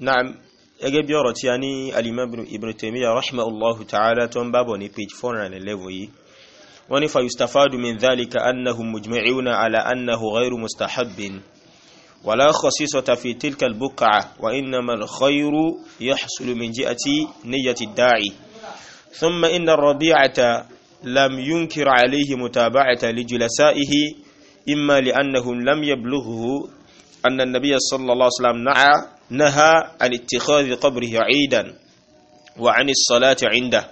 نعم أجاب يورت يعني الإمام ابن تيمية رحمة الله تعالى تم توم بابوني بيج فورا لليفوي ونفا يستفاد من ذلك أنهم مجمعون على أنه غير مستحب ولا خصيصة في تلك البقعة وإنما الخير يحصل من جئة نية الداعي ثم إن الربيعة لم ينكر عليه متابعة لجلسائه إما لانه لم يبلغه أن النبي صلى الله عليه وسلم نهى عن اتخاذ قبره عيدا وعن الصلاة عنده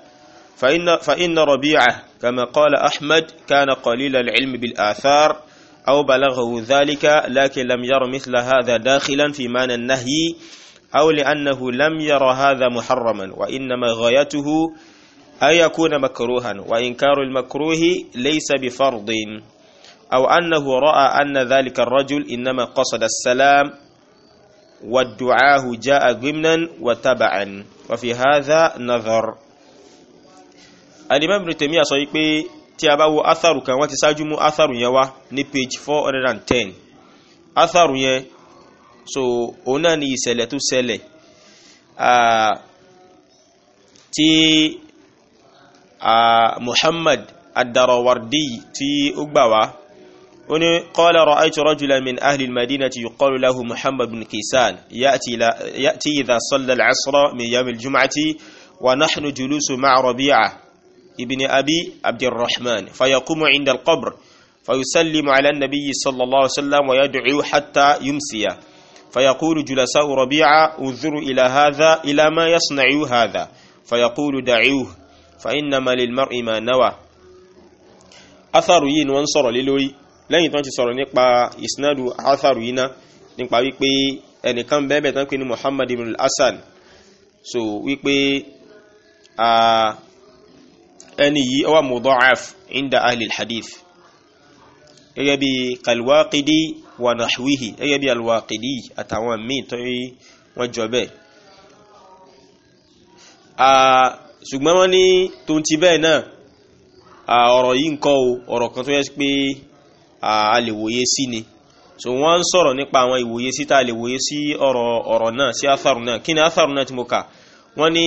فإن, فإن ربيعة كما قال أحمد كان قليل العلم بالآثار أو بلغه ذلك لكن لم ير مثل هذا داخلا في معنى النهي أو لأنه لم ير هذا محرما وإنما غايته أن يكون مكروها وإنكار المكروه ليس بفرض أو أنه رأى أن ذلك الرجل إنما قصد السلام والدعاء جاء ضمنا وتبعا وفي هذا نظر الإمام ابن تيمية sọ pé tí a bá wo atharu kan wọ́n ti ṣáájú mú atharu yẹn wá ní page 410 atharu yẹn so òun náà ni ìṣẹ̀lẹ̀ tó ṣẹlẹ̀ tí Muhammad ad-Darawardi tí ó gbà wá وني قال رأيت رجلا من أهل المدينة يقال له محمد بن كيسان يأتي, يأتي إذا صلى العصر من يوم الجمعة ونحن جلوس مع ربيعة ابن أبي عبد الرحمن فيقوم عند القبر فيسلم على النبي صلى الله عليه وسلم ويدعو حتى يمسي فيقول جلساء ربيعة انظروا إلى هذا إلى ما يصنع هذا فيقول دعوه فإنما للمرء ما نوى أثر ين وانصر lẹ́yìn tán ti sọ̀rọ̀ nípa isnadu atharu yína nípa wípé ẹnìkan bẹ́ẹ̀bẹ̀ tán pé ní Muhammad ibn al-Hasan so wípé ẹni yìí ọwà mudha'af inda ahli al-hadith gẹ́gẹ́ bí kalwaqidi wa nahwihi gẹ́gẹ́ bí alwaqidi àtàwọn míì tó rí jọ bẹ́ẹ̀ ṣùgbọ́n wọ́n ní tó ti bẹ́ẹ̀ náà ọ̀rọ̀ yìí ń kọ́ ọ̀rọ̀ kan tó yẹ pé a lè wòye sí ni so wọ́n ń sọ̀rọ̀ nípa àwọn ìwòye sí tá a lè wòye sí ọ̀rọ̀ ọ̀rọ̀ náà sí atharu náà kí ni atharu náà tí mo kà wọ́n ní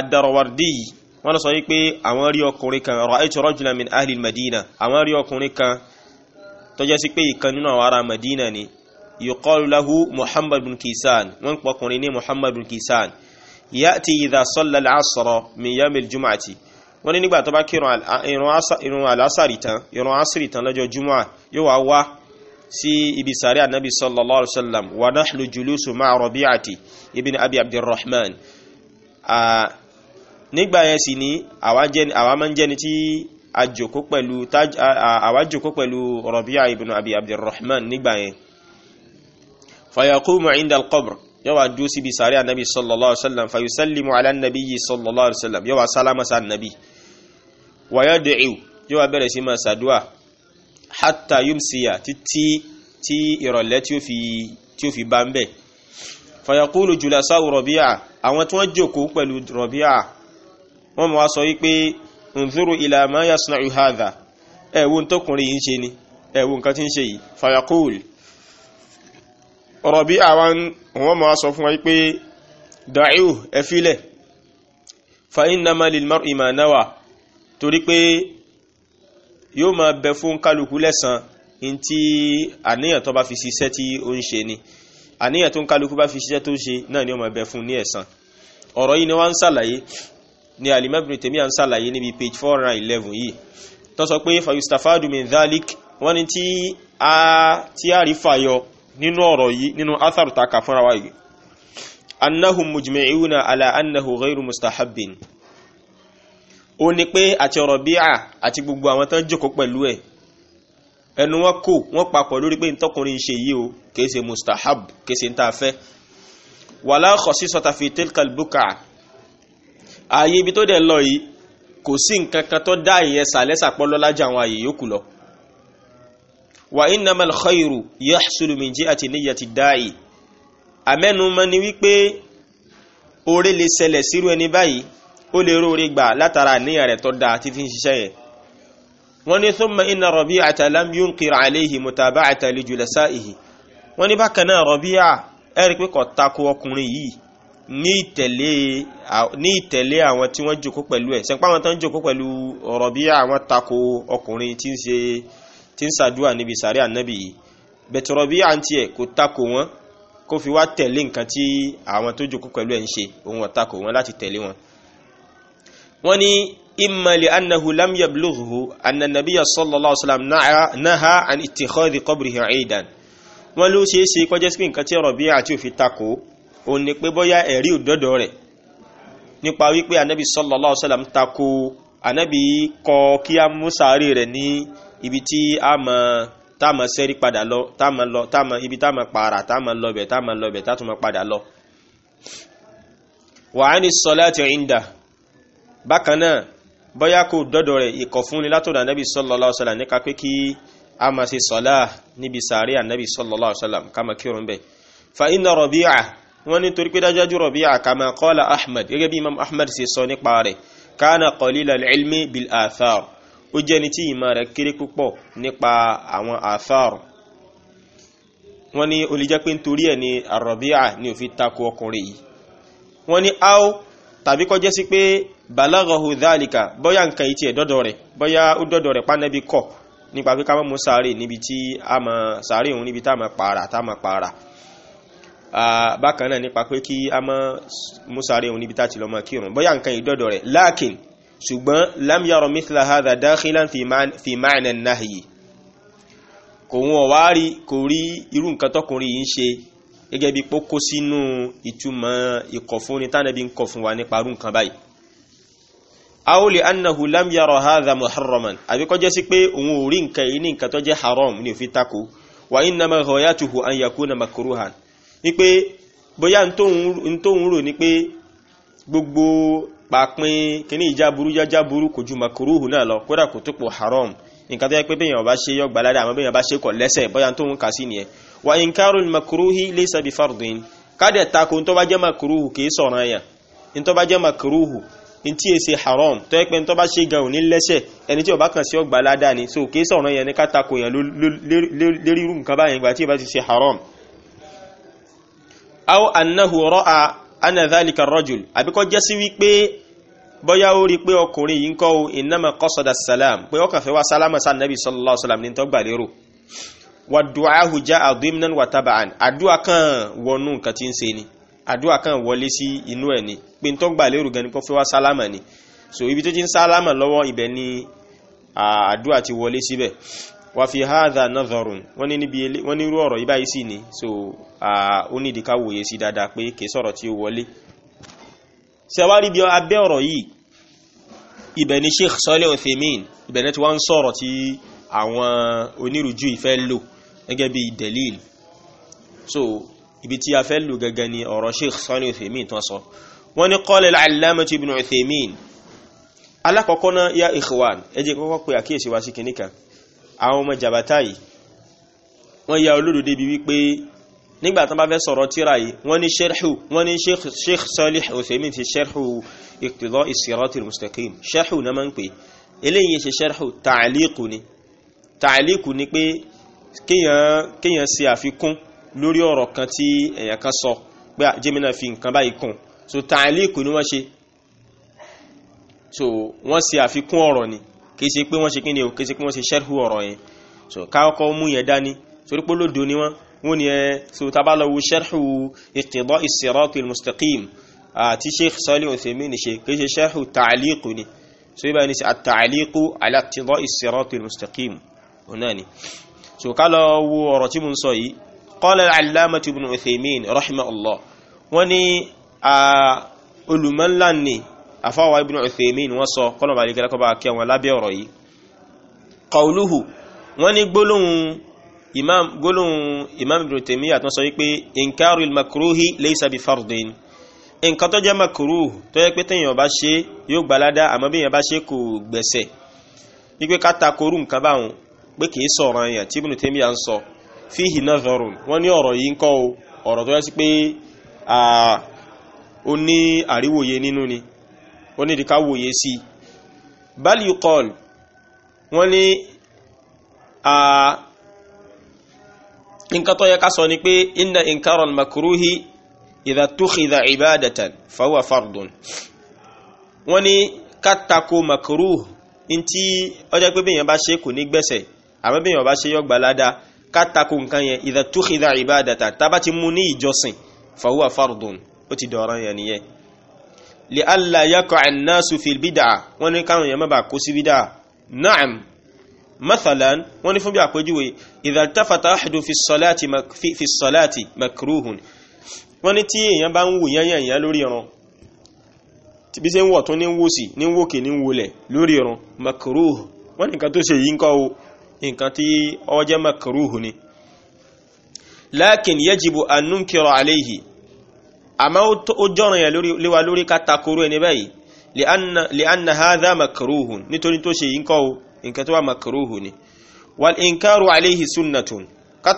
àdàrọ̀wàrdì yìí wọ́n lọ sọ wípé àwọn rí ọkùnrin kan ra'aytu rajulan min ahli madina àwọn rí ọkùnrin kan tó sí pé ìkan nínú àwọn ará madina ni yuqalu lahu kisan wọ́n pọkùnrin ní muhammad kisan ya'ti idha salla al-asra wọ́n ní nígbà tó bá kí irun alásàrì tán irun asìrì tán lọ́jọ́ júmọ́ yóò wá wá sí ibi sàárẹ̀ ànábì sallallahu alaihi wasallam wa nahnu julusu ma'a wàyádìíw yóò wá bẹ̀rẹ̀ sí máa sàdúà hátà yumsiya títí tí ìrọ̀lẹ́ tí ó fi bá ń bẹ̀ fàyàkúlù jùlásá rọ̀bíà àwọn tí wọ́n jókòó pẹ̀lú rọ̀bíà wọ́n mọ̀ wá sọ wípé ǹzúrù ilà máa yasna ìhádà ẹ̀wù tọkùnrin yìí ń ṣe ni ẹ̀wù nǹkan tí ń ṣe yìí fàyàkúlù rọ̀bíà wọ́n mọ̀ wá sọ fún wa wípé dàíù ẹ̀fílẹ̀ fa innama lil mar'i ma nawa torí pé yóò máa bẹ fún kálukú lẹ́san in tí àníyàn tó bá fi ṣiṣẹ́ tí ó ń ṣe ni àníyàn tó ń kálukú bá fi ṣiṣẹ́ tó ń ṣe náà ni ó máa bẹ fún ní ẹ̀san ọ̀rọ̀ yìí ni wọ́n ń ṣàlàyé ni alimabiri tèmi à ń ṣàlàyé níbi page four hundred and eleven yìí tó sọ pé fayustafadu min dhalik wọ́n ní tí a tí a rí fàyọ nínú ọ̀rọ̀ yìí nínú atharu ta kà fúnra wa yìí annahum mujmi'una ala annahu ghayru mustahabbin ó ní pé àti ọ̀rọ̀ bíà àti gbogbo àwọn tán jókòó pẹ̀lú ẹ̀ ẹnu wọn kò wọn papọ̀ lórí pé ntọ́kùnrin ṣe yìí o kìí ṣe mustahab kìí ṣe ntá fẹ́ wàlá kọ̀sí sọta fi tilkal buka ààyè ibi tó dẹ̀ lọ yìí kò sí nǹkan kan tó dá ìyẹn sàlẹ́sà pọ́lọ́ lájà àwọn ààyè yòókù lọ wà innamal khayru yahsulu min jihati niyyati da'i àmẹ́nu mọ́ ni wípé oore lè ṣẹlẹ̀ sírú ẹni báyìí ó lè róore gbà látara àníyàn rẹ̀ tó dáa tí fi ń ṣiṣẹ́ yẹn wọ́n ní thumma inna Rabi'ata lam yunkir alayhi mutaba'ata li julasa'ihi wọ́n ní bákan náà Rabi'a ẹ̀rí pé kò tako ọkùnrin yìí ní ìtẹ̀lé ní ìtẹ̀lé àwọn tí wọ́n jòkó pẹ̀lú ẹ̀ sẹ́ńpá àwọn tó ń jòkó pẹ̀lú Rabi'a wọ́n tako ọkùnrin tí ń ṣe tí ń ṣàdúrà níbi sàrí ànábì yìí bẹ̀tù Rabi'a ń tiẹ̀ kò tako wọn kó fi wá tẹ̀lé nǹkan tí àwọn tó jòkó pẹ̀lú ẹ̀ ń ṣe òun ò tako wọn láti tẹ̀lé wọn wọ́n ní imma li annahu lam yablughu anna nabiyya sallallahu alaihi wasallam naha an ittikhadhi qabrihi aidan wọ́n ló ṣe é ṣe kọjá sí nǹkan tí Rabi'a àti òfin takò òun ni pé bóyá ẹ̀rí òdọ́dọ̀ rẹ̀ nípa wípé anabi sallallahu alaihi wasallam takò anabi kọ kí a mú sàárè rẹ̀ ní ibi tí a mọ̀ tá a mọ̀ sẹ́rí padà lọ tá a mọ̀ lọ tá a mọ̀ ibi tá a mọ̀ pààrà tá a mọ̀ lọbẹ̀ tá a mọ̀ lọbẹ̀ tá a tún mọ̀ padà lọ. wa ani salati inda bákan náà bóyá kò dọ́dọ̀ rẹ̀ ìkọ̀fúnni látọ̀dọ̀ ànábì sallallahu alaihi wasallam nípa pé kí a máa ṣe sọ́lá níbi sàárè ànábì sallallahu alaihi wasallam ká máa kírun bẹ́ẹ̀ fa inna Rabi'a wọ́n ní torí pé dájájú Rabi'a kama qala Ahmad gẹ́gẹ́ bí Imam Ahmad ṣe sọ nípa rẹ̀ kana qalilal ilmi bil athar ó jẹ́ ni tí ìmọ̀ rẹ̀ kéré púpọ̀ nípa àwọn athar wọ́n ní olùjẹ́ pé nítorí ẹ̀ ni Rabi'a ni òfin tako ọkùnrin yìí wọ́n ní áó tàbí kọjẹ́ sí pé balaghahu dhalika bọ́yá nǹkan ìtì ẹ̀dọ́dọ̀ rẹ̀ bọ́yá ó dọ́dọ̀ rẹ̀ pánẹ́bí kọ̀ nípa pé ká mọ́ mú sáré níbi tí a mọ̀ sáré òun níbi tá a mọ̀ pààrà tá a mọ̀ pààrà bákan náà nípa pé kí a mọ́ mú sáré òun níbi tá a ti lọ mọ̀ kírun bọ́yá nǹkan ìdọ́dọ̀ rẹ̀ lakin ṣùgbọ́n lam mithla hadha dakhilan fi ma'na an-nahyi kò wọ́n wá rí kò rí irú nǹkan tọkùnrin yìí ń ṣe gẹ́gẹ́ bí pókó sínú ìtumọ̀ ìkọ̀fúnni tánàbí ń kọ̀ fún wa nípa rú nǹkan báyìí aw li lam yara hadha muharraman àbí kó jẹ́ sí òun ò rí nǹkan yìí ní nǹkan tó jẹ́ haram ní òfin tako wa innama ghayatuhu an yakuna makruhan ni pé bóyá n tóun rò ni pé gbogbo pàpín kíní ìjáburú jájáburú kò ju náà lọ kódà kò tó pò haram nǹkan tó yẹ pé bẹ́yàn bá ṣe yọ gbàládà àmọ́ bẹ́yàn bá ṣe kọ̀ lẹ́sẹ̀ bóyá n tóun kà wa inkarul makruhi laysa bi fardin kádẹ̀ tako tó bá jẹ́ makruhu kìí sọ̀rọ̀ ẹ̀yà tó bá jẹ́ makruhu ntí èsì haram tó yẹ pé tó bá ṣe gan òní lẹ́sẹ̀ ẹni tí ó bá kàn sí ọgbà ládàá ni so kìí sọ̀rọ̀ ẹ̀yà ní ká tako yẹn lérí irú nǹkan báyẹn ìgbà tí ó bá ti ṣe haram. aw annahu ra'a anna dhalika ar-rajul àbí kó jẹ́ sí wípé bọ́yá ó rí pé ọkùnrin yìí ń kọ́ innama qasada salam pé ó kàn fẹ́ wá sálámà sáà nàbì sallallahu alaihi wasallam ní tó gbà lérò wà dùáhù já àdúmínà wà tábàán àdúà kan wọnú nǹkan tí ń ṣe ni àdúà kan wọlé sí inú ẹ̀ ni pé n tó gbà lérò gan ni pé fẹ́ wá sálámà ni so ibi tó ti ń sálámà lọ́wọ́ ni àdúà ti wọlé síbẹ̀ wà fi hadha nadharun wọ́n ní níbi wọ́n ní irú ọ̀rọ̀ yìí báyìí ni so ó ní ìdíkà wòye sí dáadáa pé kì í sọ̀rọ̀ tí ó wọlé ṣẹwárí bí abẹ́ ọ̀rọ̀ yìí ibẹ̀ ni Sheikh Saleh Uthaymin ibẹ̀ ni tí wọ́n ń sọ̀rọ̀ tí àwọn onírújú ìfẹ́ lò gẹ́gẹ́ bí delil so ibi tí a fẹ́ lù gẹ́gẹ́ ni ọ̀rọ̀ sheikh sani uthaymin tó sọ wọ́n ní qala al-allamah ibn uthaymin alákọ̀ọ́kọ́ náà ya ikhwan ẹ jẹ́ kọ́kọ́ pé àkíyèsí wa sí kìnníkan àwọn ọmọ jàbátá yìí wọ́n ya olódòdó bí wípé nígbà tán bá fẹ́ sọ̀rọ̀ tíra yìí wọ́n ní sharhu wọ́n ni kéèyàn ṣe àfikún lórí ọ̀rọ̀ kan tí èèyàn kan sọ pé jẹ́mínà fi nǹkan báyìí kún so tààlíkù ni wọ́n ṣe so wọ́n ṣe àfikún ọ̀rọ̀ ni kìí ṣe pé wọ́n ṣe kíni o kìí ṣe pé wọ́n ṣe ṣẹ́rù ọ̀rọ̀ yẹn so káàkọ́ mú yẹn dání torí pé lódò ni wọ́n wọ́n ni ẹ so tá bá lọ wo ṣẹ́rù iqtida as-sirat al àti sheikh Salih Uthaymin ṣe kìí ṣe ṣẹ́rù tààlíkù ni so ibà ní ṣe at-ta'liqu ala iqtida as ọ̀nà ni so ká lọ wo ọ̀rọ̀ tí mo ń sọ yìí qala al-allamatu ibn uthaymin rahimahullah wọ́n ní olùmọ́lá ni àfáwà ibn uthaymin wọ́n sọ kọ́nà bàlí gẹ́lẹ́kọ́ bá kẹ́ wọn lábẹ́ ọ̀rọ̀ yìí qawluhu wọ́n ní gbólóhùn imam gbólóhùn imam ibn uthaymin àtúnṣe wípé inkarul makruhi laysa bi fardin nǹkan tó jẹ́ makuru tó yẹ pé téèyàn bá ṣe yóò gbalada àmọ́ bí èèyàn bá ṣe kò gbẹ̀sẹ̀ wípé ká nǹkan báwọn pé kìí sọ̀rọ̀ àyàn tí Ibn Taymiyyah ń sọ fihi nadharun wọ́n ní ọ̀rọ̀ yìí ń kọ́ o ọ̀rọ̀ tó yẹ sí pé ó ní àríwòye nínú ni ó ní ìdíká wòye sí i bal yuqal wọ́n ní nǹkan tó yẹ ká sọ ni pé inna inkaral makruhi idha tukhidha ibadatan fahuwa fardun wọ́n ní ká tako makruh ntí ọjọ́ pé bí èèyàn bá ṣe kò ní gbẹ̀sẹ̀ àmọ́ bí èèyàn bá ṣe yọgbà ládàá ká takò nǹkan yẹn idha tukhidha ibadata tábà ti mú ní ìjọsìn fahuwa fardun ó ti dọ̀rọ̀ yẹn nìyẹn li alla yaqa an-nasu fil bid'ah wọ́n ní káwọn èèyàn má bàa kó sí bídà na'am mathalan wọ́n ní fún bí àpèjúwe idha iltafata ahadun fi salati makruhun wọ́n ní tí èèyàn bá ń wò yẹ́yẹ̀ yẹn lórí ọ̀ràn bí ṣe ń wọ̀ tún ní ń sí ní ń wòkè ní ń wòlẹ̀ lórí ọ̀ràn makruh wọ́n ní nǹkan tó ṣe yìí ń kọ́ o nǹkan tí ó jẹ́ makruhu ni lakin yajibu an nunkira alayhi àmọ́ ó jọ́ràn yẹn léwa lórí ká takoro ẹni báyìí li anna hadha makruhun nítorí tó ṣe nǹkan o nǹkan tó wà makruhu ni wal inkaru alayhi sunnatun ká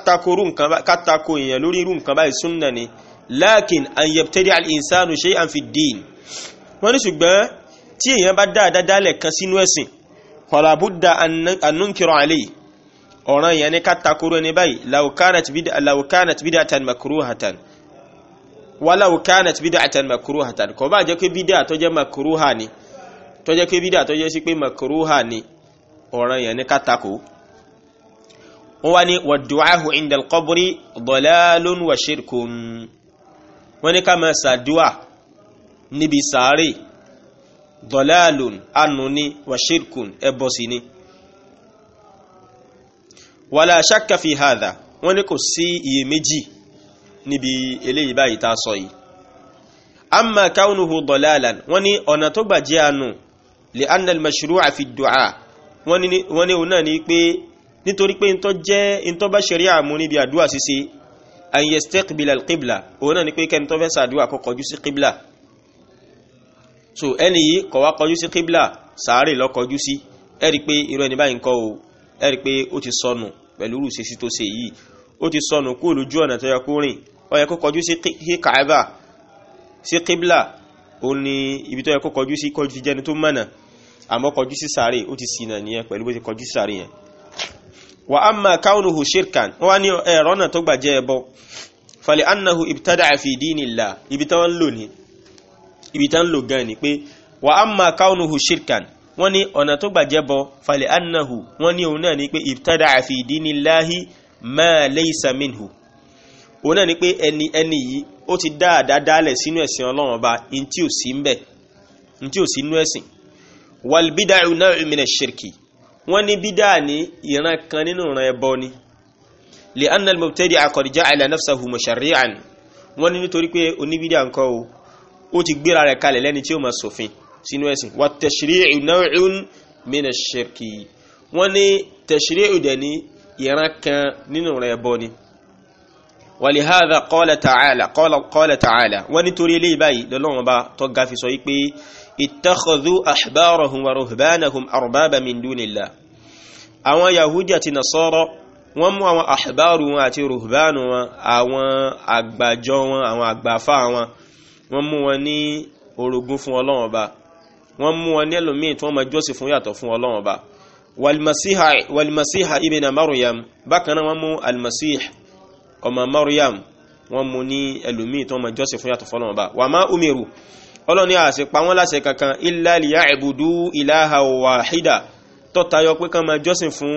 tako èèyàn lórí irú nǹkan báyìí sunna ni lakin an yabtadi al shay'an fi din wọ́n ṣùgbọ́n tí èèyàn bá dáadáa dálẹ̀ kan sínú ẹ̀sìn fọlábúdà annúnkìrọ alẹ́ ọ̀ràn yẹn ni ká takoro ẹni báyìí laukánat bídà tan makuru hatan walaukánat bídà tan makuru hatan kò bá jẹ́ pé bídà tó jẹ́ makuru ha ni tó jẹ́ pé bídà tó jẹ́ sí pé makuru ha ni ọ̀ràn yẹn ni ká takoro wọ́n ní wàdùáhù indal qabri dalalun wa wọ́n ní ká máa níbi sàárè dọ̀láàlùn anù ni wàṣírkùn ẹbọ sí ni wàlá ṣàkàfi hàdà wọ́n ní kò sí iyèméjì níbi eléyìí báyìí tá a sọ yìí amma kaunuhu dọ̀láàlàn wọ́n ní ọ̀nà tó gbàjẹ́ anù lè annal mashru'a fi du'a wọ́n ní òun náà ni pé nítorí pé ntọ́ jẹ́ ntọ́ bá ṣẹ̀rí àmú níbi àdúrà ṣíṣe an yastaqbil qibla òun náà ni pé kẹ́ni tó fẹ́ sàdúrà kó kọjú sí qibla so ẹni yìí kò wá kọjú sí kíblà sàárè lọ kọjú sí ẹ pé irú ẹni báyìí ń kọ́ o ẹ pé ó ti sọnù pẹ̀lú irú ìṣesí tó ṣe yìí ó ti sọnù kúrò lójú ọ̀nà tó yẹ kó rìn ó kó kọjú sí Kaaba sí kíblà ó ní ibi tó yẹ kó kọjú sí kọjú jẹni tó mọ̀nà àmọ́ kọjú sí sàárè ó ti ṣìnà nìyẹn pẹ̀lú bó ti kọjú sàárè yẹn wa amma kaunuhu shirkan wọ́n ní ẹ̀rọ náà tó gbàjẹ́ ẹbọ fali annahu ibtada fi dinillah ibi táwọn lò ní ibi tá ń lò gan ni pé wa amma kaunuhu shirkan wọ́n ní ọ̀nà tó gbàjẹ́ bọ falẹ̀ annahu wọ́n ní òun náà ni pé ibtada'a fi dinillahi ma laysa minhu òun náà ni pé ẹni ẹni yìí ó ti dá àdádálẹ̀ sínú ẹ̀sìn ọlọ́run ọba in ò sí ń bẹ̀ ò sí nú ẹ̀sìn wal bida'u naw'un min ash-shirki ní bídà ní ìran kan nínú ìran ẹbọ ni li'anna al-mubtadi'a qad ja'ala nafsahu musharri'an wọ́n ní nítorí pé oníbídà ńkọ́ o ó ti gbéra rẹ̀ kalẹ̀ lẹ́ni tí ó máa ṣòfin sínú ẹ̀sìn wà tashri'u naw'un mina shirki wọ́n ní tashri'u dẹ̀ ní ìran kan nínú rẹ̀ bọ́ ni walihada qala ta'ala qala ta'ala wọ́n nítorí eléyìí báyìí lọ́lọ́wọ́n bá tọ́ gafi sọ yí pé ittakhadhu ahbarahum wa ruhbanahum arbaba min dunillah àwọn yahudi àti nasara wọ́n mú àwọn ahbaru wọn àti ruhbanu wọn àwọn àgbàjọ wọn àwọn àgbàfà wọn wọ́n mú wọn ní orogún fún ọlọ́run ọba wọ́n mú wọn ní ẹlòmíì tí wọ́n máa jọ́sìn fún yàtọ̀ fún ọlọ́run ọba walmasiha walmasiha ibn maryam bákan náà wọ́n mú almasih ọmọ maryam wọ́n mú ní ẹlòmíì tí wọ́n máa jọ́sìn fún yàtọ̀ fún ọlọ́run ọba wà má umiru ọlọ́ni àṣẹ pa wọ́n láṣẹ kankan illa liya'budu ilaha wahida tó tayọ pé kán máa jọ́sìn fún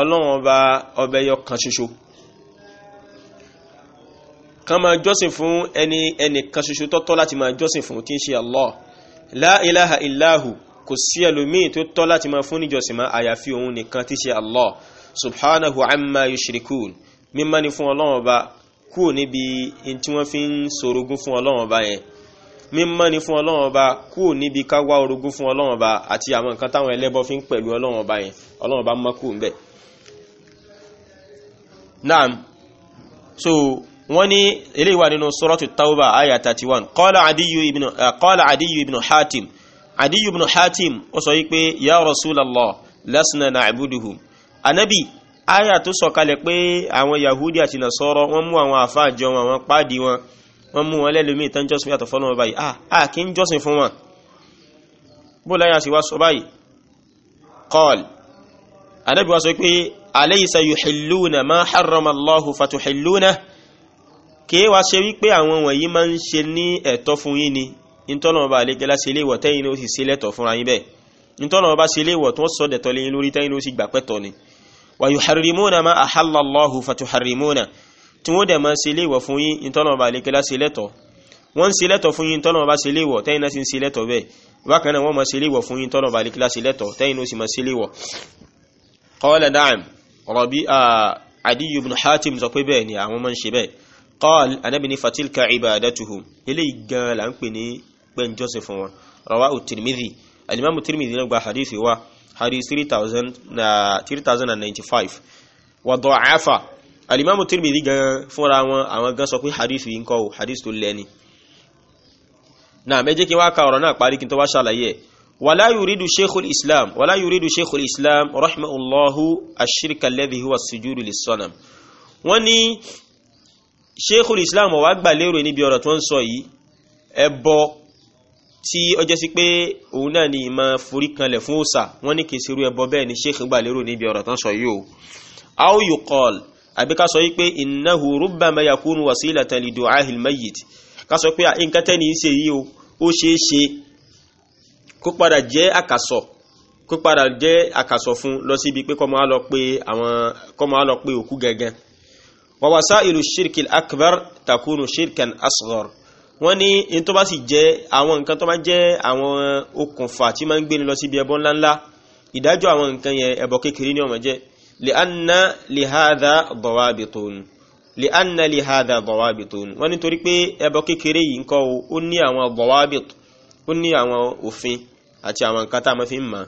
ọlọ́run ọba ọbẹ̀ kan ṣoṣo Kama máa jọ́sìn fún ẹni ẹnìkan ṣoṣo tó tọ́ láti máa jọ́sìn fún tí Allah la ilaha illahu kò sí ẹlòmíì tó tọ́ láti máa fún níjọsìn máa àyàfi òun nìkan tí ṣe Allah subhanahu amma yushrikun mímọ́ ni fún ọlọ́run ọba kúrò níbi in tí wọ́n fi ń sorogún fún ọlọ́run ọba yẹn mímọ́ ni fún ọlọ́run ọba kúrò níbi ká wá orogún fún ọlọ́run ọba àti àwọn nǹkan táwọn fi ń pẹ̀lú ọlọ́run ọba yẹn ọlọ́run ọba mọ́ kúrò naam so wọ́n ní eléyìí wà nínú suratu tauba aya 31 qala adiyu ibn eh, qala adiyu ibn hatim adiyu ibn hatim ó sọ wípé ya rasulallah lasna na'buduhum anabi aya tó sọ kalẹ̀ pé àwọn yahudi àti nasọ́rọ̀ wọ́n mú àwọn àfáàjọ wọn àwọn wọn wọ́n mú wọn lẹ́lùmí ìtàn jọ́sìn kìí wá ṣe wípé àwọn wọ̀nyí máa ń ṣe ní ẹ̀tọ́ fún yín ni nítọ́lọ́wọ́ bá àlejò láṣẹ ilé ìwọ̀ tẹ́yìn ló sì ṣe lẹ́tọ̀ fúnra yín bẹ́ẹ̀ nítọ́lọ́wọ́ bá ṣe ilé ìwọ̀ tó ń sọ dẹ̀tọ́ lẹ́yìn lórí tẹ́yìn ló sì gbà pẹ́tọ̀ ni wa yuharrimuna ma ahalla Allahu fatuharrimuna tí wọ́n dẹ̀ máa ṣe ilé ìwọ̀ fún yín nítọ́lọ́wọ́ bá àlejò láṣẹ lẹ́tọ̀ wọ́n ń ṣe qal anabi ni fatilka ibadatuhum eléyìí gan la ń pè ní pẹ́ńjọ́sìn fún wọn rawahu tirmidhi alimamu tirmidhi náà gba hadithi wa hadith 3095 wa da'afa alimamu tirmidhi gan fúnra wọn àwọn gan sọ pé hadithi yìí ń kọ́ hadith tó lẹ́ni náà méjì kí wá ka ọ̀rọ̀ náà parí kí n tó wá ṣàlàyé wala yuridu sheikhul islam wala yuridu sheikhul islam rahimahullahu ashirka alladhi huwa sujudu lis-sanam wọ́n ní sheikhul islam ó wá gbà lérò níbi ọ̀rọ̀ tó ń sọ yìí ẹbọ tí ó jẹ́ sí pé òun náà ni ìmọ̀ forí kanlẹ̀ fún òòṣà wọ́n ní kìí ṣerú ẹbọ bẹ́ẹ̀ ni sheikh gbà lérò níbi ọ̀rọ̀ tó ń sọ yìí o how you call àbí ká sọ yìí pé innahu rubbama yakunu wasilatan li du'ahil mayyit ká sọ pé nǹkan tẹ́ni ṣe yìí o ó ṣeé ṣe kó padà jẹ́ àkàsọ̀ kó padà jẹ́ àkàsọ̀ fún lọ síbi pé kọ́ máa lọ pé àwọn kọ́ máa lọ pé òkú gẹ́gẹ́ wàwàsáìlú ṣírkì akbar takunu ṣírkan asghar wọ́n ní in tó bá sì jẹ́ àwọn nǹkan tó bá jẹ́ àwọn okùnfà tí máa ń gbéni lọ síbi ẹbọ ńláńlá ìdájọ́ àwọn nǹkan yẹn ẹbọ kékeré ní ó máa li'anna lihada dawabitun li'anna lihada dawabitun wọ́n ní torí pé ẹbọ kékeré yìí ńkọ́ ó ní àwọn dawabit ó ní àwọn òfin àti àwọn nǹkan tá a máa fi ń mọ̀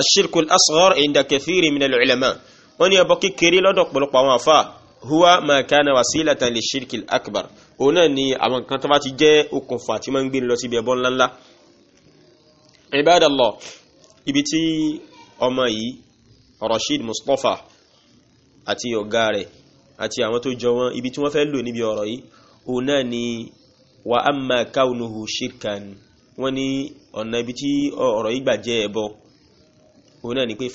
ashirkul asghar inda kathiri min al-ulama wọ́n ní ẹbọ kékeré lọ́dọ̀ pọ̀lọpọ̀ àwọn àfáà huwa ma kana wasilatan li shirkil akbar òun náà ni àwọn kan tó bá ti jẹ́ okùnfà tí máa ń gbé lọ síbi ẹbọ ńláńlá ibadallah ibi tí ọmọ yìí Rashid Mustapha àti ọ̀gá rẹ̀ àti àwọn tó jọ wọn ibi tí wọ́n fẹ́ lò níbi ọ̀rọ̀ yìí òun náà ni wa amma kaunuhu shirkan wọ́n ní ọ̀nà ibi tí ọ̀rọ̀ yìí gbà jẹ́ ẹbọ òun náà ni pé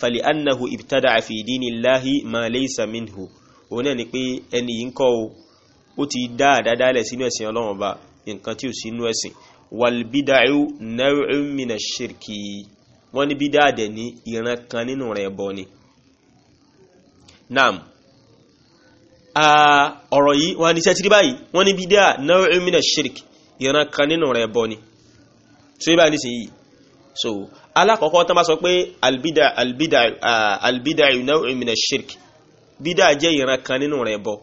fali annahu ibtada fi dinillahi ma laysa minhu òun náà ni pé ẹni yìí ń kọ́ o ó ti dá àdádálẹ̀ sínú ẹ̀sìn ọlọ́run ọba nǹkan tí ò sínú ẹ̀sìn walbida'u naw'un min ash-shirki wọ́n ní bídá àdẹ̀ ní ìran kan nínú rẹ̀ bọ̀ ni naam ọ̀rọ̀ yìí wọ́n ní sẹ́tìrí báyìí wọ́n ní bídá naw'un min ìran kan nínú rẹ̀ bọ̀ ni tó yẹ báyìí nísìnyí so alákọ̀ọ́kọ́ tán bá sọ pé albida'u naw'un min bídà jẹ́ ìran kan nínú rẹ̀ bọ́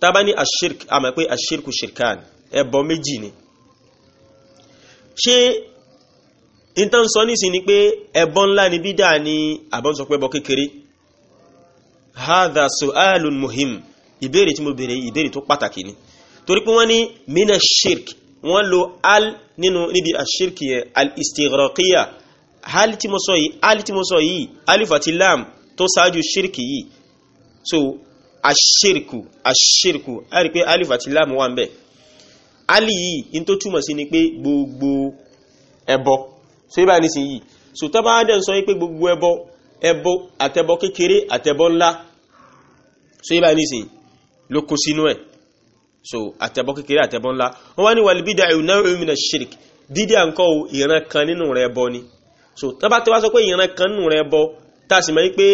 tábà ní ashirk àmọ́ pé ashirku shirkan ẹbọ méjì ni ṣé intan sọ nísìn ni pé ẹbọ ńlá ni bídà ni àbọ̀n sọ pé ẹbọ kékeré hadha su'alun muhim ìbéèrè tí mo béèrè ìbéèrè tó pàtàkì ni torí pé wọ́n ní mina shirk wọ́n lo al nínú níbi ashirk yẹ al-istighraqiyya hal tí mo sọ yìí al tó ṣáájú shirk yìí so aṣírkù aṣírkù a rí pé alif àti láàmù wà ń bẹ̀ alì yìí in tó túmọ̀ sí ni pé gbogbo ẹbọ so ibà ní sin yìí so tó bá dẹ̀ sọ pé gbogbo ẹbọ ẹbọ àtẹbọ kékeré àtẹbọ ńlá so ibà ní sin ló kó sínú ẹ̀ so àtẹbọ kékeré àtẹbọ ńlá wọ́n wá ní wàlúbídà ìrùnà ìrìnà ṣírkì dídí àǹkọ́ ìran kan nínú rẹ̀ bọ ni so tó bá sọ pé ìran kan nínú rẹ̀ bọ tá a sì mọ̀ pé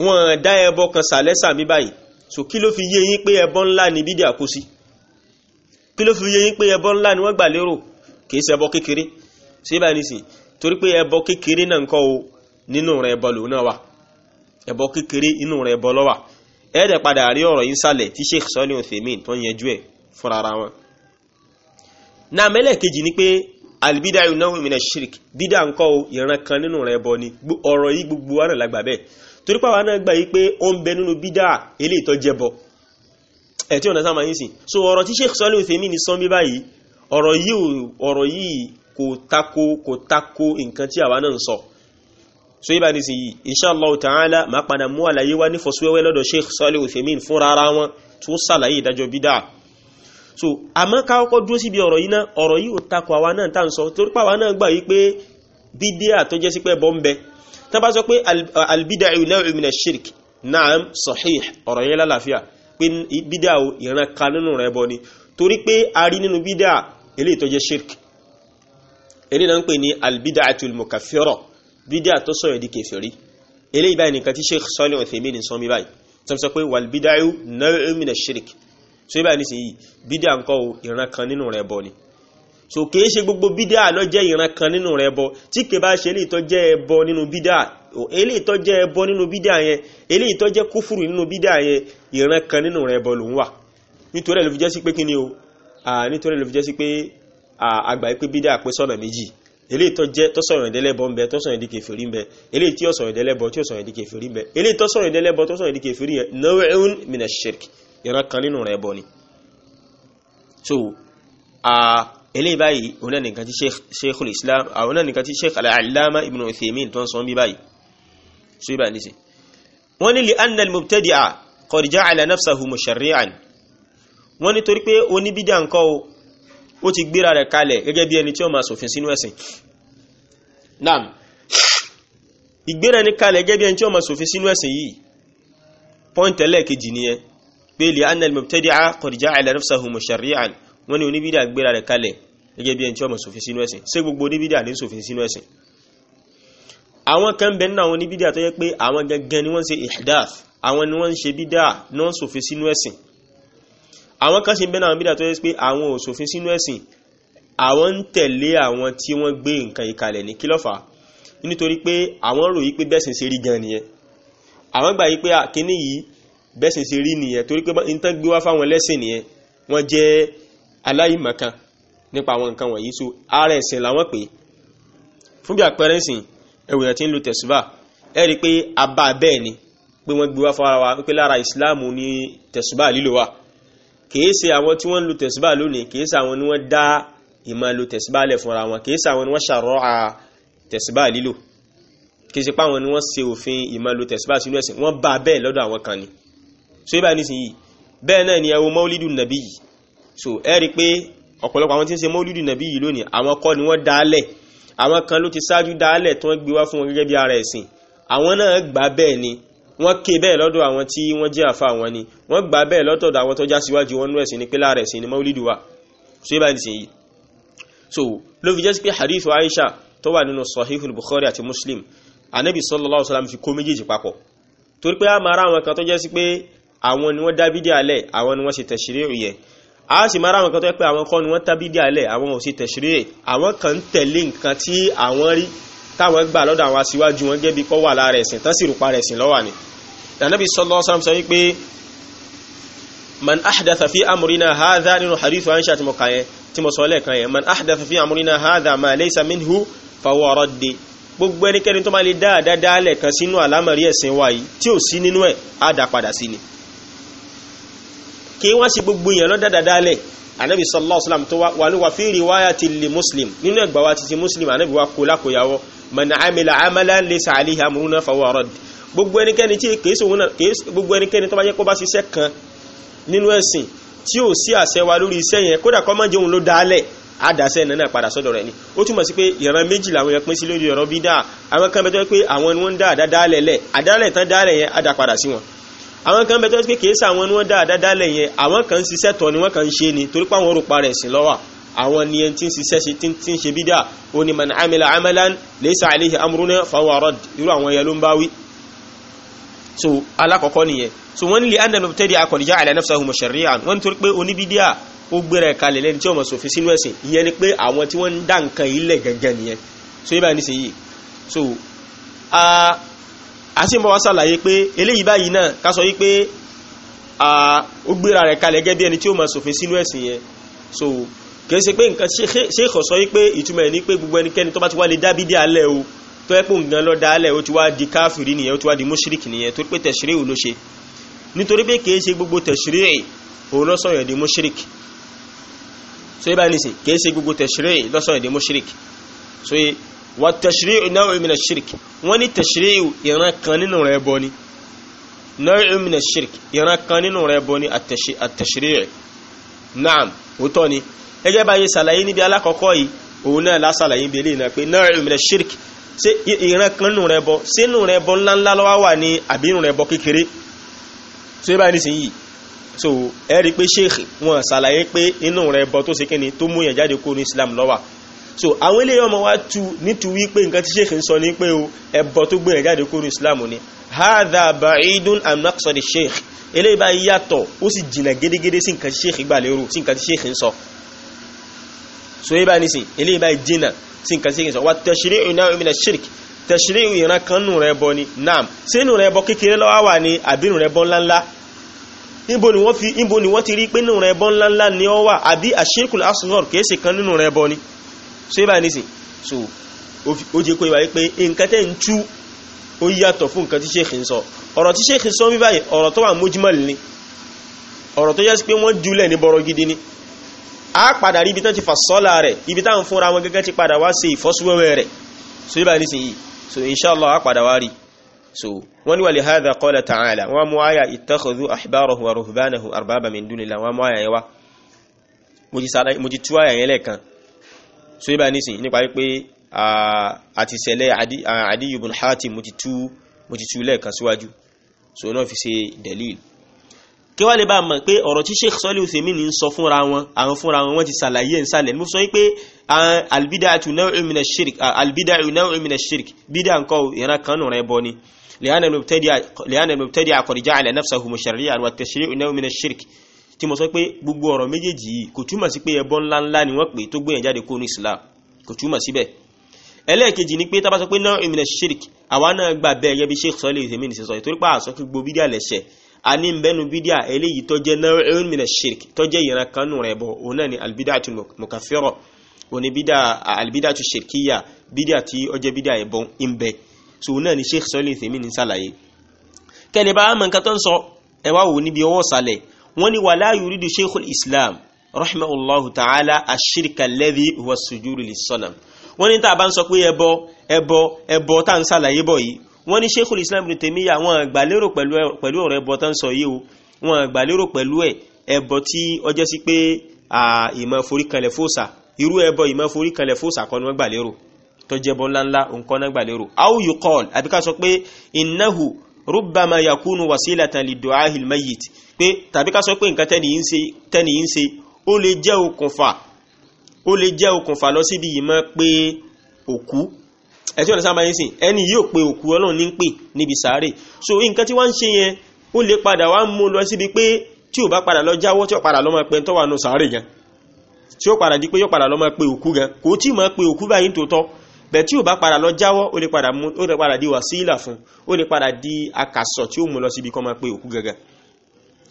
wọ́n dá ẹbọ kan sàlẹ́sà mi báyìí so kí ló fi yé yín pé ẹbọ ńlá ni bídí àkósí kí ló fi yé yín pé ẹbọ ńlá ni wọ́n gbà lérò kìí ṣẹbọ kékeré ṣé báyìí nìsín torí pé ẹbọ kékeré náà ń kọ́ o nínú rẹ̀ ẹbọ lòun náà wà ẹbọ kékeré inú rẹ̀ ẹbọ lọ́wà ẹ̀ẹ́dẹ̀ padà rí ọ̀rọ̀ yín sálẹ̀ tí Sheikh Sọ́lé Uthaymin tó ń yẹjú ẹ̀ fúnra ara wọn. náà mẹ́lẹ̀ kejì ni pé albidayu náà min ash-shirk bídà ń o ìran kan nínú rẹ̀ ẹbọ ni ọ̀rọ̀ yìí gbogbo wa náà lágbà bẹ́ẹ̀ torí pàwọn náà gbà yí pé ó ń bẹ nínú bídà ilé ìtọ́jẹbọ ẹ̀ tí ọ̀nà sáma yín sí so ọ̀rọ̀ tí Sheikh Sọ́lé òsèmí ni sọ́n bí báyìí ọ̀rọ̀ yìí ọ̀rọ̀ yìí kò tako kò tako nǹkan tí àwa náà ń sọ so yí bá ní sí yìí inshallah ta'ala máa padà mú àlàyé wá ní fọ́síwẹ́wẹ́ lọ́dọ̀ Sheikh Sọ́lé òsèmí fún rárá wọn tó sàlàyé ìdájọ́ bídà so àmọ́ ká kọ́kọ́ dúró síbi ọ̀rọ̀ yìí náà ọ̀rọ̀ yìí ò tako àwa náà tá à ń sọ torí pàwa náà gbà yí pé bídíà tó jẹ́ sí pé bọ́ ń bẹ tán bá sọ pé albida'u naw'un min ash-shirk naam sahih ọ̀rọ̀ yẹn lálàáfíà pé bídà ìran kan nínú rẹ̀ bọ́ ni torí pé a rí nínú bídà eléyìí tó jẹ́ shirk eléyìí náà ń pè ní albida'atul mukaffira bídà tó sọ yẹn di kèfèrí eléyìí báyìí nìkan tí Sheikh Salih Uthaymin ní sọmí báyìí tó sọ pé wal bida'u naw'un min ash-shirk so yìí báyìí nísìnyí bídà ìran kan nínú rẹ̀ bọ́ ni so kìí ṣe gbogbo bídíà ló jẹ́ ìran kan nínú rẹ̀ bọ tí kìí bá ṣe eléyìí tó jẹ́ ẹbọ nínú bídíà eléyìí tó jẹ́ ẹbọ nínú bídíà yẹn eléyìí tó jẹ́ kúfùrù nínú bídíà yẹn ìran kan nínú rẹ̀ bọ lòún wà nítorí ẹ̀ ló fi jẹ́ sí pé kí ni o nítorí ẹ̀ ló fi jẹ́ sí pé àgbà yìí pé bídíà pé sọ́nà méjì eléyìí tó jẹ́ tó sọ̀rọ̀ ìdẹ́lẹ́bọ ń bẹ tó sọ̀rọ̀ ìdíkè fèrí ń bẹ eléyìí tí ó sọ̀rọ̀ ìdẹ́lẹ́bọ tí ó ni. so eléyìí báyìí òun náà nìkan tí sheikhul islam àwọn náà nìkan tí sheikh al'alama ibn uthaymin tó ń sọ bí báyìí so ibà nísì wọ́n ní li'anna al-mubtadi'a qad ja'ala nafsahu musharri'an wọ́n ní torí pé oníbídà ń kọ́ ó ti gbéra rẹ̀ kalẹ̀ gẹ́gẹ́ bí ẹni tí ó máa ṣòfin sínú ẹ̀sìn naam ìgbéra ẹni kalẹ̀ gẹ́gẹ́ bí ẹni tí ó máa ṣòfin sínú ẹ̀sìn yìí pọ́ìntì ẹlẹ́ẹ̀kejì nìyẹn pé li'anna al-mubtadi'a qad ja'ala nafsahu musharri'an wọ́n ní oníbídà gbéra rẹ̀ kalẹ̀ gẹ́gẹ́ bí ẹni tí ọmọ sòfin sínú ẹ̀sìn ṣé gbogbo oníbídà ní sòfin sínú ẹ̀sìn àwọn kan bẹ̀ nínú oníbídà tó yẹ pé àwọn gangan ni wọ́n ṣe ihdaf àwọn ni wọ́n ṣe bídà náà sòfin sínú ẹ̀sìn àwọn kan ṣe bẹ̀ nínú àwọn bídà tó yẹ pé àwọn ò sòfin sínú ẹ̀sìn àwọn ń tẹ̀lé àwọn tí wọ́n gbé nǹkan ìkalẹ̀ ní kílọ̀fà nítorí pé àwọn rò yí pé bẹ́sìn ṣe rí gan nìyẹn àwọn gbà yí pé kíní yìí bẹ́sìn ṣe rí nìyẹn torí pé nǹkan gbé wá fáwọn ẹlẹ́sìn nìyẹn wọ́n jẹ́ aláìmọ̀kan nípa àwọn nǹkan wọ̀nyí so ara ẹ̀sìn làwọn pè fún bí àpẹẹrẹ ìsìn ẹ̀wòyàn tí ń lo tẹ̀sùbà ẹ rí i pé abá bẹ́ẹ̀ ni pé wọ́n gbé wá fara wa pé lára ìsìláàmù ni tẹ̀sùbà lílo wa kìí àwọn tí wọ́n lo tẹ̀sùbà lónìí kìí ṣe àwọn ni wọ́n dá ìmọ̀ lo tẹ̀sùbà lẹ̀ fúnra wọn kìí ṣe àwọn ni wọ́n ṣàrọ́ à tẹ̀sùbà lílo kìí ṣe pé àwọn ni wọ́n ṣe òfin ìmọ̀ lo tẹ̀sùbà sínú ẹ̀sìn wọ́n bá bẹ́ẹ̀ lọ́dọ̀ àwọn kan ni so ibà nísìnyí bẹ́ẹ̀ náà ni ẹ wo nàbí yìí so ẹ rí pé ọ̀pọ̀lọpọ̀ àwọn tí ń ṣe mọ́lúdì nàbí yìí lónìí àwọn kọ́ ni wọ́n dálẹ̀ àwọn kan ló ti ṣáájú dálẹ̀ tí wọ́n gbé wá fún wọn gẹ́gẹ́ bí ara ẹ̀sìn àwọn náà gbà bẹ́ẹ̀ ni wọ́n ké bẹ́ẹ̀ lọ́dọ̀ àwọn tí wọ́n jẹ́ àfa wọn ni wọ́n gbà bẹ́ẹ̀ lọ́tọ̀dọ̀ àwọn tó já síwájú wọn nú so yíba ní sèyí Aisha tó wà nínú Sahih Bukhari àti Muslim sallallahu alaihi wasallam fi kó méjèèjì papọ̀ torí pé a máa ra àwọn kan tó jẹ́ sí pé àwọn ni wọ́n dá bídí alẹ́ àwọn ni wọ́n ṣe tẹ̀sírí òye a sì máa ráwọn kan tó yẹ pé àwọn kọ́ ni wọ́n tábí dí alẹ̀ àwọn ò sí tẹ̀síré àwọn kan tẹ̀lé nǹkan tí àwọn rí táwọn gbà lọ́dọ̀ àwọn aṣíwájú wọn gẹ́bí kọ́ wà lára ẹ̀sìn tán sì rúpa rẹ̀ sìn lọ́wà ni Ànábì sallallahu alaihi sọ wípé man ahdatha fi amrina hadha nínú hadithu Aisha tí mo kà yẹn tí mo sọ lẹ́ẹ̀kan yẹn man ahdatha fi amrina hadha ma laysa minhu fahuwa raddi gbogbo ẹnikẹ́ni tó máa lè dáadáa dálẹ̀ kan sínú àlámọ̀rí ẹ̀sìn wa tí ò sí nínú ẹ̀ á dá padà sí ni kí wá sí gbogbo èèyàn lọ́dà dáadáa lẹ̀ anabi sallallahu alayhi wa sallam tó wà ní wà fi muslim nínú ẹgbà wa ti ti muslim anabi wa kó lákòyàwó man amila amalan laysa alayhi amruna fahuwa radd gbogbo ẹnikẹ́ni tí kèésì òun náà kèésì gbogbo ẹnikẹ́ni tó bá jẹ́ kó bá ṣiṣẹ́ kan nínú ẹ̀sìn tí ò sí àṣẹ wa lórí iṣẹ́ yẹn kódà kọ́ mọ́ jẹun ló dálẹ̀ àdàṣẹ náà padà sọ́dọ̀ rẹ̀ ni ó túmọ̀ sí pé ìran méjì làwọn yẹn pín sí lórí ọ̀rọ̀ bídà àwọn kan bẹ tó yẹ pé àwọn ni wọ́n ń dá àdá dálẹ̀ lẹ̀ àdálẹ̀ tán dálẹ̀ yẹn á padà sí wọn àwọn kan bẹ̀tọ́ pé kìí sàwọn ni wọ́n dáadáa dálẹ̀ yẹn àwọn kan ń ṣiṣẹ́ tọ́ ni wọ́n kan ń ṣe ni torí àwọn orúpa rẹ̀ sí lọ́wọ́ àwọn ni ẹni tí ń ṣiṣẹ́ ṣe tí ń ṣe bídà ó ní man amila amalan laysa alayhi amruna fahuwa radd irú àwọn yẹn ló ń bá wí. so alákọ̀ọ́kọ́ nìyẹn so wọ́n ní lè anna mubtadi akọ̀dìjà ala nafsahu musharri'an wọ́n torí pé oníbídíà ó gbéra ẹ̀ kalẹ̀ tí ó sòfin sínú ẹ̀sìn ìyẹn ni pé àwọn tí wọ́n ń dá nǹkan yìí lẹ̀ gẹ́gẹ́ nìyẹn so yíba ní sèyí so a sì ń bọ́ wá sàlàyé pé eléyìí báyìí náà ká sọ wípé ó gbéra rẹ̀ kalẹ̀ gẹ́gẹ́ ẹni tí ó máa ṣòfin sínú ẹ̀sìn yẹn so kìí ṣe pé nǹkan ṣe ìkọ̀ sọ wípé ìtumọ̀ ẹ̀ ní pé gbogbo ẹnikẹ́ni tó bá ti wá lè dá bídí alẹ́ o tó ẹ́ pò ń gan lọ́dá alẹ́ o ti wá di káfìrí nìyẹn o ti wá di mùṣírìkì nìyẹn torí pé tẹ̀sírì ò ló ṣe nítorí pé kìí ṣe gbogbo tẹ̀sírì òun lọ́sọ̀yàn wa tashri'u naw'un min ash-shirk wọ́n ní tashri'u ìran kan nínú rẹ̀ bọ́ ni naw'un min ash-shirk ìran kan nínú rẹ̀ bọ́ ni at-tashri'u naam òótọ́ ni gẹ́gẹ́ báyìí sàlàyé níbi alákọ̀ọ́kọ́ yìí òun náà lásàlàyé bí eléyìí náà pé naw'un min ash-shirk ṣé ìran kan nínú rẹ̀ bọ́ ṣé nínú rẹ̀ bọ́ ńláńlá lọ́wọ́ wà ní àbí nínú rẹ̀ bọ́ kékeré ṣé báyìí nísìnyìí so ẹ rí i pé sheikh wọn ṣàlàyé pé inú rẹ̀ bọ́ tó ṣe kíni tó mú yẹn jáde kó ní Islam ló so àwọn eléyìí ọmọ wa tu nítorí pé nǹkan tí sheikh ń sọ ní pé o ẹbọ tó gbé jáde kúrò islam ni hadha ba'idun an maqsadi sheikh eléyìí bá yàtọ̀ ó sì jìnà gédégédé sí nǹkan tí sheikh gbà lérò sí nǹkan tí sheikh ń sọ so eléyìí bá ní sìn eléyìí bá jìnà sí nǹkan tí sheikh ń sọ wa tashri'u naw'un min ash-shirk tashri'u ìran kan nù rẹ bọ ni naam sínú rẹ bọ kékeré lọ́wọ́ wà ní àbínú rẹ bọ ńláńlá níbo ni wọ́n fi níbo ni wọ́n ti rí pé nínú rẹ bọ́ ńláńlá ni ọ wà àbí àṣírkùn asghar kìí ṣe kan nínú rẹ bọ́ ni so ibà nísìn so ó jẹ́ kó ibà wípé nǹkan tẹ́ ń tú ó yàtọ̀ fún nǹkan tí sheikh ń sọ ọ̀rọ̀ tí sheikh sọ bíbá yìí ọ̀rọ̀ tó wà mujmal ni ọ̀rọ̀ tó jásí pé wọ́n jùlẹ̀ ní bọ̀rọ̀ gidi ni a padà rí ibi wọ́n ní wàlẹ̀ hadha qala ta'ala wọ́n mú àyà ittakhadhu ahbarahum wa ruhbanahum arbaba wọ́n mú àyà yẹn wá mo tú àyà yẹn lẹ́ẹ̀kan so ibà nísìn nípa wípé àti sẹlẹ̀ Adiyu ibn Hatim mo ti tú lẹ́ẹ̀kan síwájú so náà fi ṣe delil kí wá lè bá mọ̀ pé ọ̀rọ̀ tí Sheikh Sọ́lé Uthaymin ń sọ fúnra wọn àwọn fúnra wọn wọ́n ti ṣàlàyé ń sàlẹ̀ mo sọ wípé albida'atu naw'un min ash-shirk albida'u naw'un min ash-shirk bídà nǹkan ìran kan nù rẹ̀ bọ́ ni li'anna al-mubtadi'a qad ja'ala nafsahu musharri'an wa at-tashri'u naw'un min ash-shirk tí mo sọ pé gbogbo ọ̀rọ̀ méjèèjì yìí kò túmọ̀ sí pé ẹbọ ńláńlá ni wọ́n pè tó gbé yẹn jáde kó ní Islam kò túmọ̀ síbẹ̀ ẹlẹ́ẹ̀kejì ni pé tá bá sọ pé náà ìmìnà shirk àwa náà gbà bẹ́ẹ̀ yẹ bí Sheikh Salih tèmi nìṣẹ́ sọ ìtorí pa àsọ kí gbogbo bídíà lẹ́sẹ̀ a ní bẹ́nu bídíà eléyìí tó jẹ́ náà ìmìnà shirk tó jẹ́ ìran kanú rẹ̀ bọ̀ òun náà ni albidatu mukafiro òun ni albidatu shirkiya bídíà tí ó jẹ́ bídíà ẹ̀bọ̀n ń bẹ so òun náà ni Sheikh Salih tèmi ní sàlàyé mọ̀ nǹkan tó ń sọ ẹ wá wò níbi ọwọ́ sàlẹ̀ wọ́n ní wala yuridu sheikhul islam rahimahullahu ta'ala ashirka alladhi huwa sujudu lis-sanam wọ́n ní tá a bá ń sọ pé ẹbọ ẹbọ ẹbọ tá ń ṣàlàyé bọ̀ yìí wọ́n ní sheikhul islam ibn taymiya wọ́n gbàlérò pẹ̀lú ọ̀rọ̀ ẹbọ tá ń sọ yìí o wọ́n gbàlérò pẹ̀lú ẹ̀ ẹbọ tí ọjọ́ sí pé ìmọ̀ forí kanlẹ̀ fòsà irú ẹbọ ìmọ̀ forí kanlẹ̀ fòsà kan ni wọ́n gbàlérò tó jẹbọ ńláńlá nǹkan náà gbàlérò aw yuqal àbíká sọ pé innahu rubbama yakunu wasilatan lidu'ahil mayyit pé tàbí ká sọ pé nǹkan tẹ́ni ń ṣe tẹ́ni ń ṣe ó lè jẹ́ okùnfà ó lè jẹ́ okùnfà lọ síbi yìí mọ́ pé òkú ẹ tí ọ̀nà sábà yín sìn ẹni yóò pe òkú ọlọ́run ní pè níbi sàárè so nǹkan tí wọ́n ń ṣe yẹn ó lè padà wá mú lọ síbi pé tí ò bá padà lọ jáwọ́ tí ò padà lọ́mọ pé tó wà nù sàárè gan tí ó padà di pé yóò padà lọ́mọ pé òkú gan kò tí mọ̀ pé òkú báyìí tòótọ́ bẹ̀ tí ò bá padà lọ jáwọ́ ó lè padà di wàsílà fún ó lè padà di akàsọ̀ tí ó mú lọ síbi kọ́ mọ̀ pé òkú gangan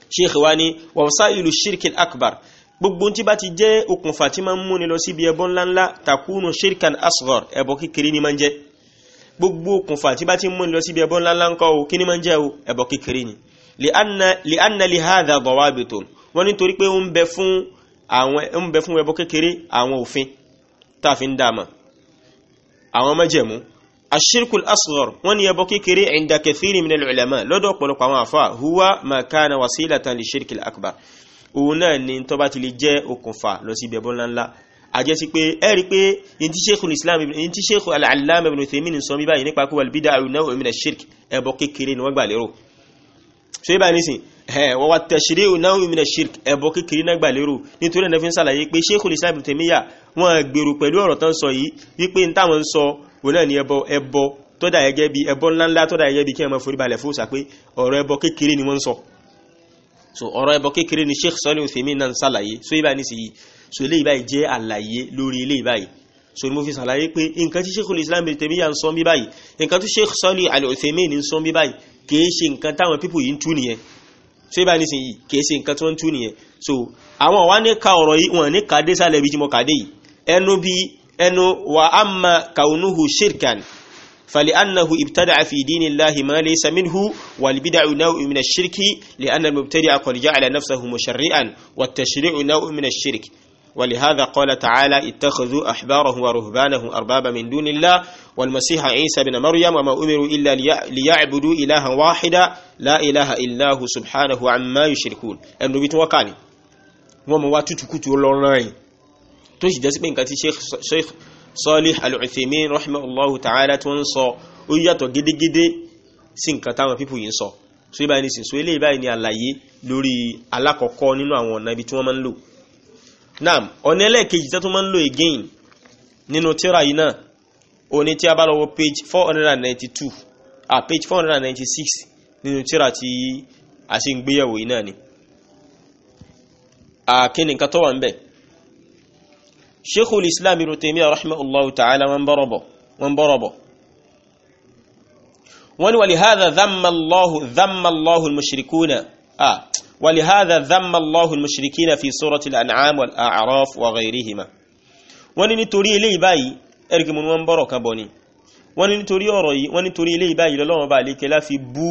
sheikh wa ni wasailu shirkin akbar gbogbo tí bá ti jẹ́ okùnfà tí máa ń múni lọ síbi ẹbọ ńláńlá takunu shirkan asghar ẹbọ kékeré ni máa ń jẹ́ gbogbo okùnfà tí bá ti ń múni lọ síbi ẹbọ ńláńlá ńkọ́ o kí ni máa ń jẹ́ o ẹbọ kékeré ni li anna li hadha dawabitun wọ́n nítorí pé ó ń bẹ fún ẹbọ kékeré àwọn òfin tá a fi ń dá a mọ̀ àwọn májẹ̀mú ashirkul asghar wọ́n ní ẹbọ kékeré inda kathiri min al-ulama lọ́dọ̀ ọ̀pọ̀lọpọ̀ àwọn àfà huwa ma kana wasilatan li shirkil akbar òun náà ni tó bá ti lè jẹ́ okùnfà lọ sí ẹbọ ńláńlá àjẹ́ sí pé ẹ̀rí pé in ti Sheikhul Islam in ti Sheikh al-Allama Ibn Uthaymeen sọ bí báyìí nípa kúwàl bid'u naw'un min ash-shirk ẹbọ kékeré ni wọ́n gbà lérò ṣe bá ní sìn wa wa tashri'u naw'un min ash-shirk ẹbọ kékeré náà gbà lérò nítorí ẹ̀nà fi ń sàlàyé pé Sheikhul Islam Ibn Taymiyyah wọ́n gbèrò pẹ̀lú ọ̀rọ̀ tán sọ yìí wípé ní táwọn ń sọ òun náà ni ẹbọ ẹbọ tó dà gẹ́gẹ́ bí ẹbọ ńláńlá tó dà gẹ́gẹ́ bí kí ẹ forí balẹ̀ fóòsà pé ọ̀rọ̀ ẹbọ kékeré ni wọ́n ń sọ so ọ̀rọ̀ ẹbọ kékeré ni Sheikh Sọ́lé Òfèmí náà ń ṣàlàyé so ibà ní sìyí so ilé ìbáyìí jẹ́ àlàyé lórí ilé ìbáyìí so ni mo fi ṣàlàyé pé nǹkan tí Sheikhul Islam Ibn Taymiyyah ń sọ bí báyìí nǹkan tí Sheikh Sọ́lé Al-Òfèmí ní ń sọ bí báyìí kìí ṣe nǹkan táwọn pípò yìí ń tú nìyẹn so ibà ní sìyí kìí ṣe nǹkan tí wọ́n ń tú nìyẹn so àwọn wá ní ka ọ̀rọ̀ yìí wọ́n ní ka dé sálẹ̀ bí tí mo yìí ẹnu bíi انه واما كونه شركا فلأنه ابتدع في دين الله ما ليس منه والبدع نوع من الشرك لأن المبتدع قد جعل نفسه مشرعا والتشريع نوع من الشرك ولهذا قال تعالى اتخذوا أحبارهم ورهبانهم أربابا من دون الله والمسيح عيسى بن مريم وما أمروا إلا ليعبدوا إلها واحدا لا إله إلا هو سبحانه عما يشركون أنه بيتوكاني وما واتتكتوا لورنين tó sì jẹ́ sí pé nǹkan tí Sheikh Salih Al-Uthaymin rahimahullahu ta'ala tó ń sọ ó yàtọ̀ gédégédé sí nǹkan táwọn pípù yìí ń sọ so ibà ní sísọ ilé ibà ní àlàyé lórí alákọ̀ọ́kọ́ nínú àwọn ọ̀nà ibi tí wọ́n máa ń lò naam ọ̀nà ẹlẹ́ẹ̀kejì tó máa ń lò again nínú tíra yìí náà òní tí a bá lọ wo page 492 ah page 496 nínú tíra tí a sì ń gbéyẹ̀wò yìí náà ni àkíní nǹkan tó wà ń bẹ̀ sheikhul islam ibn taymiyyah rahimahullahu ta'ala wọn bọ́rọ̀ bọ̀ wọ́n ni walihada dhammallahu dhammallahu al-mushrikuna ah walihada dhammallahu al-mushrikina fi surati al-an'am wal-a'raf wa ghayrihima wọ́n ni nítorí ilé ìbáyìí ẹ̀rìkìmọ̀ wọn bọ́rọ̀ kan bọ̀ ni wọ́n ni nítorí ọ̀rọ̀ yìí wọ́n ni nítorí ilé ìbáyìí lọ́lọ́wọ́n bá lè kẹ́lá bú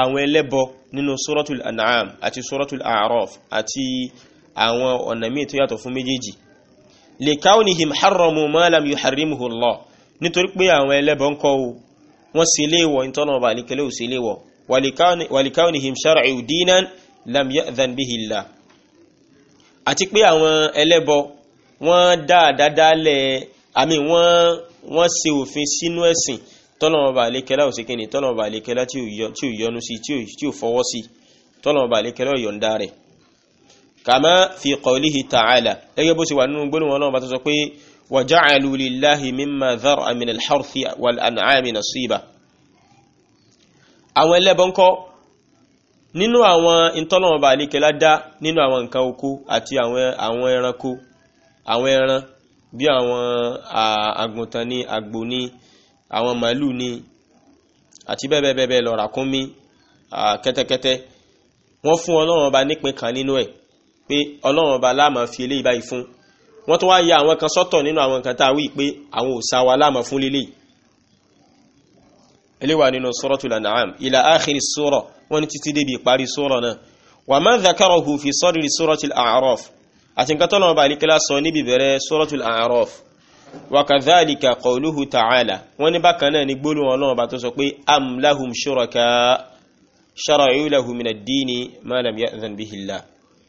àwọn ẹlẹ́bọ nínú suratul an'am àti suratul a'raf àti àwọn ọ̀nà míì tó yàtọ̀ fún méjèèjì lè káwọnihim haramu malam yuharrimuhu Allah nítorí pé àwọn ẹlẹ́bọn kọ́ o wọ́n sì léèwọ̀ ìtọ́nà ọba àlíkẹ́lẹ́ ò sì léèwọ̀ wàlìkáwọnihim shar'u dinan lam ya'dhan bihi Allah àti pé àwọn ẹlẹ́bọ wọ́n dáadáa lẹ̀ àmì wọ́n wọ́n ṣe òfin sínú ẹ̀sìn tọ́nà ọba àlíkẹ́lá ò sí kíni tọ́nà ọba àlíkẹ́lá tí ò yọnu sí tí ò fọwọ́ sí tọ́nà ọba àlíkẹ́lá ò yọ̀ǹda rẹ̀ kàmá fi qawlihi ta'ala gẹ́gẹ́ bó ṣe wà nínú gbólóhùn Ọlọ́run bá tó sọ pé wa ja'alu lillahi mimma dhar'a min al-harthi wal an'ami nasiba àwọn ẹlẹ́bọn kọ́ nínú àwọn ìtọ́lọ́wọ̀n bá alékẹ́lá dá nínú àwọn nǹkan oko àti àwọn ẹranko àwọn ẹran bí àwọn àgùntàn ní àgbò ní àwọn màálù ní àti bẹ́ẹ̀bẹ́ẹ̀bẹ́ẹ̀ lọ ràkúnmí kẹ́tẹ́kẹ́tẹ́ wọ́n fún Ọlọ́run bá nípìn kan nínú ẹ̀ pé ọlọ́run ọba láàmà fi eléyìí báyìí fún wọ́n tó wá ya àwọn kan sọ́tọ̀ nínú àwọn kan tá a wí pé àwọn òòṣà wa láàmà fún lélẹ̀ eléwà nínú suratul an'am ila akhiri sura wọ́n ní títí débi ìparí sura náà wa ma dhakarahu fi sadri suratul a'raf àti nǹkan tọ́lọ́run ọba àlíkẹ́lá sọ níbi bẹ̀rẹ̀ suratul a'raf wa kadhalika qawluhu ta'ala wọ́n ní bákan náà ní gbólóhùn ọlọ́run ọba tó sọ pé am lahum shuraka shara'u lahu min ad-dini ma lam ya'dhan bihi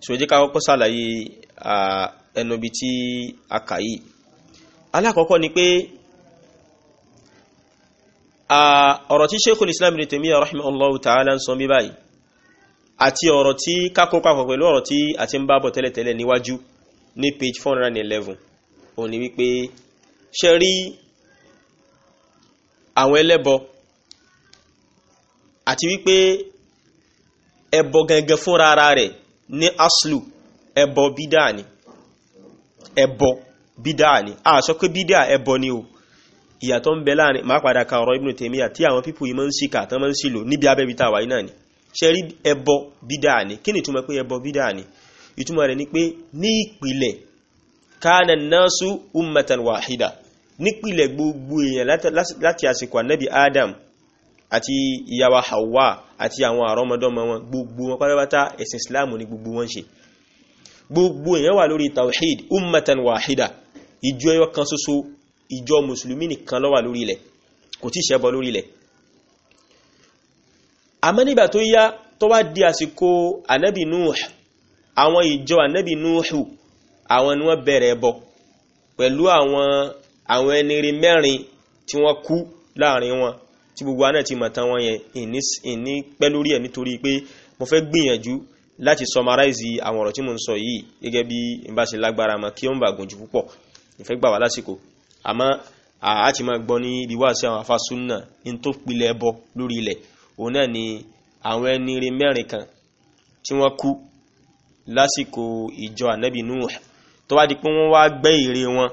so jẹ́ ká kọ́kọ́ ṣàlàyé ẹnu ibi tí a kà yìí alákọ̀ọ́kọ́ ni pé ọ̀rọ̀ tí Sheikhul Islam Ibn Taymiyyah rahimahullahu ta'ala ń sọ bí báyìí àti ọ̀rọ̀ tí kákòókò pẹ̀lú ọ̀rọ̀ tí a ti ń bábọ̀ tẹ́lẹ̀tẹ́lẹ̀ níwájú ní page 411 òun ni wípé ṣe rí àwọn ẹlẹ́bọ àti wípé ẹbọ gangan fúnra ara rẹ̀ ne aslu ẹbọ bídà ni ẹbọ bídà ni a sọ pé bídà ẹbọ ni o ìyàtọ̀ ń bẹ láàrin máa padà ka ọ̀rọ̀ Ibn Taymiyyah tí àwọn pípò yìí máa ń ṣìkà tán máa ń ṣìlò níbi abẹ́bí tá a wà náà ni ṣe rí ẹbọ bídà ni kí ni ìtumọ̀ pé ẹbọ bídà ni ìtumọ̀ rẹ̀ ni pé ní ìpìlẹ̀ kana nasu ummatan wahida nípìlẹ̀ gbogbo èèyàn láti àsìkò ànábì Adam àti ìyàwó Hawa àti àwọn àrọ́mọdọ́mọ wọn gbogbo wọn pátápátá ẹ̀sìn Islam ni gbogbo wọn ṣe gbogbo èèyàn wà lórí tawhid ummatan wahida ìjọ ẹyọ kan ṣoṣo ìjọ mùsùlùmí nìkan ló wà lórí ilẹ̀ kò tí ṣẹbọ lórí ilẹ̀ àmọ́ nígbà tó yá tó wá di àsìkò ànábì Nuh àwọn ìjọ ànábì Nuhu àwọn ni wọ́n bẹ̀rẹ̀ ẹbọ pẹ̀lú àwọn àwọn ẹni mẹ́rin tí wọ́n kú láàrin wọn tí gbogbo anáà ti mọ̀tán wọn yẹn ìní pẹ́ lórí ẹ̀ nítorí pé mo fẹ́ gbìyànjú láti summarize àwọn ọ̀rọ̀ tí mo ń sọ yìí gẹ́gẹ́ bí n bá ṣe lágbára mọ́ kí ó ń bà gùn jù púpọ̀ ìfẹ́ gbà wá lásìkò àmọ́ a ti máa gbọ́ ní ibi wá sí àwọn afásúnà ní tó pilẹ̀ ẹbọ lórí ilẹ̀ òun náà ni àwọn ẹni rí mẹ́rin kan tí wọ́n kú lásìkò ìjọ ànábì tó wá di pé wọ́n wá gbẹ́ ère wọn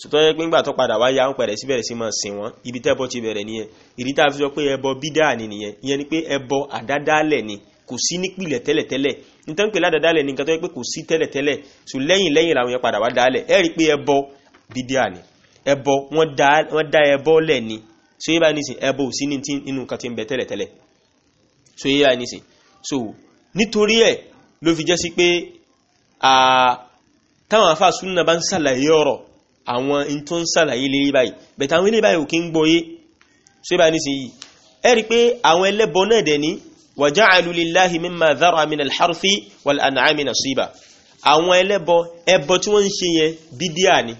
sọtọ́ yẹ pé ńgbà tó padà wá yá ń pẹ̀rẹ̀ sí bẹ̀rẹ̀ sí máa sìn wọ́n ibi tẹ́bọ ti bẹ̀rẹ̀ nìyẹn ìdí tá a fi sọ pé ẹbọ bídà ni nìyẹn ìyẹn ni pé ẹbọ àdádálẹ̀ ni kò sí nípìlẹ̀ tẹ́lẹ̀tẹ́lẹ̀ nítorí pé ládàdálẹ̀ ni nǹkan tó yẹ pé kò sí tẹ́lẹ̀tẹ́lẹ̀ sọ lẹ́yìn lẹ́yìn làwọn yẹn padà wá dálẹ̀ ẹ rí i pé ẹbọ bídà ni ẹbọ wọ́n dá ẹbọ lẹ̀ ni so yẹ báyìí nísìn ẹbọ ò sí nínú nǹkan tí ń bẹ tẹ́lẹ̀tẹ́lẹ̀ so yẹ báyìí nísìn so nítorí ẹ ló àwọn in tó ń sàlàyé lè rí báyìí bẹ̀tà àwọn ilé báyìí ò kí ń gbọ́yé ṣé bá ní sí yìí ẹ rí pé àwọn ẹlẹ́bọ náà dẹ̀ ní wa ja'alu lillahi mimma dhara min al-harthi wal an'ami nasiba àwọn ẹlẹ́bọ ẹbọ tí wọ́n ń ṣe yẹn bídíà ni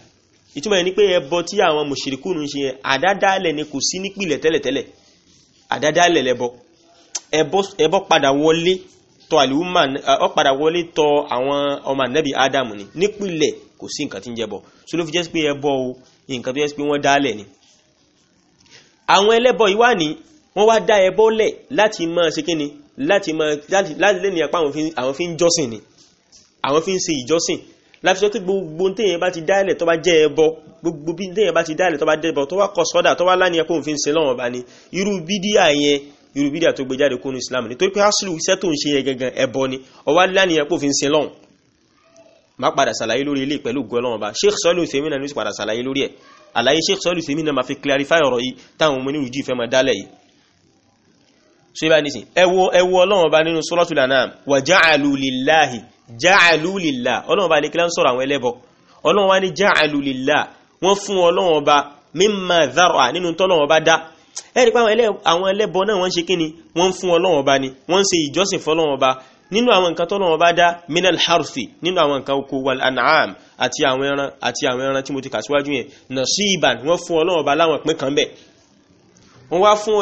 ìtumọ̀ yẹn ni pé ẹbọ tí àwọn mushrikun sí kò sí nǹkan tí ń jẹbọ so ló fi jẹ́ pé ẹbọ o nǹkan tó jẹ́ pé wọ́n dálẹ̀ ni àwọn ẹlẹ́bọ yìí wà ní wọ́n wá dá ẹbọ lẹ̀ láti máa ṣe kíni láti máa láti lè ní apá àwọn fi ń jọ́sìn ni àwọn fi ń ṣe ìjọ́sìn láti sọ pé gbogbo téèyàn bá ti dálẹ̀ tó bá jẹ́ ẹbọ gbogbo bí téèyàn bá ti dálẹ̀ tó bá jẹ́ ẹbọ tó wá kọ sọ́dà tó wá lánìyàn pé òun ṣe lọ́wọ́n bá ni irú bídíà yẹn irú bídíà tó gbé jáde kúrú Islam nítorí pé aslu iṣẹ́ tó ń ṣe yẹn gangan ẹbọ ni ọwá lánìyàn pé òun ṣe lọ́wọ́n má padà ṣàlàyé lórí ilé pẹ̀lú ògùn ọlọ́run ọba sheikh sọ́lù sèmi náà ní sì padà ṣàlàyé lórí ẹ̀ àlàyé sheikh sọ́lù sèmi náà máa fi clarify ọ̀rọ̀ yìí táwọn ọmọ onírúurú jìí fẹ́ máa dálẹ̀ yìí ṣé bá nísìn ẹ wo ọlọ́run ọba nínú suratul anam wa ja'alu lillahi ja'alu lillah ọlọ́run ọba alekela ń sọ̀rọ̀ àwọn ẹlẹ́bọ ọlọ́run wa ní ja'alu lillah wọ́n fún ọlọ́run ọba mimma dhar'a nínú tọ́lọ́run ọba dá ẹ rí i pé àwọn ẹlẹ́bọ náà wọ́n ń ṣe kíni wọ́n ń fún ọlọ́run ọba ni wọ́n ń ṣe nínú àwọn nǹkan tọ́lọ́wọ́ bá dá minal harfi nínú àwọn nǹkan oko wal an'am àti àwọn ẹran àti àwọn ẹran tí mo ti kà síwájú yẹn nasiban wọ́n fún Ọlọ́run bá láwọn ìpín kan bẹ̀ wọ́n wá fún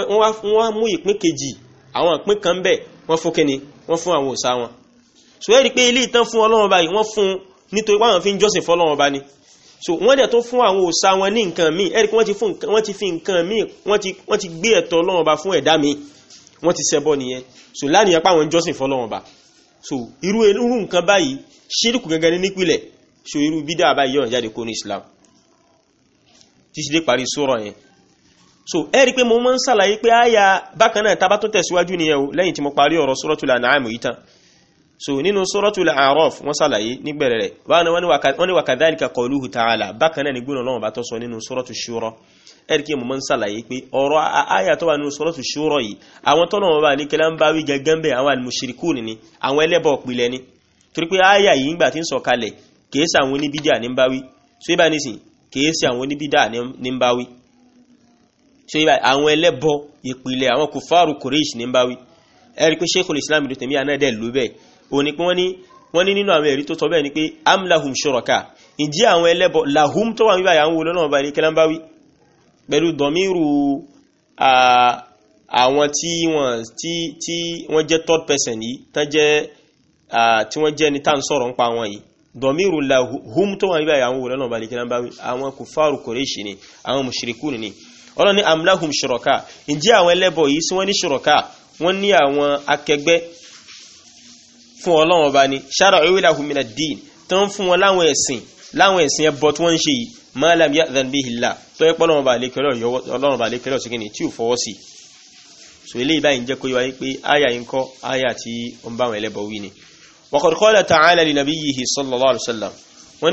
wọ́n wá mú ìpín kejì àwọn ìpín kan bẹ̀ wọ́n fún kíni wọ́n fún àwọn òòṣà wọn so ẹ rí pé ilé ìtàn fún Ọlọ́run bá wọ́n fún nítorí pé fi ń jọ́sìn fọ́lọ́run bá ni so wọ́n dẹ̀ tó fún àwọn òòṣà wọn ní nǹkan míì ẹ rí pé wọ́n ti fi nǹkan míì wọ́n ti gbé ẹ̀tọ́ Ọlọ́run bá fún ẹ̀dá míì wọ́n ti ṣẹbọ nìyẹn so lánìyàn pàwọn jọ́sìn fọ́lọ́run bá so irú irú nǹkan báyìí ṣírìkù gẹ́gẹ́ ní nípìlẹ̀ so irú bídà báyìí yọ̀n jáde kó ní islam títí dé parí sọ́rọ̀ yẹn so ẹ rí i pé mo máa ń ṣàlàyé pé àyà bákan náà tábà tó tẹ̀síwájú nìyẹn o lẹ́yìn tí mo parí ọ̀rọ̀ suratul an'am yìí tán so nínú suratul A'raf wọ́n sàlàyé nígbẹ̀rẹ̀ rẹ̀ wọ́n ni wa kadhalika qawluhu ta'ala bákan náà ni gbóná lọ́wọ́ bá tọ́ sọ nínú suratul Shura ẹ̀rìkì mọ̀ ń sàlàyé pé ọ̀rọ̀ àyà tó wà nínú suratul Shura yìí àwọn tọ́nà wọn bá níkẹ́lá ń bá wí gẹ́gẹ́ bẹ́ẹ̀ àwọn al-mushrikun ni àwọn ẹlẹ́bọ̀ pilẹ̀ ni torí pé àyà yìí ńgbà tí ń sọ kalẹ̀ àwọn oníbídà ní ń bá wí so nísìn kìí àwọn oníbídà ní ń bá wí so àwọn ẹlẹ́bọ̀ ìpìlẹ̀ àwọn kùfàrù Quraysh ní ń bá wí pé Sheikhul Islam Ibn Taymiyyah náà dẹ̀ lóbẹ̀ẹ́ òní pé wọ́n ní wọ́n ní nínú àwọn ẹ̀rí tó sọ bẹ́ẹ̀ pé am lahum shuraka ìjí àwọn ẹlẹ́bọ lahum tó wà níbàyà ń wo lọ́nà ọba ní kẹlẹ́mbáwí pẹ̀lú dọ̀míru àwọn tí wọ́n tí wọ́n jẹ́ third person yìí tán jẹ́ tí wọ́n jẹ́ ní tá ń sọ̀rọ̀ ń pa wọn yìí dọ̀míru lahum tó wà níbàyà ń wo lọ́nà kufaru Qurayshi ni àwọn mushrikun ni ọlọ́ni am lahum shuraka ìjí àwọn ẹlẹ́bọ yìí sí wọ́n ní fún ọlọ́run ọba ni shara'u lahum min ad-din tó ń fún wọn láwọn ẹ̀sìn láwọn ẹ̀sìn ẹbọ tí wọ́n ń ṣe yìí ma lam ya'dhan bihi Allah tó yẹ pọ́lọ́run ọba àlékẹ́lẹ́ ọ̀sìn kìíní tí ò fọwọ́ sí so eléyìí báyìí jẹ́ kó pé áyà ń kọ́ áyà tí ó ń bá wọn ẹlẹ́bọ wí ni wa qad qala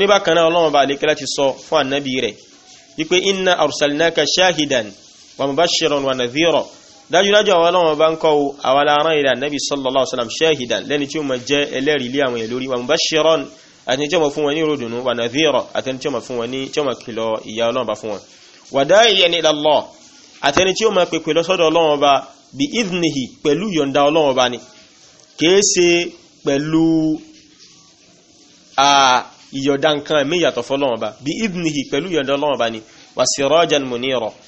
ní bákan náà ọlọ́run dájúdájú àwọn ọlọ́wọ́n bá ń kọ́ o àwọn aláàrán ìlà nẹ́bí sallallahu alaihi wasallam shahidan lẹ́ni tí ó mọ̀ jẹ́ ẹlẹ́rìí lé àwọn èlórí wọn mubashiran àti tí ó mọ̀ fún wọn ní ròdùnú wà nadhira àti tí ó mọ̀ fún wọn ní tí ó mọ̀ kìlọ̀ ìyá ọlọ́wọ́n bá fún wọn wa da'iyan ila pèpè lọ́sọ́dọ̀ ọlọ́wọ́n bá ni kìí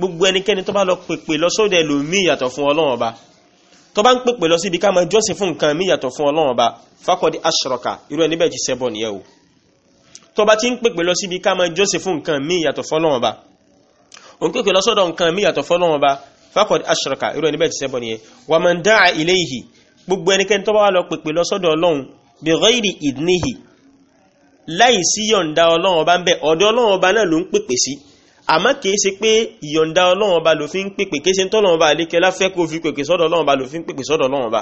gbogbo ẹnikẹ́ni tó bá lọ pèpè lọ sóde ẹlòmíì yàtọ̀ fún ọlọ́run ọba tó bá ń pèpè lọ síbi ká máa jọ́sìn fún nǹkan míì yàtọ̀ fún ọlọ́run ọba fákọ̀dí ashraka irú ẹni bẹ́ẹ̀ ti ṣẹbọ nìyẹn o tó bá ti ń pèpè lọ síbi ká máa jọ́sìn fún nǹkan míì yàtọ̀ fún ọlọ́run ọba òun pèpè lọ sọ́dọ̀ nǹkan míì yàtọ̀ fún ọlọ́run ọba fákọ̀dí ashraka irú ẹni bẹ́ẹ̀ ti ṣẹbọ nìyẹn wà man da'a ilayhi gbogbo ẹnikẹ́ni tó bá lọ pèpè lọ ọlọ́run bi ghairi idnihi láì sí yọ̀ǹda ọlọ́run ọba ń bẹ ọ̀dọ̀ ọlọ́run ọba náà ló ń pèpè sí àmọ́ kìí ṣe pé ìyọ̀ǹda ọlọ́run ọba ló fi ń pèpè kìí ṣe tọ́lọ́run ọba àlékẹ́ láfẹ́ kó fi pèpè sọ́dọ̀ ọlọ́run ọba ló fi ń pèpè sọ́dọ̀ ọlọ́run ọba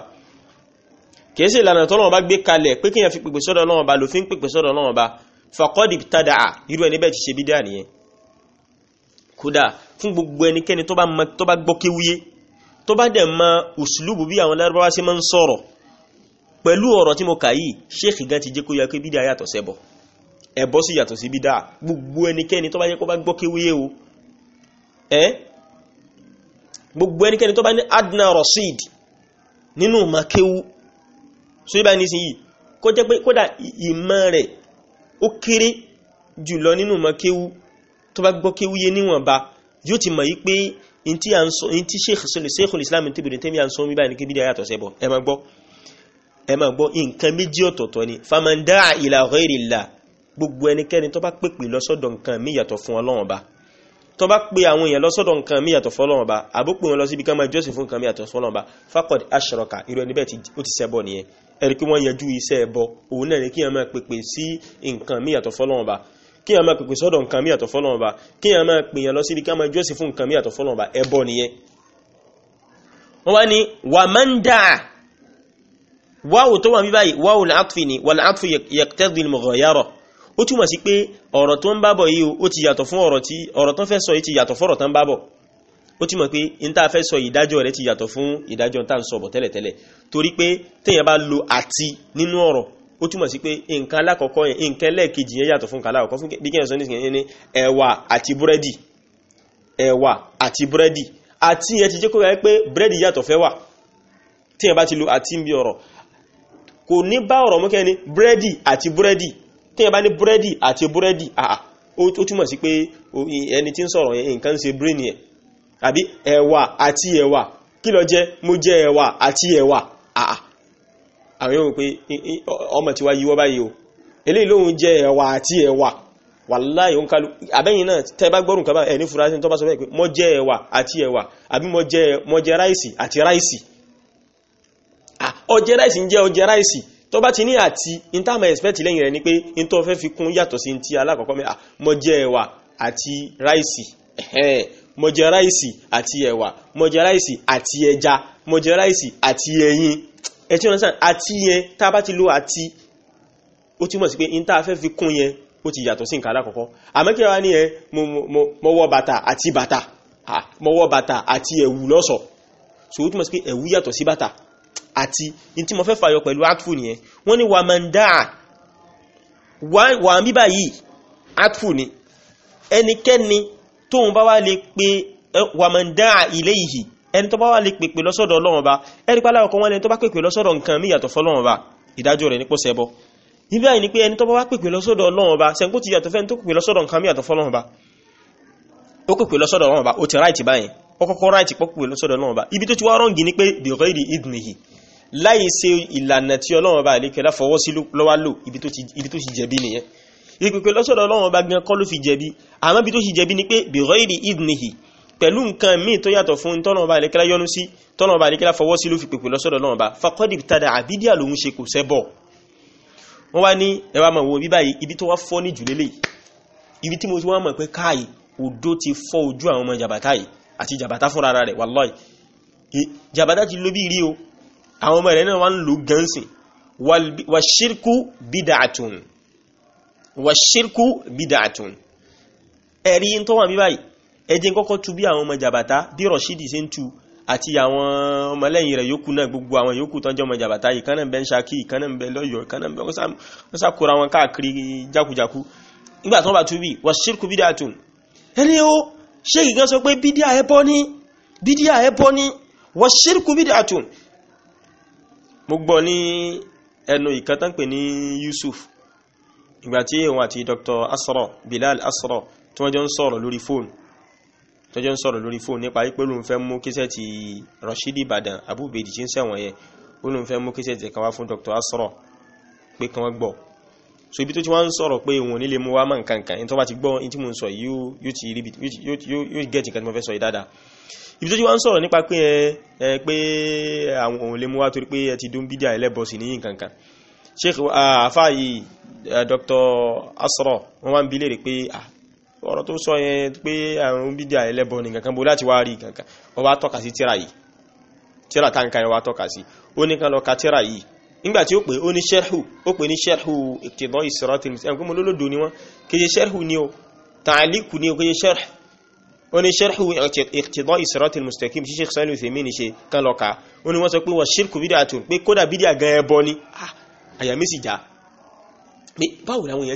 kìí ṣe ìlànà tọ́lọ́run ọba gbé kalẹ̀ pé kíyàn fi pèpè sọ́dọ̀ ọlọ́run ọba ló fi ń pèpè sọ́dọ̀ ọlọ́run ọba fàkọ́dì tàdà irú ẹni bẹ́ẹ̀ ti ṣe bídà nìyẹn kódà fún gbogbo ẹnikẹ́ni tó bá gbọ́ kéwúyé tó bá dẹ̀ mọ òṣìlúbù bí àwọn lárúbáwá ṣe máa ń sọ̀rọ̀ pẹ̀lú ọ̀rọ̀ tí mo kà yìí ṣéèkì gan ti jẹ́ kó yẹ pé bídà yàtọ̀ sẹ́bọ̀ ẹbọ sì yàtọ̀ sí bídá gbogbo ẹnikẹ́ni tó bá jẹ́ kó bá gbọ́ kéwúyé o ẹ́ gbogbo ẹnikẹ́ni tó bá ní adna rasid nínú ma kéwú so yíba ní sí yìí kó jẹ́ pé kódà ìmọ̀ rẹ̀ ó kéré jùlọ nínú ma kéwú tó bá gbọ́ kéwúyé níwọ̀nba yóò ti mọ̀ yí pé Islam Ibn Taymiyyah à ń sọ mi báyìí ní kébìdí ayàtọ̀ sẹ́bọ ẹ máa gbọ́ ẹ máa gbọ́ nǹkan méjì ọ̀tọ̀ọ̀tọ̀ ni faman da'a ila gbogbo ẹnikẹ́ni tó bá pèpè lọ́sọ́dọ̀ nǹkan mí yàtọ̀ fún ọlọ́run ọba tó bá pe àwọn èèyàn lọ́sọ́dọ̀ nǹkan mí yàtọ̀ fún ọlọ́run ọba àbó pè wọn lọ síbi ká máa jọ́sìn fún nǹkan mí yàtọ̀ fún ọlọ́run ọba fakọd ashraka irú ẹni bẹ́ẹ̀ ó ti ṣẹbọ nìyẹn ẹni pé wọ́n yẹjú iṣẹ́ ẹbọ òun náà ni kí wọ́n máa pèpè sí nǹkan mí yàtọ̀ fún ọlọ́run ọba kí wọ́n máa pèpè sọ́dọ̀ nǹkan mí yàtọ̀ fún ọlọ́run ọba kí wọ́n máa pè yàn lọ síbi ká máa jọ́sìn fún nǹkan mí yàtọ̀ fún ọlọ́run ọba ẹbọ nìyẹn wọ́n wá ní wàmándà wáwù tó wà ní báyìí wáwù làákùfì ni wà làákùfì yaqtadi al-mughayara ó túmọ̀ sí pé ọ̀rọ̀ tó ń bábọ̀ yìí ó ti yàtọ̀ fún ọ̀rọ̀ tí ọ̀rọ̀ tó ń fẹ́ sọ yìí ti yàtọ̀ fọ́rọ̀ tó ń bábọ̀ ó túmọ̀ pé n tá a fẹ́ sọ ìdájọ́ rẹ̀ ti yàtọ̀ fún ìdájọ́ tá à ń sọ bọ̀ tẹ́lẹ̀tẹ́lẹ̀ torí pé téèyàn bá lo àti nínú ọ̀rọ̀ ó túmọ̀ sí pé nǹkan alákọ̀ọ́kọ́ yẹn nǹkan ẹlẹ́ẹ̀kejì yẹn yàtọ̀ fún nǹkan fún bí kéèyàn sọ nísìnyẹn ní ẹ̀wà àti búrẹ́dì ẹ̀wà àti búrẹ́dì àti yẹn ti jẹ́ kó pé búrẹ́dì yàtọ̀ fẹ́ wà téèyàn bá ti lo àti bí ọ̀rọ̀ kò ní bá ọ̀rọ̀ mú kẹ́ni búrẹ́dì àti búrẹ́dì téèyàn bá ní búrẹ́dì àti búrẹ́dì ó túmọ̀ sí pé ẹni tí ń sọ̀rọ̀ nǹkan ń ṣe brain yẹn àbí ẹ̀wà àti ẹ̀wà kí ló jẹ́ mo jẹ ẹ̀wà àti ẹ̀wà àwọn yóò pé ọmọ tiwa yíwọ́ báyìí o eléyìí lóhun jẹ ẹ̀wà àti ẹ̀wà wàláì ó ń kálu àbẹ́yìn náà tẹ́ bá gbọ́rùn kaba ẹni fura tó bá sọ pé mo jẹ ẹ̀wà àti ẹ̀wà àbí mo jẹ ráìsì àti ráìsì ọjẹ ráìsì ń jẹ ọjẹ ráìsì tó bá ti ní àti in expect lẹ́yìn rẹ̀ ni pé in fẹ́ fi kún yàtọ̀ sí ti alákọ̀ọ́kọ́ mẹ́ta mo jẹ ẹ̀wà àti ráìsì mo jẹ ráìsì àti ẹ̀wà mo jẹ ráìsì àti ẹja mo jẹ ráìsì àti ẹyin ẹtí wọn sàn àti yẹn tá a bá ti lo àti ó túmọ̀ sí pé in tá a fẹ́ fi kún yẹn ó ti yàtọ̀ sí nǹkan alákọ̀ọ́kọ́ àmọ́ kí wá ní ẹ mo wọ bàtà àti bàtà mo wọ bàtà àti ẹ̀wù lọ́sọ̀ọ́ so ó túmọ̀ àti in tí mo fẹ́ fàyọ pẹ̀lú atfu nìyẹn wọ́n ní wà máa ń dáa wà ń bíbà yìí atfu ni ẹnikẹ́ni tóun bá wá lè pe wà máa ń dáa ilé yìí ẹni tó bá wá lè pèpè lọ́sọ̀dọ̀ ọlọ́run ba ẹni pálá ọkọ̀ wọn ẹni tó bá pèpè lọ́sọ̀dọ̀ nǹkan mí yàtọ̀ fọlọ́run ba ìdájọ́ rẹ̀ nípò sẹ́bọ̀ ó pèpè lọ́sọ̀dọ̀ ọlọ́run ba ó ti ráìtì báyìí ó kọ́kọ́ ráìtì pọ́pù lọ́sọ̀dọ̀ ọlọ́run ba ibi tó ti wá rọ́ǹgì ni pé bìrẹ́dì ìdùnnìyì láì ṣe ìlànà tí ọlọ́run bá lè kẹlá fọwọ́ sí lọ́wọ́ lò ibi tó ti jẹ̀bi nìyẹn ìpínpín lọ́sọ̀dọ̀ ọlọ́run bá gan kọ́ ló fi jẹ̀bi àmọ́ ibi tó ti jẹ̀bi ni pé bìrọ́ìrì ìdìnìhì pẹ̀lú nǹkan míì tó yàtọ̀ fún tọ́lọ́run bá lè kẹlá yọnu sí tọ́lọ́run bá lè kẹlá fọwọ́ sí ló fi pèpè lọ́sọ̀dọ̀ ọlọ́run bá fakọ́dì tada àbídíà lòun ṣe kò sẹ́bọ̀ wọ́n wá ní ẹwà mọ̀ wo bí báyìí ibi tó wá fọ́ ní jùlélẹ̀ ibi tí mo ti wá mọ̀ pé káàyè odó ti fọ́ ojú àwọn ọmọ jàbátá yìí àti jàbátá fúnra rẹ̀ wàlọ́ọ̀ jàbátá ti lóbi rí o àwọn ọmọ rẹ̀ náà wọ́n ń lò gánsìn wàṣírkú bídàtún wàṣírkú bídàtún ẹ̀rí tó wà bíbáyì ẹjẹ́ kọ́kọ́ tú bí àwọn ọmọ jàbàtá bí rọ̀ṣídì ṣe ń tú àti àwọn ọmọlẹ́yìn rẹ̀ yókù náà gbogbo àwọn yókù tọ́jọ́ ọmọ jàbàtá yìí kánà ń bẹ ń ṣakí kánà ń bẹ lọ́yọ̀ọ́ kánà ń bẹ wọ́n sàkóra wọn káàkiri jákujàku nígbà tó bá tú mo gbọ́ ní ẹnu ìkan ní Yusuf ìgbà tí òun àti Dr. Asra Bilal Asra tí wọ́n jọ ń sọ̀rọ̀ lórí fóònù tó jẹ́ ń sọ̀rọ̀ lórí fóònù nípa wípé olóhùn fẹ́ mú kíṣẹ́ ti Rashidi Ìbàdàn Abubedi tí ń sẹ̀wọ̀n yẹn olóhùn fẹ́ mú kíṣẹ́ ti kan fún Dr. Asra pé kan gbọ́ so ibi tó ti wá ń sọ̀rọ̀ pé òun nílé mú wá mọ́ nǹkankan in tó bá ti gbọ́ in tí mo ń sọ yóò ti rí yóò gẹ́ẹ̀tì nǹkan tí mo fẹ́ sọ yìí dáadáa ibi tó ti wá ń sọ̀rọ̀ nípa pé ẹ pé àwọn òun lè mú wá torí pé ẹ ti dún bídíà ẹlẹ́bọ̀sì ní nǹkankan sheikh afa yìí dr asro wọn wá ń bi léèrè pé nígbà tí ó pè ó ní sharhu ó pè ní sharhu iqtida'i siratil mustaqim ẹ̀kọ́ mọ́lódò ni wọ́n kéye sharhu ni ó ta'liqu ni ó kéye sharhu ó ní sharhu iqtida'i siratil mustaqim tí Sheikh Salihu Uthaymin ní ṣe kan lọ́ka ó ní wọ́n sọ pé wa shirku bid'atun pé kódà bídíà gan ẹbọ ni ah, àyà mi sì já pé báwo làwọn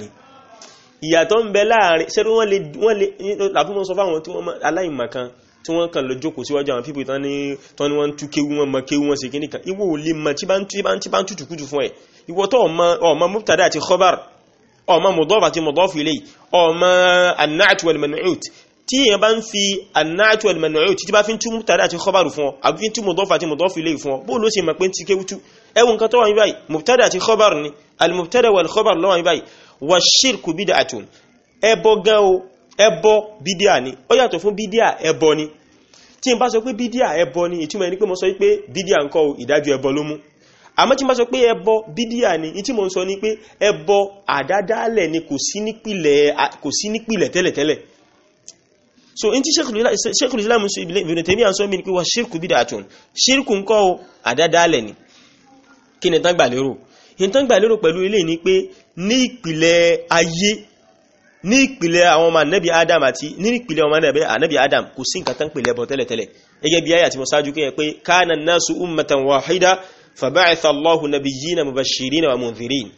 ni ìyàtọ̀ ń bẹ láàrin ṣẹ́rú wọ́n lè wọ́n lè lábúmọ́ sọ fáwọn tí wọ́n aláìmọ̀kan tí wọ́n kàn lọ jókòó síwájú àwọn pípò tán ní wọ́n tú kéwú wọn mọ kéwú wọn sí kí nìkan ìwọ ò lè mọ tí bá ń tútù kútù fún ẹ̀ ìwọ tó ọmọ mubtada àti khobar ọmọ mudaf àti mudaf ilay ọmọ an-na'tu wal-man'ut tí èèyàn bá ń fi an-na'tu wal-man'ut tí bá fi ń tú mubtada àti khobar fún ọ àbí fi ń tú mudaf àti mudaf ilay fún ọ bó ló ṣe mọ̀ pé ń ti kéwú tú ẹwùn kan tó wà ní báyìí mubtada àti khobar ni al-mubtada wal-khobar lọ́wọ́ ní báyìí wà ṣírkù bídà àtún ẹbọ gan o ẹbọ bídíà ni ó yàtọ̀ fún bídíà ẹbọ ni tí n bá sọ pé bídíà ẹbọ ni ìtumọ̀ ẹni pé mo sọ pé bídíà ń ìdájọ́ ẹbọ ló mú àmọ́ tí n bá sọ pé ẹbọ bídíà ni ìtí mo ń sọ ni pé ẹbọ àdádálẹ̀ ni kò sí nípìlẹ̀ tẹ́lẹ̀tẹ́lẹ̀ so in ti Sheikhul Islam Ibn Taymiyyah sọ mi ni pé wà ṣírkù bídà àtún ṣírkù ń kọ́ àdádálẹ̀ ni kí ni tán gbà lérò ìtàn gbà lérò pẹ̀lú ilé ni pé ní ìpìlẹ̀ ayé ní ìpìlẹ̀ àwọn ọmọ ànábì adam àti ní ìpìlẹ̀ ọmọ ànábì adam kò sí nǹkan tán pìlẹ̀ bọ̀ tẹ́lẹ̀tẹ́lẹ̀ gẹ́gẹ́ bí ayà tí mo sáájú kí ẹ pé kana nasu ummatan wahida faba'atha Allahu nabiyyina mubashirina wa mundhirin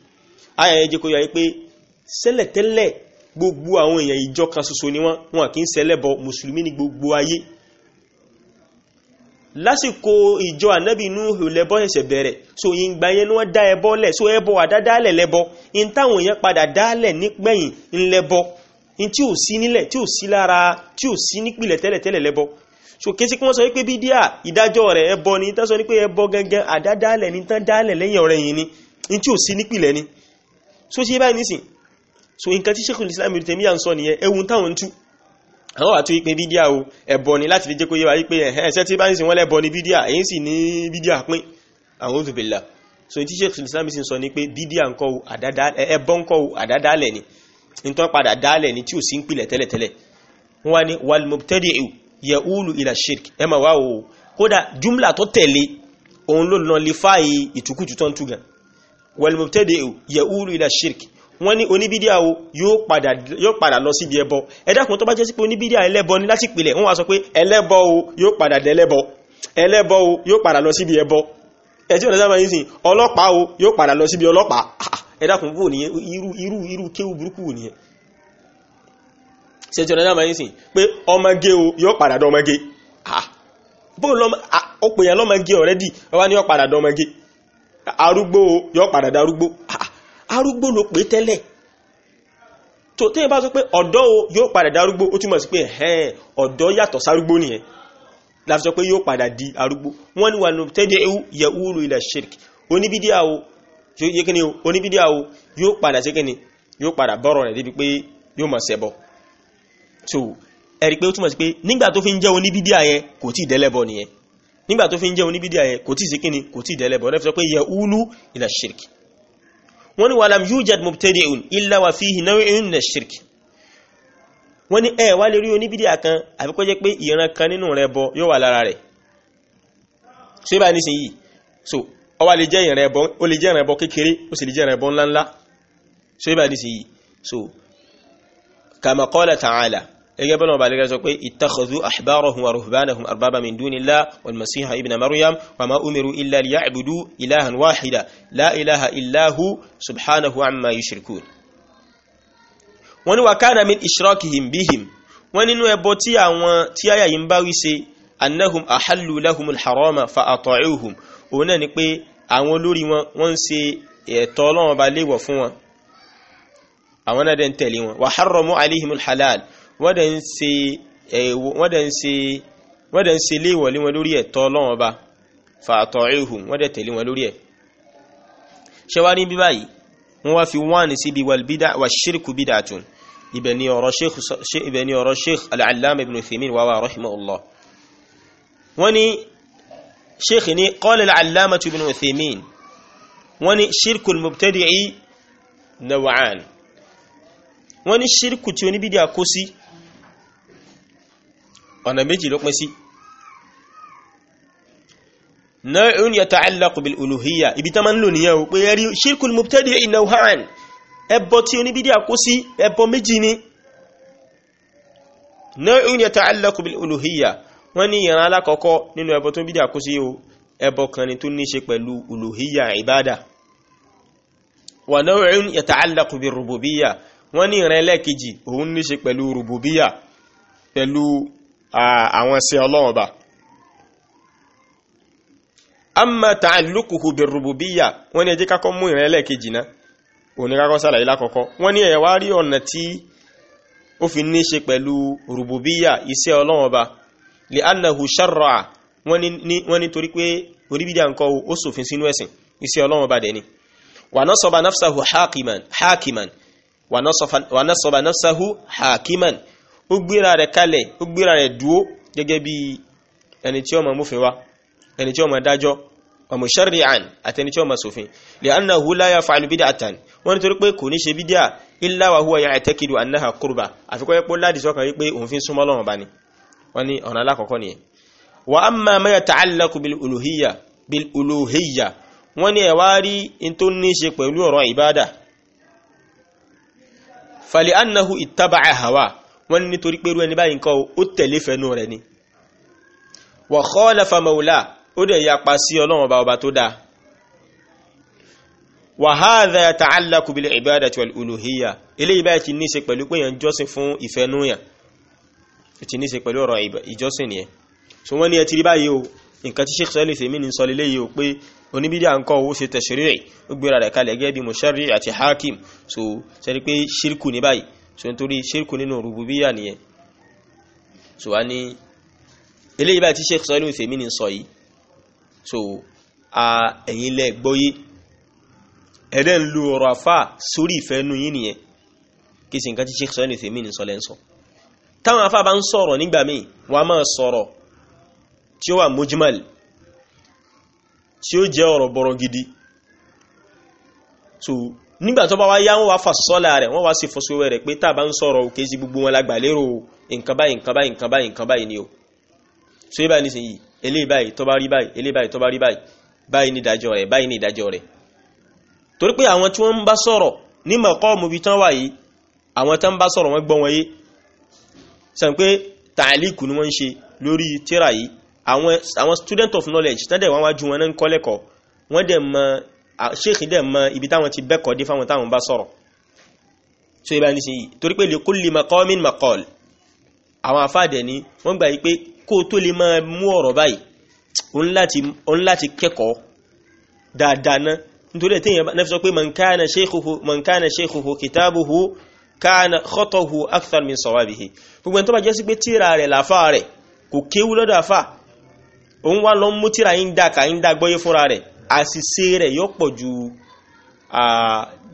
ayà yẹn jẹ́ kó yọ lásìkò ìjọ ànábì Nuhu lẹ́bọ ṣẹ̀ṣẹ̀ bẹ̀rẹ̀ so ìgbà yẹn ni wọ́n dá ẹbọ lẹ̀ so ẹbọ àdádálẹ̀ lẹ́bọ in táwọn yẹn padà dálẹ̀ nígbẹ̀yìn ńlẹ́bọ in tí ò sí nílẹ̀ tí ò sí lára tí ò sí nípìlẹ̀ tẹ́lẹ̀tẹ́lẹ̀ lẹ́bọ so kesi kí wọ́n sọ wípé bídíà ìdájọ́ rẹ̀ ẹbọ ni tán sọ wípé ẹbọ gẹ́gẹ́ àdádálẹ̀ ni tán dálẹ̀ lẹ́yìn ọ̀rẹ́ so ṣe báyìí so nǹkan tí Sheikhul Islam Ibn Taymiyyah àwọn àti ìpín bídíà o ẹ̀bọ̀ ni láti lè jẹ́ kó yé wa wípé ẹ̀hẹ́n ẹ̀ṣẹ́ tí bá ń sin wọ́n lẹ́bọ̀ ni bídíà èyí sì ní bídíà pín àwọn òzùbìlà so tí Sheikh Islam sì sọ ni pé bídíà ńkọ́ ẹ̀bọ̀ ńkọ́ àdádálẹ̀ ni nítorí padà dálẹ̀ ni tí ò sí ń pilẹ̀ tẹ́lẹ̀tẹ́lẹ̀ wọ́n ni wal mubtadi'u ya'ulu ila shirk ẹ mà wá jumla tó tẹ̀lé òun ló nà lè fáyì ìtukùtù tó ń tugan wal wọ́n ní oníbídíà o yóò padà yóò padà lọ síbi ẹbọ ẹ dákun tó bá jẹ́ sí pé oníbídíà ẹlẹ́bọ ní láti pìlẹ̀ wọ́n wá sọ pé ẹlẹ́bọ o yóò padà dẹ́lẹ́bọ ẹlẹ́bọ o yóò padà lọ síbi ẹbọ ẹtí ọ̀nà sábà yìí sìn ọlọ́pàá o yóò padà lọ síbi ọlọ́pàá ẹ dákun bò nìyẹn irú o yóò padà dọ ọmọge bóun lọ́mọ ọ̀pẹ̀yàn lọ́mọge ọ̀rẹ́dì ọwá ni yóò padà o yóò padà dá arúgbó ló pé tẹ́lẹ̀ tó tẹ́yìn bá sọ pé ọ̀dọ́ o yóò padà di arúgbó ó túmọ̀ sí pé ẹ̀hẹ́n ọ̀dọ́ yàtọ̀ sárúgbó nìyẹn láti sọ pé yóò padà di arúgbó wọ́n ní wà ní tẹ́dẹ̀ yẹ wúlò ila shirk oníbídíà o yékíní o oníbídíà o yóò padà sí kíní yóò padà bọ́rọ̀ rẹ̀ débi pé yóò mọ̀ ṣẹbọ so ẹ̀rí pé ó túmọ̀ sí pé nígbà tó fi ń jẹ́ oníbídíà yẹn kò tí ì dẹ́lẹ́bọ nìyẹn nígbà tó fi ń jẹ́ oníbídíà yẹn kò tí ì sí kíní kò tí ì dẹ́lẹ́bọ lẹ́fi pé yẹ wúlò ila shirk wọ́n ní walam yujad mubtadi'un illa wa fihi naw'un min ash-shirk wọ́n ní ẹ̀ wá lè rí oníbídíà kan àfi kó jẹ́ pé ìran kan nínú rẹ̀ bọ yóò wà lára rẹ̀ ṣé báyìí nísìnyí so ó wá lè jẹ́ ìran ẹbọ ó lè jẹ́ ìran ẹbọ kékeré ó sì lè jẹ́ ìran ẹbọ ńláńlá ṣé báyìí nísìnyí so kama qala ta'ala gẹ́gẹ́ bọ́lá ọba lẹ́gẹ́ sọ pé ittakhadhu ahbarahum wa ruhbanahum arbaba min dunillah wal masiha ibn maryam wa ma umiru illa liya'budu ilahan wahida la ilaha illahu subhanahu amma yushrikun wọ́n ní wa kana min ishrakihim bihim wọ́n nínú ẹbọ tí àwọn tí àyà yìí ń bá wí ṣe annahum ahallu lahum alharama fa ata'uhum òun náà ni pé àwọn olórí wọn wọ́n ń ṣe ẹ̀tọ́ ọlọ́run ọba léèwọ̀ fún wọn àwọn náà dẹ̀ ń tẹ̀lé wa harramu alayhim alhalal wọ́n dẹ̀ ń ṣe wọ́n dẹ̀ ń ṣe wọ́n dẹ̀ ń ṣe léèwọ̀ lé wọn lórí ẹ̀tọ́ ọlọ́run ọba fàtọ̀ ehùn wọ́n dẹ̀ tẹ̀lé wọn lórí ẹ̀ ṣé wá ní bí báyìí wọ́n wá fi wọ́n síbi wàlbídà wà ṣírkù bídà tún ibẹ̀ ni ọ̀rọ̀ sheikh wọ́n ni ṣírkù tí oníbídà kó ọ̀nà méjì ló pín sí náà yata'allaqu bil uluhiyya ibi tá ma ń lò níyàn pé ẹ̀rí shirkul mubtadi'i naw'an ẹbọ tí oníbídí àkó sí ẹbọ méjì ni náà yata'allaqu bil uluhiyya wọ́n ní ìran alákọ̀ọ́kọ́ nínú ẹbọ tó bídí àkó sí o ẹbọ kan ni tó ní ṣe pẹ̀lú uluhiyya ìbádà wọ́n ní ìran ẹlẹ́ẹ̀kejì òun ní ṣe pẹ̀lú rububiyya pẹ̀lú àwọn sí ọlọ́run ọba amma ta'alluquhu birrububiyya wọ́n ní ẹ jẹ́ ká kọ́ mú ìran ẹlẹ́ẹ̀kejì náà òní ká kọ́ sàlàyé lákọ̀ọ́kọ́ wọ́n ní ẹ̀yẹ̀ wá rí ọ̀nà tí ó fi ní ṣe pẹ̀lú rububiyya iṣẹ́ ọlọ́run ọba li annahu wọ́n ní torí pé oníbídà nǹkan ó sòfin sínú ẹ̀sìn iṣẹ́ ọlọ́run ọba dẹ̀ni wa nasoba nafsahu hakiman hakiman wa nasoba nafsahu hakiman ó gbéra rẹ̀ kalẹ̀ ó gbéra rẹ̀ dúó gẹ́gẹ́ bí ẹni tí ó máa mú òfin wá ẹni tí ó máa dájọ́ ọmọ ṣẹ́rìàn àti ẹni tí ó máa ṣòfin lè anna hu láyà bídà àtàn wọ́n nítorí pé kò ní ṣe bídà illa wa huwa ya'taqidu annaha qurba àfikọ́ yẹ pé ládìí sọ́kàn wípé òun fi ń súnmọ́ lọ́wọ́n bá ní ọ̀nà alákọ̀ọ́kọ́ nìyẹn wa amma ma yata'allaqu bil uluhiyya bil uluhiyya wọ́n ní ẹ̀wá rí tó ní ṣe pẹ̀lú ọ̀rọ̀ ìbádà fali annahu ittaba'a hawa wọ́n ní nítorí pé irú ẹni báyìí nǹkan ó tẹ̀lé fẹ́nu rẹ̀ ni wa khalafa mawla ó dẹ̀ yapa sí ọlọ́run ọba ọba tó dáa wa hadha yata'allaqu bil ibadati wal uluhiyya eléyìí ti ní í pẹ̀lú pé èèyàn jọ́sìn fún ìfẹ́nú ti ní í pẹ̀lú ọ̀rọ̀ ìjọ́sìn yẹn so wọ́n ní ẹ ti rí báyìí o nǹkan tí Sheikh Salih Fèmí ní sọ lélẹ́yìí o pé oníbídíà ń kọ́ owó ṣe tashri'i ó gbéra rẹ̀ kalẹ̀ gẹ́gẹ́ bí àti hakim so sẹ́ni pé ṣírkù ní báyìí so nítorí ṣírkù nínú rububiyya nìyẹn so wá ní eléyìí bá ti Sheikh Salihu Uthaymin ní sọ yìí so ẹ̀yin lẹ gbọ́yé ẹ̀dẹ́ ń lo ọ̀rọ̀ àfà sórí ìfẹ́ nú yín nìyẹn kí sì nǹkan tí Sheikh Salihu Uthaymin ní sọ lẹ́ ń sọ táwọn afá bá ń sọ̀rọ̀ nígbà míì wọ́n máa sọ̀rọ̀ tí ó wà mujmal tí ó jẹ́ ọ̀rọ̀ bọ̀rọ̀ gidi so nígbà tó bá wá yá wọ́n wá fàṣọ́lá rẹ̀ wọ́n wá sí fọ́sọ́wẹ́ rẹ̀ pé tàbá ń sọ̀rọ̀ òkè sí gbogbo wọn lágbàlérò nǹkan ni o so yí báyìí nísìnyí eléyìí báyìí tó bá rí báyìí eléyìí báyìí tó bá rí báyìí báyìí ní ìdájọ́ rẹ̀ báyìí ní ìdájọ́ rẹ̀ torí pé àwọn tí wọ́n ń bá sọ̀rọ̀ ní mọ̀kọ́ọ̀mù bí tán wà yìí àwọn tán bá student of knowledge tán dẹ̀ wọ́n wájú wọn náà ṣéèkì dẹ̀ mọ ibi táwọn ti bẹ́kọ̀ dé fáwọn táwọn bá sọ̀rọ̀ so ibà ní sin yìí torí pé li kulli maqamin maqal àwọn afáàdẹ̀ ni wọ́n gbà yí pé kó tó lè máa mú ọ̀rọ̀ báyìí òun láti kẹ́kọ̀ọ́ dáadáa ná nítorí ẹ̀tẹ́yìn náà fi sọ pé man kana shaykhuhu àṣìṣe rẹ̀ yóò pọ̀ ju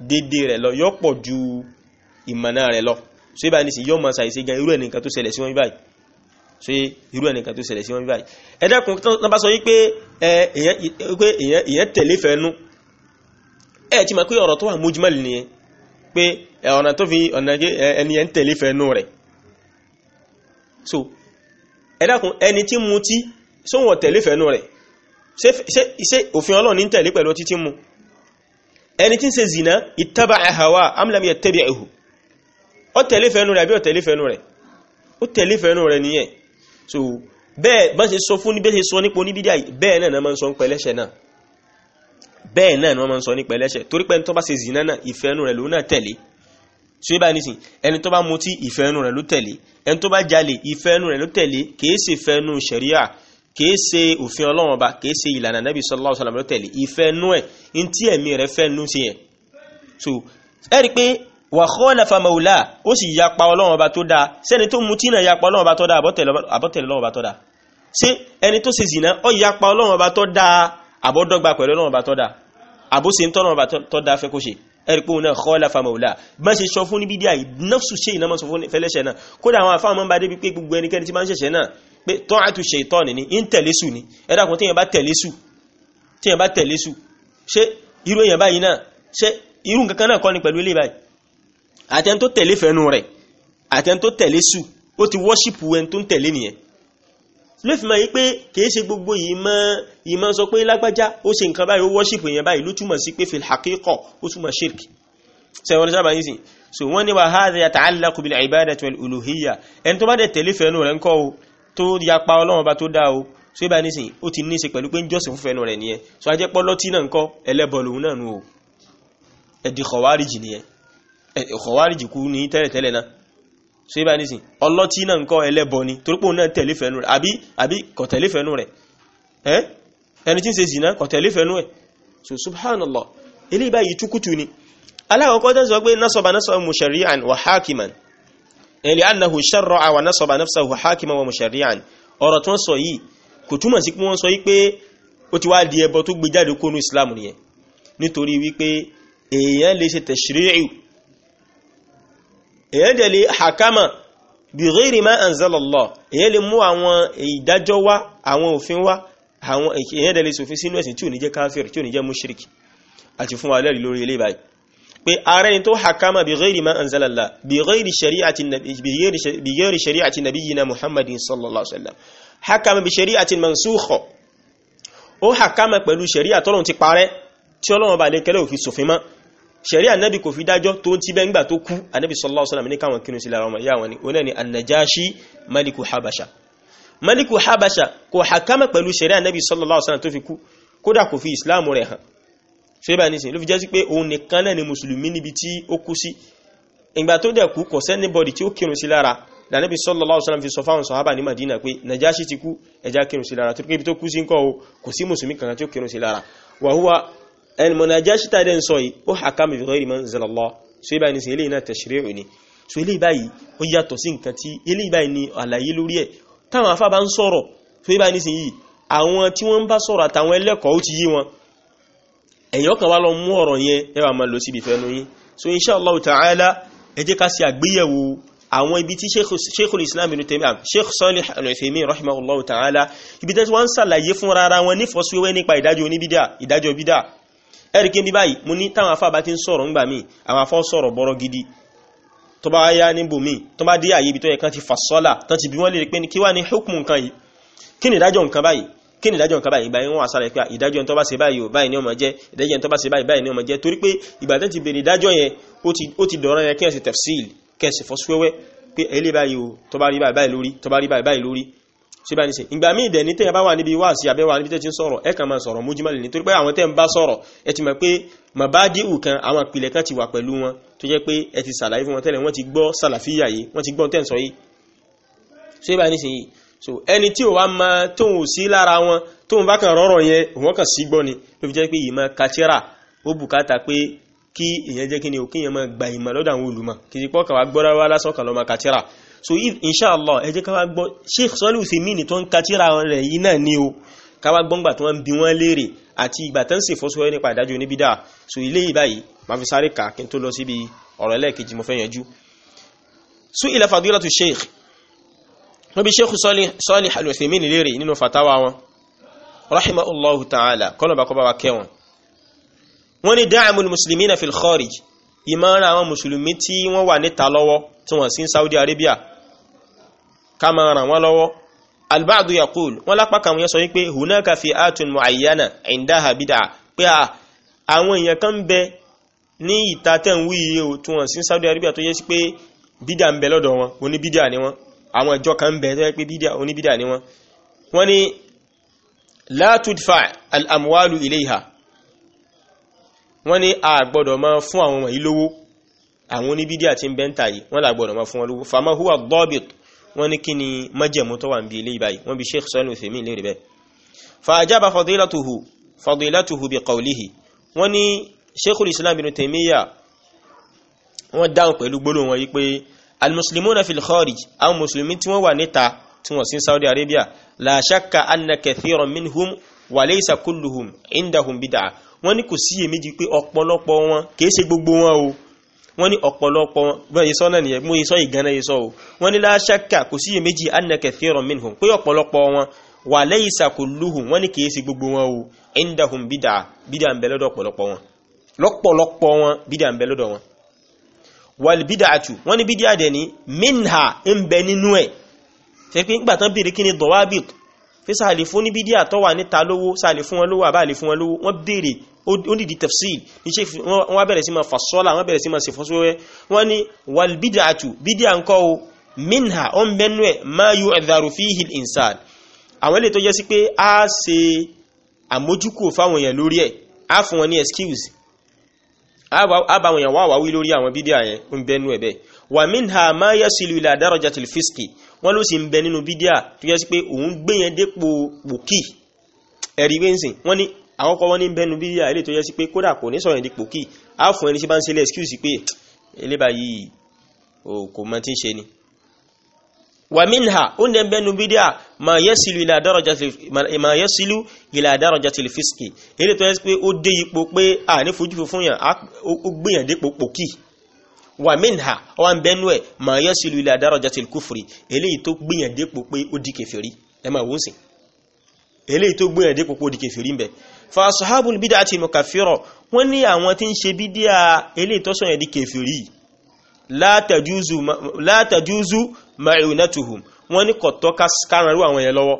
dédé rẹ̀ lọ yóò pọ̀ ju ìmọ̀nà rẹ̀ lọ so ibà ní sí yóò máa ṣàìṣe gan irú ẹnìkan tó ṣẹlẹ̀ sí wọn báyìí so irú ẹnìkan tó ṣẹlẹ̀ sí wọn báyìí ẹ dákun tó bá sọ yí pé èèyàn tẹ̀lé fẹ́ nú ẹ ti mọ̀ pé ọ̀rọ̀ tó wà mujmal nìyẹn pé ọ̀nà tó fi ọ̀nà ẹni ẹ̀ ń tẹ̀lé fẹ́ nú rẹ̀ so ẹ dákun ẹni tí mutí sóhun ọ̀tẹ̀lé fẹ́ nú rẹ̀ ṣe òfin ọlọ́run ní tẹ̀lé pẹ̀lú títí mú ẹni tí ń ṣe zina ittaba hawa am lam yattabi'hu ó tẹ̀lé fẹ́nu rẹ̀ àbí ó tẹ̀lé fẹ́nu rẹ̀ ó tẹ̀lé fẹ́nu rẹ̀ nìyẹn so bẹ́ẹ̀ bá ṣe sọ fún níbẹ̀ ṣe sọ nípo níbi díà bẹ́ẹ̀ náà máa ń sọ ń pẹ̀lẹ́ṣẹ̀ náà bẹ́ẹ̀ náà ni wọ́n máa ń sọ ní pẹ̀lẹ́ṣẹ̀ torí pé ẹni tó bá ṣe zina náà ìfẹ́nu rẹ̀ ló náà tẹ̀lé kìí ṣe òfin ọlọ́run ọba kìí ṣe ìlànà nẹ́bí sallallahu alaihi wasallam ló tẹ̀lé ìfẹ́ nú ẹ̀ ní tí ẹ̀mí rẹ̀ fẹ́ nú ṣe yẹn so ẹ rí i pé wa khalafa mawla ó sì yapa ọlọ́run ọba tó dáa sẹ́ni tó mutí náà yapa ọlọ́run ọba tó dáa àbọ̀tẹ̀lẹ̀ ọlọ́run ọba tó dáa ṣé ẹni tó ṣe zìnà ó yapa ọlọ́run ọba tó dáa àbọ̀dọ́gba pẹ̀lú ọlọ́run ọba tó dáa àbóse ń tọ́nà ọba tó dáa fẹ́ kó ṣe ẹ̀rí pé òun náà khalafa mawla bá ṣe sọ fún níbi díà nafsu ṣe ìnámọ̀ sọ fún fẹ́lẹ́ṣẹ̀ náà kódà àwọn àfáà mọ́ bá débi pé gbogbo ẹnikẹ́ni pé tọ́ọ̀tù ṣètọ́ọ̀nì ni ń tẹ̀lé sù ni ẹ dákun téèyàn bá tẹ̀lé sù téèyàn bá tẹ̀lé sù ṣé irú èèyàn báyìí náà ṣé irú nǹkan kan náà kọ́ ni pẹ̀lú ilé báyìí àtẹn tó tẹ̀lé fẹ́nu rẹ̀ àtẹn tó tẹ̀lé sù ó ti wọ́ṣìpù ẹni tó ń tẹ̀lé nìyẹn ló fi mọ̀ yí pé kìí ṣe gbogbo ìmọ̀ ìmọ̀ sọ pé lágbájá ó ṣe nǹkan báyìí ó wọ́ṣìpù èèyàn báyìí ló túmọ̀ sí pé fil haqiqa ó túmọ̀ ṣírkì sẹ́wọ́n sábà yìí sìn so wọ́n ní wa hadha yata'allaqu bil tẹ̀lé fẹ́nu rẹ̀ ńkọ́ o tó yapa ọlọ́run ọba tó dá o so ibà nísìn ó ti ní í ṣe pẹ̀lú pé ń jọ́sìn fún fẹnu rẹ̀ nìyẹn so ajẹ́ pọ́ lọ́tí náà ń kọ́ ẹlẹ́bọ lòun náà nù o ẹ̀dì kọ̀wárìjì nìyẹn kọ̀wárìjì kú ní tẹ́lẹ̀tẹ́lẹ̀ náà so ibà nísìn ọlọ́tí náà ń kọ́ ẹlẹ́bọ ni torí pé òun náà tẹ̀lé fẹnu rẹ̀ àbí àbí kò tẹ̀lé fẹnu rẹ̀ ẹ́ ẹni tí ń ṣe zìnà kò tẹ̀lé fẹnu ẹ̀ so subhanallah eléyìí báyìí túkútù ni alákọ̀ọ́kọ́ tẹ́sí wọ́n pé nasọba nasọba mushari'an wa hakiman ẹ̀lẹ́ eh, annahu sharra'a wa nasaba nafsahu hakiman wa mushari'an ọ̀rọ̀ tí wọ́n sọ yìí kò túmọ̀ sí pé wọ́n sọ yìí pé ó ti wá di ẹbọ tó gbé jáde kónú islam nìyẹn nítorí wípé èèyàn lè ṣe tashri'u èèyàn dẹ̀ lè hakama bi ghairi ma anzala Allah èèyàn lè mú àwọn ìdájọ́ wá àwọn òfin wá èèyàn dẹ̀ lè ṣòfin sínú ẹ̀sìn tí ò ní jẹ́ káfíìr tí ò ní jẹ́ mushrik àti fún wa lẹ́rìí lórí eléyìí báyìí pé ààrẹ ni tó hakama bí ghairi ma anzalalla bí ghairi shari'ati bí ghairi shari'ati nabiyyina muhammadin sallallahu alaihi wasallam hakama bí shari'ati mansukha ó hakama pẹ̀lú shari'a tọ́lọ́run ti parẹ́ tí Ọlọ́run bá lè kẹ́lẹ́ òfin sòfin mọ́ shari'a nabi kò fi dájọ́ tó ti bẹ́ ńgbà tó kú anabi sallallahu alaihi wasallam ní káwọn kinu sí lára ọmọ ìyá wọn ni oní ni annajashi ṣe bá nísìn ló fi jẹ́ sí pé òun nìkan náà ni mùsùlùmí níbi tí ó kú sí ìgbà tó dẹ̀ kú kò sẹ́ni bọ́dì tí ó kírun sí lára lànàbí sallallahu Madina pé Najashi ti kú ẹja kírun sí lára tó kébi tó kú sí ńkọ́ o kò sí mùsùlùmí kankan tí ó kírun sí lára wa huwa ẹni mọ̀ Najashi tá dẹ̀ ń sọ yìí ó hakama bi ghairi ma anzalallah so ibà ní sin eléyìí náà tashri'u ni ẹ̀yọ́ kan wá lọ mú ọ̀rọ̀ yẹn ẹ wá máa lọ síbi fẹ́nu yín so inshallah ta'ala ẹ jẹ́ ká ṣe àgbéyẹ̀wò àwọn ibi tí sheikhul islam ibn taymiyyah sheikh salih al-uthaymin rahimahullahu ta'ala ibi tẹ́tí wọ́n ń ṣàlàyé fún rárá wọn ní fọ́síwẹ́wẹ́ nípa ìdájọ́ oníbídà ìdájọ́ bídà ẹ̀rìkí bí báyìí mo ní táwọn afá bá ti ń sọ̀rọ̀ ńgbà míì àwọn afọ́ sọ̀rọ̀ bọ́rọ̀ gidi tó bá yá níbò míì tó bá dé àyè ibi kí ni ìdájọ́ nǹkan báyìí ìgbà yẹn wọ́n àṣàrà ìpé ìdájọ́ tó bá ṣe báyìí báyìí ni ó máa jẹ́ ìdájọ́ tó bá ṣe báyìí báyìí ni ó máa jẹ́ torí pé ìgbà tẹ́ ti bèrè ìdájọ́ yẹn ó ti dọ̀rọ̀ yẹn kí ẹ̀ sì tafsil kí ẹ̀ sì fọ́ síwẹ́wẹ́ pé ẹlẹ́ báyìí o tó bá rí báyìí lórí tó bá rí báyìí lórí ṣe bá ní sè ìgbà míì dẹ̀ ní tẹ́ bá wà níbi wá sí abẹ́wà níbi tẹ́ so ẹni tí ò wá ma tóun ò sí lára wọn tóun bá kàn rọrọ yẹn òun kàn sí gbọ́ ni ló fi jẹ́ pé ìmọ̀ kàtíra ó bùkátà pé kí ìyẹn jẹ́ kí ni òkè yẹn gba ìmọ̀ lọ́dọ̀ àwọn olùmọ̀ kì í pọ́ kà wá gbọ́ra lásán kà lọ́ ma kàtíra so inshallah ẹ jẹ́ ká wá gbọ́ Sheikh Salihu Uthaymin tó ń kàtíra rẹ̀ yìí náà ni o ká wá gbọ́ngbà tó ń bi so ilé yìí báyìí máa fi sáré kà kí so ila fadilatu Sheikh wọ́n bí Sheikh Salih Al-Uthaymeen lérè nínú fatawa wọn rahimahullahu ta'ala kọlọ̀bà kọba wa kẹwọn wọ́n ni da'amul muslimina fil kharij ìmọ̀ràn àwọn mùsùlùmí tí wọ́n wà níta lọ́wọ́ tí wọ́n sí Saudi Arabia ká máa ràn wọ́n lọ́wọ́ alba'du yaqul wọ́n lápá kan wọ́n sọ wípé hunaka fi'atun mu'ayyana indaha bid'a pé àwọn èèyàn kan bẹ ní ìta tẹ̀ ń wí iye tí wọ́n sí Saudi Arabia tó yẹ sí pé bídà ń bẹ lọ́dọ̀ wọn oní bídà ni wọ́n àwọn ìjọ kan bẹ̀ tó yẹ pé bídíà oníbídíà ni wọ́n wọ́n ni la tudfa al'amwalu ilayha wọ́n ni a gbọ́dọ̀ máa fún àwọn wọ̀nyí lówó àwọn oníbídíà tí ń bẹ́ ń tàyí wọ́n la gbọ́dọ̀ máa fún wọn lówó fama huwa dhabit wọ́n ni kí ni májẹ̀mú tó wà ń bí ilé ìbáyìí wọ́n bí sheikh islam ibn taymiya wọ́n dáhùn pẹ̀lú gbólóhùn wọn yí pé almuslimuna fil kharij àwọn mùsùlùmí tí wọ́n wà níta tí wọ́n sí Saudi Arabia la shakka anna kathiran minhum wa laysa kulluhum indahum bid'a wọ́n ní kò síyèméjì pé ọ̀pọ̀lọpọ̀ wọn kìí ṣe gbogbo wọn o wọ́n ní ọ̀pọ̀lọpọ̀ bọ́n yìí sọ náà nìyẹn mú yìí sọ ìgànnà yìí sọ o wọ́n ní la shakka kò síyèméjì anna kathiran minhum pé ọ̀pọ̀lọpọ̀ wọn wa laysa kulluhum wọ́n ní kìí ṣe gbogbo wọn o indahum bid'a bid'a ń bẹ lọ́dọ̀ ọ̀pọ̀lọpọ̀ wọn lọ́pọ̀lọpọ̀ bid'a ń bẹ lọ́dọ̀ walbida'atu wọ́n ní bídíà dẹ̀ ní minha ń bẹ nínú ẹ̀ ṣe pé nígbà tán bèèrè kí ni dọ̀wábìt fi sàlè fún ní bídíà tó wà níta lówó sàlè fún wọn lówó àbáàlè fún wọn lówó wọ́n bèèrè ó nìdí tafsil iṣẹ́ wọ́n bẹ̀rẹ̀ sí ma fàṣọ́là wọ́n bẹ̀rẹ̀ sí ma ṣe fọ́sọ́wẹ́ wọ́n ní walbida'atu bídíà ńkọ́ o minha ó ń bẹnu ẹ̀ ma yu'dharu fihi al àwọn ilé tó jẹ́ sí pé a ṣe àmójúkò fáwọn èèyàn lórí ẹ̀ á fún wọn ní excuse àbáwọn èèyàn wà wáwí lórí àwọn bídíà yẹn ń bẹnu ẹ̀bẹ̀ e wà minha ma yasilu ila darajatil fisqi wọ́n ló sì ń bẹ nínú bídíà tó yẹ sí pé òun gbé yẹn dépò pòkì ẹ̀rí wé ń sìn wọ́n ní àwọn wọ́n ní bẹnu bídíà ilé tó yẹ sí pé kódà kò ní sọ̀rọ̀ yẹn pòkì á fún ẹni tí bá ń ṣe lẹ́ excuse pé eléba yìí kò mọ tí ń ṣe ni Waminha minha ó dẹ̀ bẹ́nu ma yasilu ila darajati ma yasilu ila darajati fisqi ilé tó yẹ́ pé ó dé ipò pé a ní fojú fún yàn ó gbìyàn dé pòpò kí wa minha ó wá ń ma yasilu ila darajati kufri eléyìí tó gbìyàn dé pò pé ó di kèfèrí ẹ máa wọ́n sìn eléyìí tó gbìyàn dé pò di kèfèrí ń fa ashabul bid'ati mukaffira wọ́n ní àwọn tí ń ṣe bídíà eléyìí tó sọ̀yàn di kèfèrí la tajuzu la tajuzu ma'unatuhum wọ́n ní kọ̀tọ́ kárànrú àwọn yẹn lọ́wọ́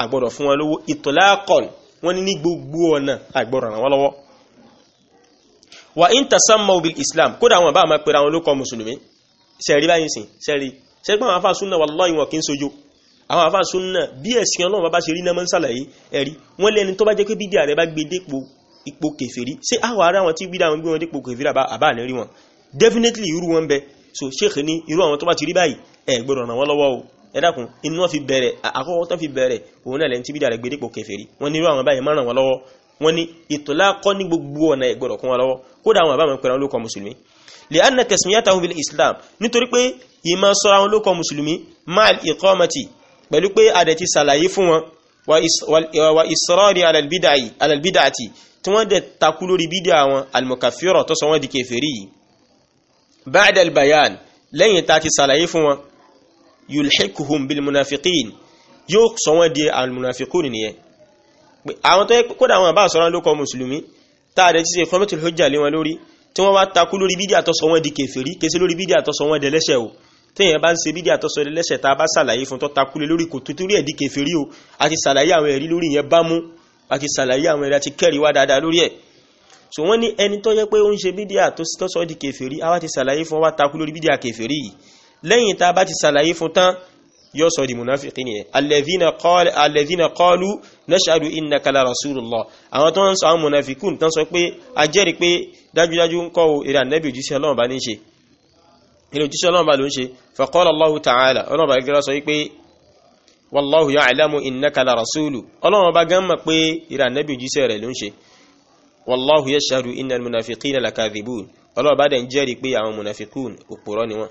àgbọ̀dọ̀ fún wọn lówó itlaqan wọ́n ní ní gbogbo ọ̀nà àgbọ̀rọ̀ ràn wọ́n lọ́wọ́ wa in tasammaw bil islam kódà wọn bá máa pera wọn lókọ mùsùlùmí sẹ̀rí báyìí sìn sẹ́rí sẹ́rí pé àwọn afá súnà wallahi wọn kì í sojú àwọn afá súnà bí ẹ̀sìn ọlọ́run bá bá ṣe rí náà máa ń ṣàlàyé ẹ̀rí wọ́n lẹ́ni tó bá jẹ́ pé bídíà rẹ̀ bá gbé dépò ipò kèfèrí ṣé àwọn ará wọn tí bídíà wọn gbé wọn dépò kèfèrí àbá àbá àní rí wọn definitely irú wọn bẹ so sheikh ni irú àwọn tó bá ti rí báyìí ẹ gbọ́dọ̀ ràn wọ́n lọ́wọ́ o ẹ dákun inú wọn fi bẹ̀rẹ̀ àkọ́kọ́ tán fi bẹ̀rẹ̀ òun náà lẹ́ni tí bídà rẹ̀ gbé dípò kèfèrí wọ́n ní irú àwọn báyìí má ràn wọ́n lọ́wọ́ wọ́n ní ìtọ́lákọ́ ní gbogbo islam nítorí pé ìmọ̀ sọ àwọn olókọ̀ mùsùlùmí mal iqamati pẹ̀lú pé adẹ̀ ti sàlàyé wa israri ala al bid'ati tí wọ́n dẹ̀ takú lórí bídíà wọn al-mukaffira tó sọ wọ́n di lẹ́yìn ta ti sàlàyé fún wọn yulhikuhum bil munafiqin yóò sọ wọ́n di al munafiqun nìyẹn àwọn tó yẹ kódà àwọn àbá àsọ̀rọ̀ ló kọ mùsùlùmí táàdẹ̀ tí ṣe fọ́mẹ́tò hujja lé wọn lórí tí wọ́n bá takú lórí bídíà tó sọ wọ́n di kèfèrí kése lórí bídíà tó sọ wọ́n di ẹlẹ́ṣẹ̀ o téèyàn bá ń ṣe bídíà tó sọ ẹlẹ́ṣẹ̀ tá a bá ṣàlàyé fún tó takú lé lórí kò tó torí ẹ̀ di kèfèrí o àti ṣàlàyé àwọn ẹ̀rí lórí yẹn bá mú àti ṣàlàyé àwọn ẹ̀rí àti kẹ́rì wá dáadáa lórí ẹ̀ so wọ́n ní ẹni tó yẹ pé ó ń ṣe bídíà tó di kèfèrí àwa ti ṣàlàyé fún wa takú lórí bídíà kèfèrí yìí lẹ́yìn tá a bá ti sàlàyé fún tán yóò sọ di munafiki nìyẹn alẹ́dínà kọlu nashadu inna kala rasulullah àwọn tó ń sọ àwọn munafikun tán sọ pé a jẹ́rì pé dájúdájú ń kọ́wọ́ eré ànẹ́bì òjíṣẹ́ ọlọ́run bá ní ṣe ilé òjíṣẹ́ ọlọ́run bá ló ń ṣe faqala Allahu ta'ala ọlọ́run bá gẹ́rọ sọ wípé wallahu ya'lamu innaka la rasulu munafiqina lakadhibun ọlọ́run bá dẹ̀ ń jẹ́rì pé àwọn munafikun òpùrọ́ ni wọ́n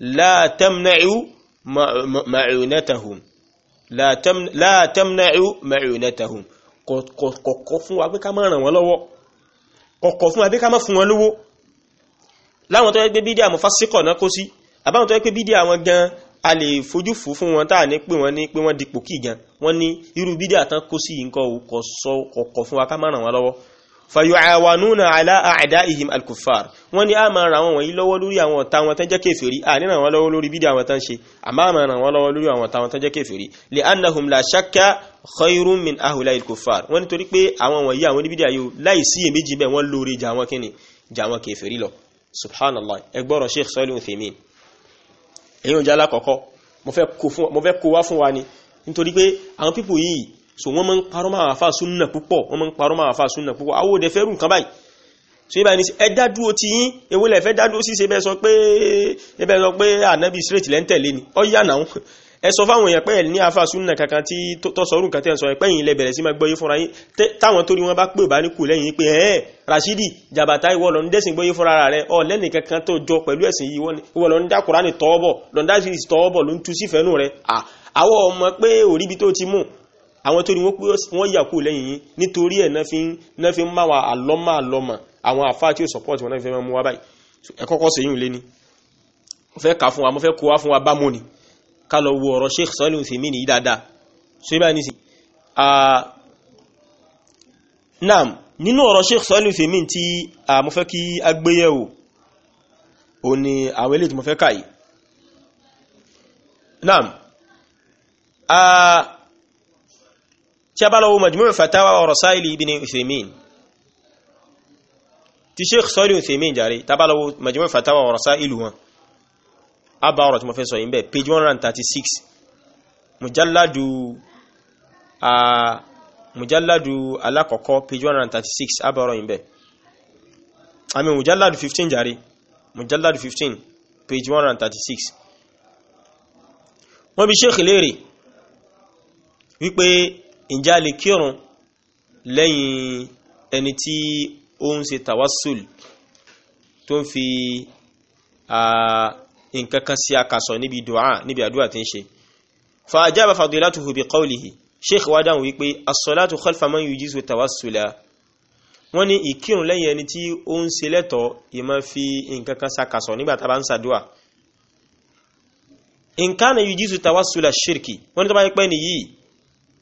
لا تمنعوا معونتهم لا تم لا تمنعوا معونتهم kọ̀kọ̀ fún wa pé ká má ràn wọ́n lọ́wọ́ kọ̀kọ̀ fún wa pé ká má fún wọn lówó láwọn tó yẹ pé bídí àwọn fásikọ̀ náà kó sí àbáwọn tó yẹ pé gan a lè fojú fò fún wọn táà ní pé wọ́n ní pé wọ́n dipò kí gan wọ́n ní irú bídí àtàn kó sí nǹkan ò kọ̀ sọ kọ̀kọ̀ wa ká má ràn wọ́n lọ́wọ́ fàyọ̀àwánúnà aláàdá ihim alkufar wọ́n ní a máa ràn wọ́n wọ̀nyí lọ́wọ́ lórí àwọn ọ̀tá wọn tán jẹ́ kèfèrí a ní ràn wọ́n lọ́wọ́ lórí bídí àwọn tán ṣe àmá a máa ràn wọ́n lọ́wọ́ lórí àwọn ọ̀tá wọn tán jẹ́ kèfèrí lè annahum la shakka khairun min ahula alkufar wọ́n nítorí pé àwọn wọ̀nyí àwọn oníbídí ayò láì sí èméjì bẹ́ẹ̀ wọ́n lórí jà wọn kíni jà wọn kèfèrí lọ subhanallah ẹgbọ́rọ̀ sheikh sọ́lù fèmín èyí ò jẹ́ alákọ̀ọ́kọ́ mo fẹ́ kó wá fún wa ni nítorí pé àwọn pípò yìí so wọ́n máa ń parọ́ máa àfà súnnà púpọ̀ wọ́n máa ń parọ́ máa àfà súnnà púpọ̀ awó òde fẹ́rù nǹkan báyìí so yíba ní ẹ dádúró ti yín ewé lẹ̀ fẹ́ dádúró sí ṣe bẹ́ẹ̀ sọ pé ẹbẹ́ sọ pé ànábì straight lẹ́ ń tẹ̀lé ni ọ yà náà ẹ sọ fáwọn èèyàn pé ẹ ní àfà súnnà kankan tí tọ́ sọ orúkà tẹ́ ń sọ ẹ pé yìí lẹ bẹ̀rẹ̀ sí máa gbọ́yé fúnra yín táwọn tó rí wọn bá pè bá ní kù lẹ́yìn pé ẹ̀ Rashidi jàbàtà ìwọ lọ ń dẹ́sìn gbọ́yé fúnra rẹ ọ lẹ́nì kankan tó jọ pẹ̀lú ẹ̀sìn yìí ìwọ lọ ń dá Kùránì tọ́ọ̀bọ̀ lọ ń dá sí tọ́ọ̀bọ̀ ló ń tu sífẹ́nu rẹ àwọn ọmọ pé òríbi tó ti mú àwọn tó ní wọ́n yà kú lẹ́yìn yín nítorí ẹ̀ náà fi ń máa àlọ́mà àlọ́mà àwọn àfáà tí ó support wọn náà fi máa mú wá báyìí ẹ̀kọ́kọ́ sèyún lé ní mo fẹ́ kà fún wa mo fẹ́ kó wá fún wa bá mú ni ká lọ wo ọ̀rọ̀ Sheikh Salihu Uthaymin yìí dáadáa so ibà ní sí naam nínú ọ̀rọ̀ Sheikh Salihu Uthaymin tí mo fẹ́ kí a gbéyẹ̀wò ò ní àwọn eléyìí tí mo fẹ́ kà yìí naam tí a bá lọ́wọ́ majmúrù fatawa wa rasaili ibn uthaymin ti sheikh sọ́lì uthaymin jàre tí a bá lọ́wọ́ majmúrù fatawa wa rasailu wọn a bá ọ̀rọ̀ tí mo fẹ́ sọ yìí bẹ́ẹ̀ page 136 mujalladu a mujalladu alakọ̀kọ́ page 136 a bá ọ̀rọ̀ yìí bẹ́ẹ̀ àmì mujalladu 15 jàre mujalladu 15 page 136 wọ́n bi sheikh wípé ǹjẹ́ a lè kírun lẹ́yìn ẹni tí ó ń ṣe tawassul tó ń fi nǹkan kan sí akasọ̀ níbi du'a níbi àdúrà tí ń ṣe fa ajaba fadilatuhu bi qawlihi sheikh wa dáhùn wípé as-salatu khalfa man yujizu tawassula wọ́n ní ìkírun lẹ́yìn ẹni tí ó ń ṣe lẹ́tọ̀ ìmọ̀ fi nǹkan kan sakasọ̀ nígbà tá a bá ń ṣàdúrà in kana yujizu shirki wọ́n ní tó bá yẹ pé nìyí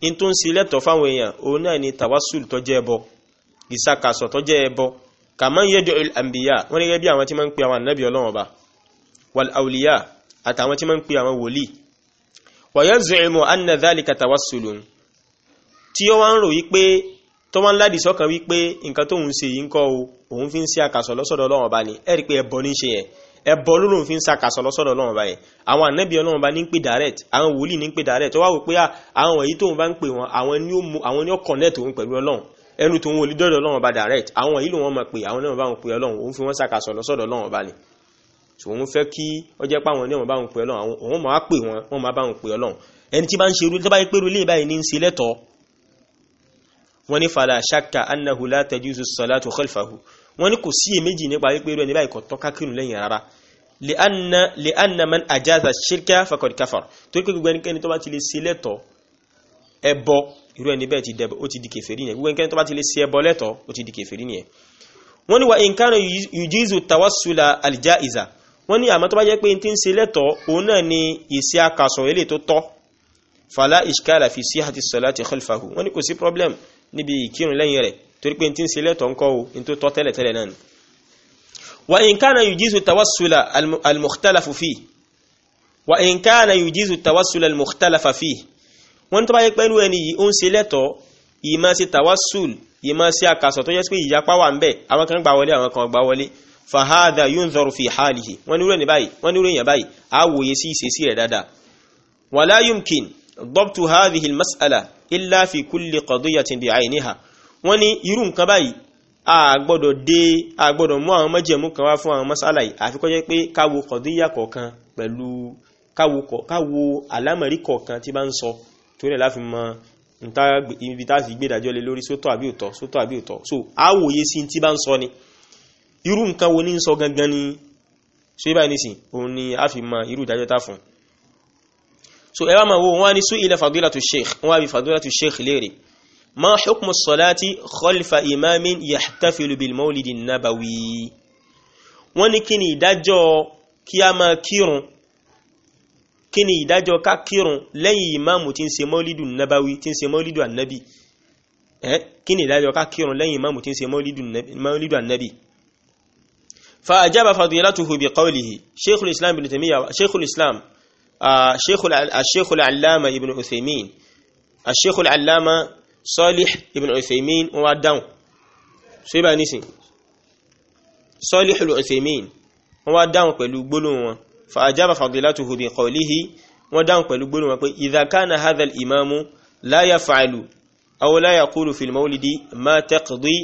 in tó ń ṣe fáwọn èèyàn òun náà ni tawasul tó jẹ́ ẹbọ ìsakàsọ tó jẹ́ ẹbọ kàmá yẹ́dọ̀ àmbìyà wọ́n gẹ́gẹ́ bí àwọn tí máa ń pe àwọn ànábì ọlọ́wọ́n ba wal awliya àtàwọn tí máa ń pe àwọn wòlíì wa yaz'imu anna dhalika tawassulun tí ó wá ń rò wípé tó wá ń ládìí sọ́kàn wípé nǹkan tóun ṣe yìí ń kọ́ o òun fi ń ṣe àkàsọ̀ lọ́sọ̀dọ̀ ọlọ́wọ́n ba ni ẹ̀rí pé ẹbọ ní ṣe yẹn ẹbọ lóòrùn fi ń sakasọ lọ́sọ̀dọ̀ náà báyìí àwọn ànábì ọlọ́run bá ní ń pè direct àwọn wòlíì ní ń pè direct ó wá wò pé ah, àwọn wọ̀nyí tóun bá ń pè wọn àwọn ni ó connect òun pẹ̀lú ọlọ́run ẹnu tó ń wòlíì dọ́dọ̀ ọlọ́run bá direct àwọn wọ̀nyí lòun máa pè àwọn náà bá wọn pè ọlọ́run òun fi wọ́n sakasọ lọ́sọ̀dọ̀ ọlọ́run bá ni òun fẹ́ kí ó jẹ́ pé àwọn bá wọn pè ọlọ́run wọ́n ní kò sí èméjì nípa wípé irú ẹni báyìí kò tọ́ ká kírun lẹ́yìn rárá lè anna man ajaza shirka fakọ̀dì kafar torí pé gbogbo ẹnikẹ́ni tó bá ti lè ṣe lẹ́tọ̀ ẹbọ irú ẹni bẹ́ẹ̀ ti dẹbọ ó ti di kèfèrí nìyẹn gbogbo ẹnikẹ́ni tó bá ti lè ṣe ẹbọ lẹ́tọ̀ ó ti di kèfèrí nìyẹn wọ́n ní wa in kana yujizu tawassula aljaiza wọ́n ní àmọ́ tó bá jẹ́ pé ti ń ṣe lẹ́tọ̀ òun náà ni ìṣe akasọ̀ ilé tó tọ́ fala ishkala fi sihati salati khalfahu wọ́n ní kò sí problem níbi ìkírun lẹ́yìn rẹ̀ torí pé tí ń ṣe lẹ́tọ̀ ń kọ́ o in tó tọ́ tẹ́lẹ̀tẹ́lẹ̀ náà ni wa in kana yujizu tawassula al-mukhtalafu fi wa in kana yujizu tawassula al-mukhtalafa fi wọ́n tó bá yẹ pẹ́lú ẹni yìí ó ń ṣe lẹ́tọ̀ ìmá sí tawassul ìmá sí akasọ̀ tó yẹ pé ìyapa wà ń bẹ àwọn kan gbà wọlé àwọn kan gbà wọlé fahada yunzaru fi halihi wọ́n ní rẹ̀ báyìí wọ́n ní rẹ̀ yẹn báyìí a wòye sí ìṣesí rẹ̀ dáadáa wala yumkin ضبط هذه المسألة إلا في كل قضية بعينها wọ́n ní irú nǹkan báyìí a gbọ́dọ̀ dé a gbọ́dọ̀ mú àwọn májẹ̀mú kan wá fún àwọn masala yìí àfi kó jẹ́ pé káwo kọ̀díyà kọ̀ọ̀kan pẹ̀lú káwo àlámọ̀rí kọ̀ọ̀kan tí bá ń sọ torí ẹ̀ láfi mọ ibi tá a fi gbédàjọ́ lé lórí sótọ́ àbí so a wòye ni irú nǹkan wo ní ń sọ gangan ni so ibà nísìn òun ni a fi mọ irú ìdájọ́ tá fún so ẹ wá máa wo sú ilẹ̀ fàdúrà tó sheikh wọn wá bí fàdúrà tó sheikh léèrè ما حكم الصلاة خلف إمام يحتفل بالمولد النبوي wọ́n ní kí ni ìdájọ́ kí a máa kírun kí ni ìdájọ́ ká kírun lẹ́yìn ìmáàmù tí ń ṣe mọ́lídù nabawi tí ń ṣe mọ́lídù ànábì kí ni ìdájọ́ ká kírun lẹ́yìn ìmáàmù tí ń ṣe mọ́lídù ànábì فأجاب فضيلته بقوله شيخ الإسلام ابن تيمية شيخ الإسلام الشيخ العلامة ابن عثيمين الشيخ العلامة Salih ibn Uthaymin wọ́n wá dáhùn so ibà nísìn Salih ibn Uthaymin wọ́n wá dáhùn pẹ̀lú gbólóhùn wọn fa ajaba fadilatuhu bi qawlihi wọ́n dáhùn pẹ̀lú gbólóhùn wọn pé idha kana hadha al-imamu la yaf'alu aw la yaqulu fil mawlidi ma taqdi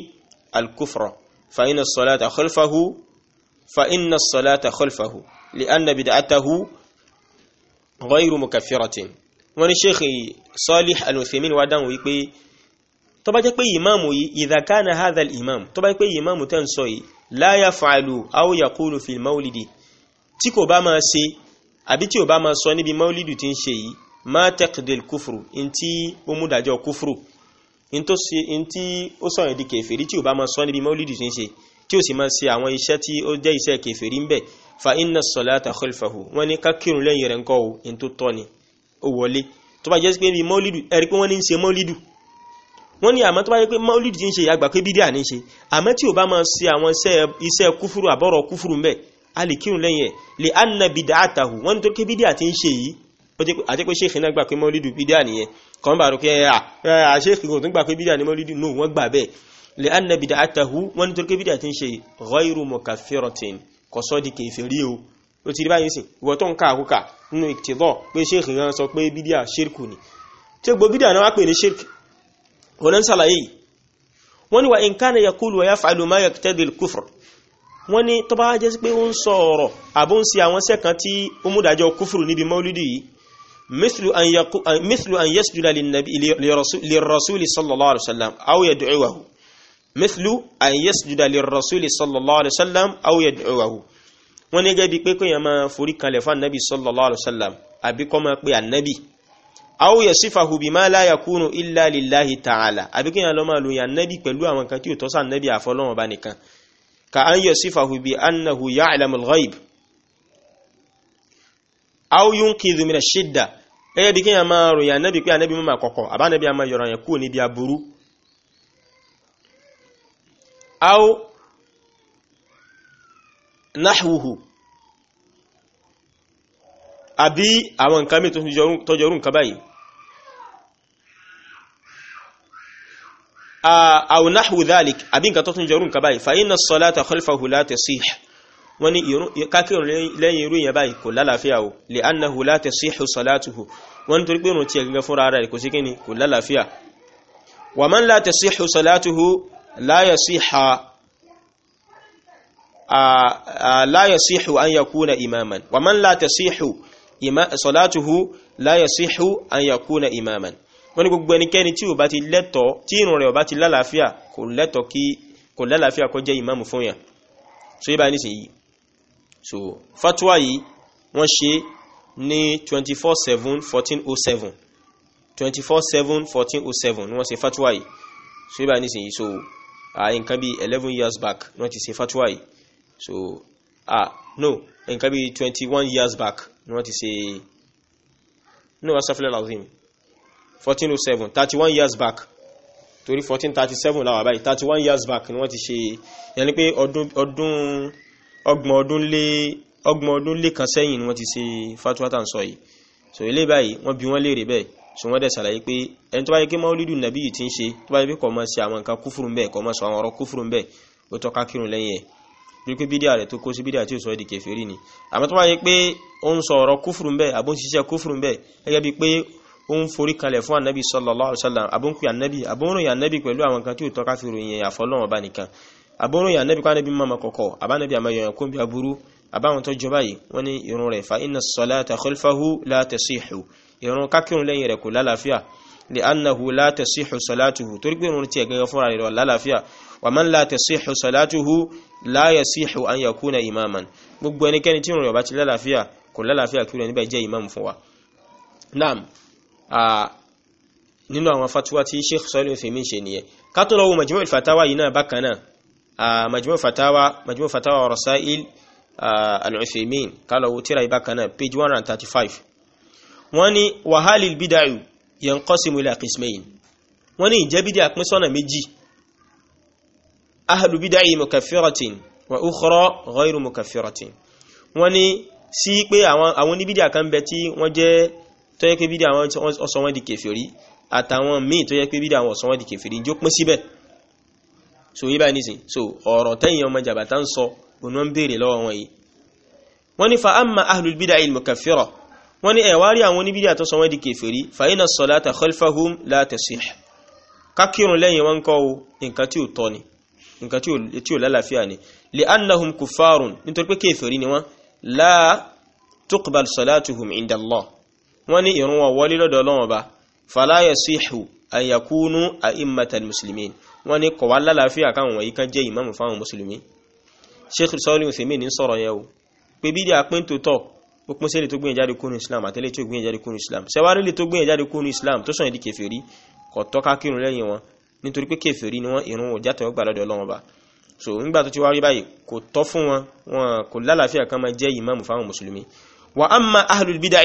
al-kufra fa inna as-salata khalfahu fa wípé tó bá jẹ́ pé ìmáàmù yìí ìdàkánà hadhal imam tó bá jẹ́ pé ìmáàmù tẹ́ ń sọ yìí la yaf'alu aw yaqulu fil maulidi tí kò bá máa ṣe àbí tí ò bá máa sọ níbi maulidu tí ń ṣe yìí ma taqdil kufru in tí ó mú dájọ́ kufru in tí ó sọ yẹn di kèfèrí tí ò bá máa sọ níbi maulidu tí ń ṣe tí ó sì máa ṣe àwọn iṣẹ́ tí ó jẹ́ iṣẹ́ kèfèrí ń bẹ̀ fa inna salata tó bá jẹ́ pé níbi maulidu ẹ̀rí pé wọ́n ní ń ṣe maulidu wọ́n ní àmọ́ tó bá yẹ pé maulid ti ń ṣe ìyàgbà pé bídíà ní ṣe àmọ́ tí ò bá máa ṣe àwọn iṣẹ́ kúfúrú àbọ̀rọ̀ kúfúrú mbẹ́ a lè kírun lẹ́yìn ẹ̀ lè anna bídà àtàhù wọ́n ní tó ké bídíà ti ń ṣe yìí àti pé ṣéèkì náà gbà pé maulid bídíà nìyẹn kàn bá rò pé à eh, ṣéèkì ah, eh, ah, kò tún gbà pé bídíà ní maulid nù wọ́n gbà bẹ́ẹ̀ lè anna bídà àtàhù wọ́n ní tó bídíà ti ń ṣe yìí ọ̀nà ń sàlàyé wọ́n ni wà in kana yakulu wa yaf'alu ma yaqtadi al-kufr wọ́n ní tó bá jẹ́ sí pé ó ń sọ ọ̀rọ̀ àbó ń ṣe àwọn sẹ́kan tí ó mú dájọ́ kúfùrù níbi maulidi yìí mithlu an yasjuda lirrasuli sallallahu alaihi wasallam aw yad'uwahu mithlu an yasjuda lirrasuli sallallahu alaihi wasallam aw yad'uwahu wọ́n ní gẹ́gẹ́ bí pé kéèyàn máa forí kanlẹ̀ fún anabi sallallahu alaihi wasallam àbí máa pe anabi aw yasifahu bima la yakunu illa lillahi ta'ala àbí kí yàn lọ máa lòyìn annabi pẹ̀lú àwọn kan tí ò tọ́sà annabi àfọlọ́wọ́n bá nìkan ka an yasifahu bi annahu ya'lamul ghaib aw yunqidhu min ash-shidda ẹ̀yẹ́ bí kí yàn máa ròyìn annabi pé annabi mọ́ kọ̀kọ̀ àbá annabi máa yọ̀rọ̀ yẹn kúrò níbi aburú aw nahwuhu àbí àwọn nǹkan mí tọ́jọrún nǹkan báyìí aw nahwu dhalik àbí nǹkan tọ́jọrún nǹkan báyìí fa inna as-salata khalfahu la tasih wọ́n ní kákírùn lẹ́yìn irú ìyẹn báyìí kò lálàáfíà o li annahu la tasihu salatuhu wọ́n nítorí pé ìrùn tí ẹ̀gẹ́gẹ́ fúnra rẹ̀ kò sí kíni kò lálàáfíà wa man la tasihu salatuhu la wa man la tasihu salatuhu la yasihu an yakuna imaman wọ́n ní gbogbo ẹnikẹ́ni tí ó bá ti lẹ́tọ̀ tí ìrun rẹ̀ ó bá ti lálàáfíà kò lẹ́tọ̀ kí kò lálàáfíà kó jẹ́ ìmáàmù fún yàn so yíba ní sèyí so fatwa yìí wọ́n ṣe ní 24/7/1407 24/7/1407 ni wọ́n ṣe fatwa yìí so yíba ní sèyí so àyè nǹkan bí 11 years back ni wọ́n ti ṣe fatwa yìí so ah no nǹkan bí 21 years back ni wọ́n ti ṣe ní wọ́n sọ́fílẹ̀ lazim 1407 31 years back torí 1437 láwà báyìí 31 years back ni wọ́n ti ṣe yẹni pé ọdún ọgbọ̀n ọdún lé ọgbọ̀n ọdún lé kan sẹ́yìn ni wọ́n ti ṣe fatuwa tàn sọ yìí so ilé báyìí wọ́n bi wọ́n léèrè bẹ́ẹ̀ so wọ́n dẹ̀ ṣàlàyé pé ẹni tó bá yẹ kí maulidu nàbí yìí ti ń ṣe tó bá yẹ pé kò mọ́ sí àwọn nǹkan kúfùrù ń bẹ́ẹ̀ kò mọ́ sọ àwọn ọ̀rọ̀ kúfùrù ń bẹ́ẹ̀ ó tọ́ka kírun lẹ́yìn ẹ̀ torí pé bídíà rẹ̀ tó kó sí bídíà tí ó sọ èdè kèfèrí ni àmọ́ tó wáyé pé ó ń sọ ọ̀rọ̀ kúfùrù ń bẹ àbó ń ṣiṣẹ́ kúfùrù ń bẹ gẹ́gẹ́ bí pé ó ń forí kalẹ̀ fún ànábì sallallahu alaihi wasallam àbó ń pè ànábì àbó ń ròyìn ànábì pẹ̀lú àwọn kan tí ó tọ́ka fi ròyìn ẹ̀yà fọlọ́wọ́n bá nìkan àbó ń ròyìn ànábì kó ànábì mọ́mọ́ kọ̀kọ̀ àbánábì àmọ́ yọ̀yàn kó ń bí aburú àbáwọn tó jọba yìí wọ́n ní irun rẹ̀ fa inna salata khalfahu la tasihu irun kákírun lẹ́yìn kò lálàáfíà li annahu la tasihu salatuhu torí pé irun tiẹ̀ gẹ́gẹ́ fúnra rẹ̀ lálàáfíà wa man la tasihhu salatuhu la yasihu an yakuna imaman gbogbo ẹnikẹ́ni tí ìrun rẹ̀ bá ti lálàáfíà kò lálàáfíà kí rẹ̀ níbẹ̀ jẹ́ imam fún wa naam nínú àwọn fatuwa tí sheikh sọ́lẹ̀ fèmí ṣe nìyẹn ká tó lọ wo majmu' al-fatawa yìí náà bákan náà majmu' fatawa majmu' fatawa rasail al-Uthaymin ká lọ wo tírà yìí page 135 wọ́n wa halil bid'u yanqasimu ila qismayn wọ́n ní ìjẹ́ bídí àpín sọ́nà ahlu bidai mukaffiratin wa ukhra ghayru mukaffiratin wọ́n ní sí pé àwọn oníbídíà kan bẹ tí wọ́n jẹ́ tó yẹ pé bídíà wọn sọ wọ́n di kèfèrí àtàwọn míì tó yẹ pé bídíà wọn sọ wọ́n di kèfèrí jó pín síbẹ̀ so yí báyìí nísìn so ọ̀rọ̀ tẹ́yìn ọmọ jàbàtà ń sọ òun wọ́n béèrè lọ́wọ́ wọn yìí wọ́n fa amma ahlul bidai mukaffira wọ́n ní ẹ̀wárí àwọn oníbídíà tó sọ wọ́n di kèfèrí fa inna salata khalfahum la tasih kakirun lẹ́yìn wọn kọ́ nǹkan tí ò tọ́ ni nǹkan tí ò lálàáfíà ni li annahum kuffarun nítorí pé kéfèrí ni wọ́n la tuqbal salatuhum inda Allah wọ́n ní ìrun wọn wọlé lọ́dọ̀ Ọlọ́run ba fala yasihu an yakunu a'immatan muslimin wọ́n ní kò wá lálàáfíà káwọn wọ̀nyí kan jẹ́ ìmáàmù fáwọn mùsùlùmí sheikh sọ́ọ́lì ká kírun nítorí pé kèfèrí ni wọ́n ìrun ò játọ̀ gbà lọ́dọ̀ ọlọ́wọ́n bá so nígbà tó ti wá rí báyìí kò tọ́ fún wọn wọn kò lálàáfíà kan máa jẹ́ ìmáàmù fáwọn mùsùlùmí wa amma ahlul bid'ah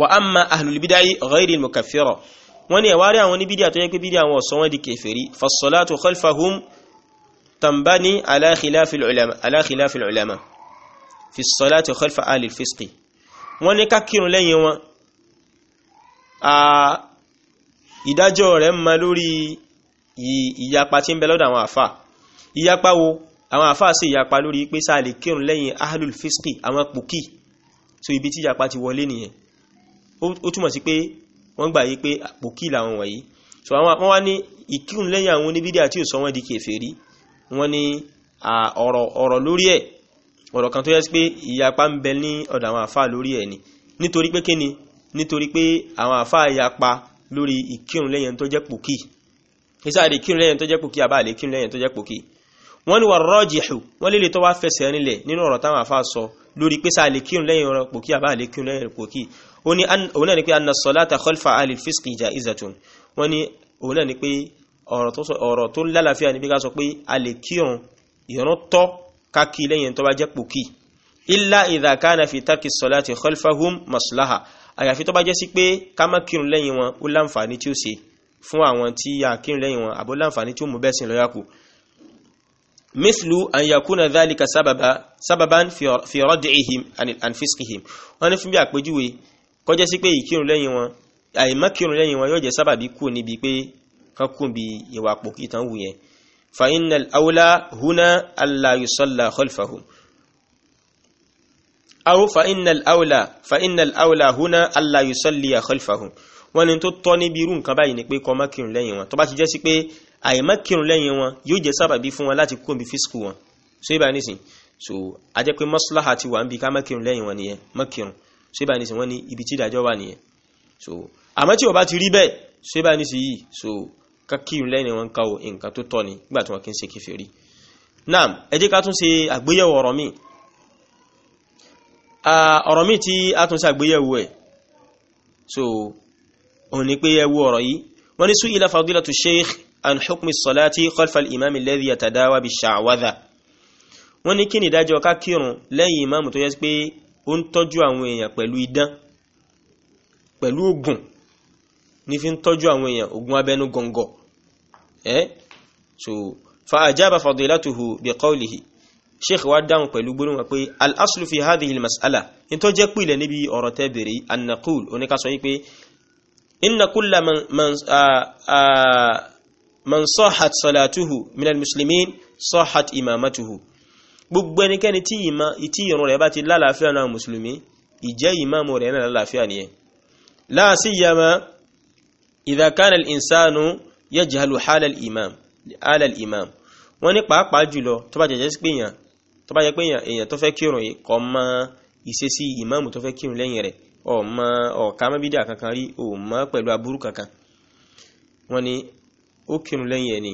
wa amma ahlul bid'ah ghayril mukaffira wọ́n ní ẹ̀wárí àwọn ní bídíà tó yẹ pé bídíà wọn sọ wọ́n di kèfèrí fasolatu khalfahum tambani ala khilafil ulama ala khalfa alil wọ́n ní ká lẹ́yìn wọn ah, ìdájọ́ rẹ̀ ń ma lórí ìyapa tí ń bẹ lọ́dọ̀ àwọn àfà ìyapa wo àwọn àfà sì ìyapa lórí pé sáà lè kírun lẹ́yìn ahlul fisqi àwọn pòkì so ibi tí ìyapa ti wọlé nìyẹn ó túmọ̀ sí pé wọ́n gbà yí pé pòkì làwọn wọ̀nyí so wọ́n wá ní ìkírun lẹ́yìn àwọn oníbídíà tí ò sọ di kèfèrí wọ́n ní ọ̀rọ̀ lórí ẹ̀ ọ̀rọ̀ kan tó yẹ pé ìyapa ń bẹ ní ọ̀dọ̀ àwọn àfà lórí ẹ̀ ni nítorí pé kíni nítorí pé àwọn àfà ìyapa lórí ìkírun lẹ́yìn tó jẹ́ pòkì ìsáàdì kírun lẹ́yìn tó jẹ́ pòkì àbáàlè kírun lẹ́yìn tó jẹ́ pòkì wọ́n ní wà rọ́jìhù wọ́n lè lè tó wá fẹsẹ̀ rinlẹ̀ nínú ọ̀rọ̀ táwọn àfáà sọ lórí pé sáà lè kírun lẹ́yìn ọ̀rọ̀ pòkì àbáàlè kírun lẹ́yìn pòkì òun náà ni pé anna salata khalfa alil fisqi jaizatun wọ́n ní òun náà ni pé ọ̀rọ̀ tó lálàáfíà ní bí ká sọ pé a àyàfi tó bá jẹ́ sí pé ká má kírun lẹ́yìn wọn ó láǹfààní tí ó ṣe fún àwọn tí a kírun lẹ́yìn wọn àbó láǹfààní tí ó mú bẹ́sìn lọ́yà kù mithlu an yakuna dhalika sábàbá sábàbán fi rad'ihim an fisqihim wọ́n ní fún bí àpèjúwe kó jẹ́ sí pé ìkírun lẹ́yìn wọn àìmá kírun lẹ́yìn wọn yóò jẹ́ sábàbí kú níbi pé kan kú bí ìwà àpò tán wù yẹn fa innal huna alla yusalla khalfahum aw fa innal awla fa innal awla huna alla yusalli khalfahum wọ́n ní tó tọ́ níbi irú nǹkan báyìí ni pé kó má kírun lẹ́yìn wọn tó bá ti jẹ́ sí pé àìmá kírun lẹ́yìn wọn yóò jẹ́ sábàbí fún wọn láti kóbi fíṣkù wọn so ibà nísìn so a jẹ́ pé maslaha ti wà ń bi ká má kírun lẹ́yìn wọn nìyẹn má kírun so ibà nísìn wọ́n ní ibi tí ìdájọ́ wà nìyẹn so àmọ́ tí ó bá ti rí bẹ́ẹ̀ so ibà nísìn yìí so ká lẹ́yìn wọn káwọ nǹkan tó tọ́ ni nígbà tí wọ́n kí ń ṣe kèfèrí naam ẹ ká tún ṣe àgbéyẹ̀wò ọ̀rọ̀ míì ọ̀rọ̀ míì tí a tún ṣàgbéyẹ̀wò ẹ̀ so òun ni pé ẹwu ọ̀rọ̀ yìí wọ́n ní su'ila fadilatu sheikh an hukmi salati khalfa al-imam alladhi yatadawa bi sha'wadha wọ́n ní kí ni ìdájọ́ ká kírun lẹ́yìn ìmáàmù tó yẹ pé so fa ajaba fadilatuhu sheikh wa dáhùn pẹ̀lú gbóríwà pé al'aslu fi hadhihi al-mas'ala in tó jẹ́ pìlẹ̀ níbi ọ̀rọ̀ tẹ́ bèèrè annakul oníkásọ yí pé inna kulla man sọ́hat salatuhu minal muslimin sọ́hat imamatuhu gbogbo ẹnikẹ́ni tí ìrun rẹ̀ bá ti lálàáfíà náà musulmi ìjẹ́ ìmáàmù rẹ̀ náà lálàáfíà nìyẹn la siyama idha kana al-insanu yajhalu halal imam wọ́n ní pàápàá jùlọ tó bá jẹ́jẹ́ sí pé tó bá yẹ pé èèyàn tó fẹ́ kírun yìí kò mọ̀ ìṣesí ìmáàmù tó fẹ́ kírun lẹ́yìn rẹ̀ ò mọ̀ ọ̀ká mọ́bídà kankan rí ò mọ̀ pẹ̀lú aburú kankan wọ́n ní ó kírun lẹ́yìn ẹni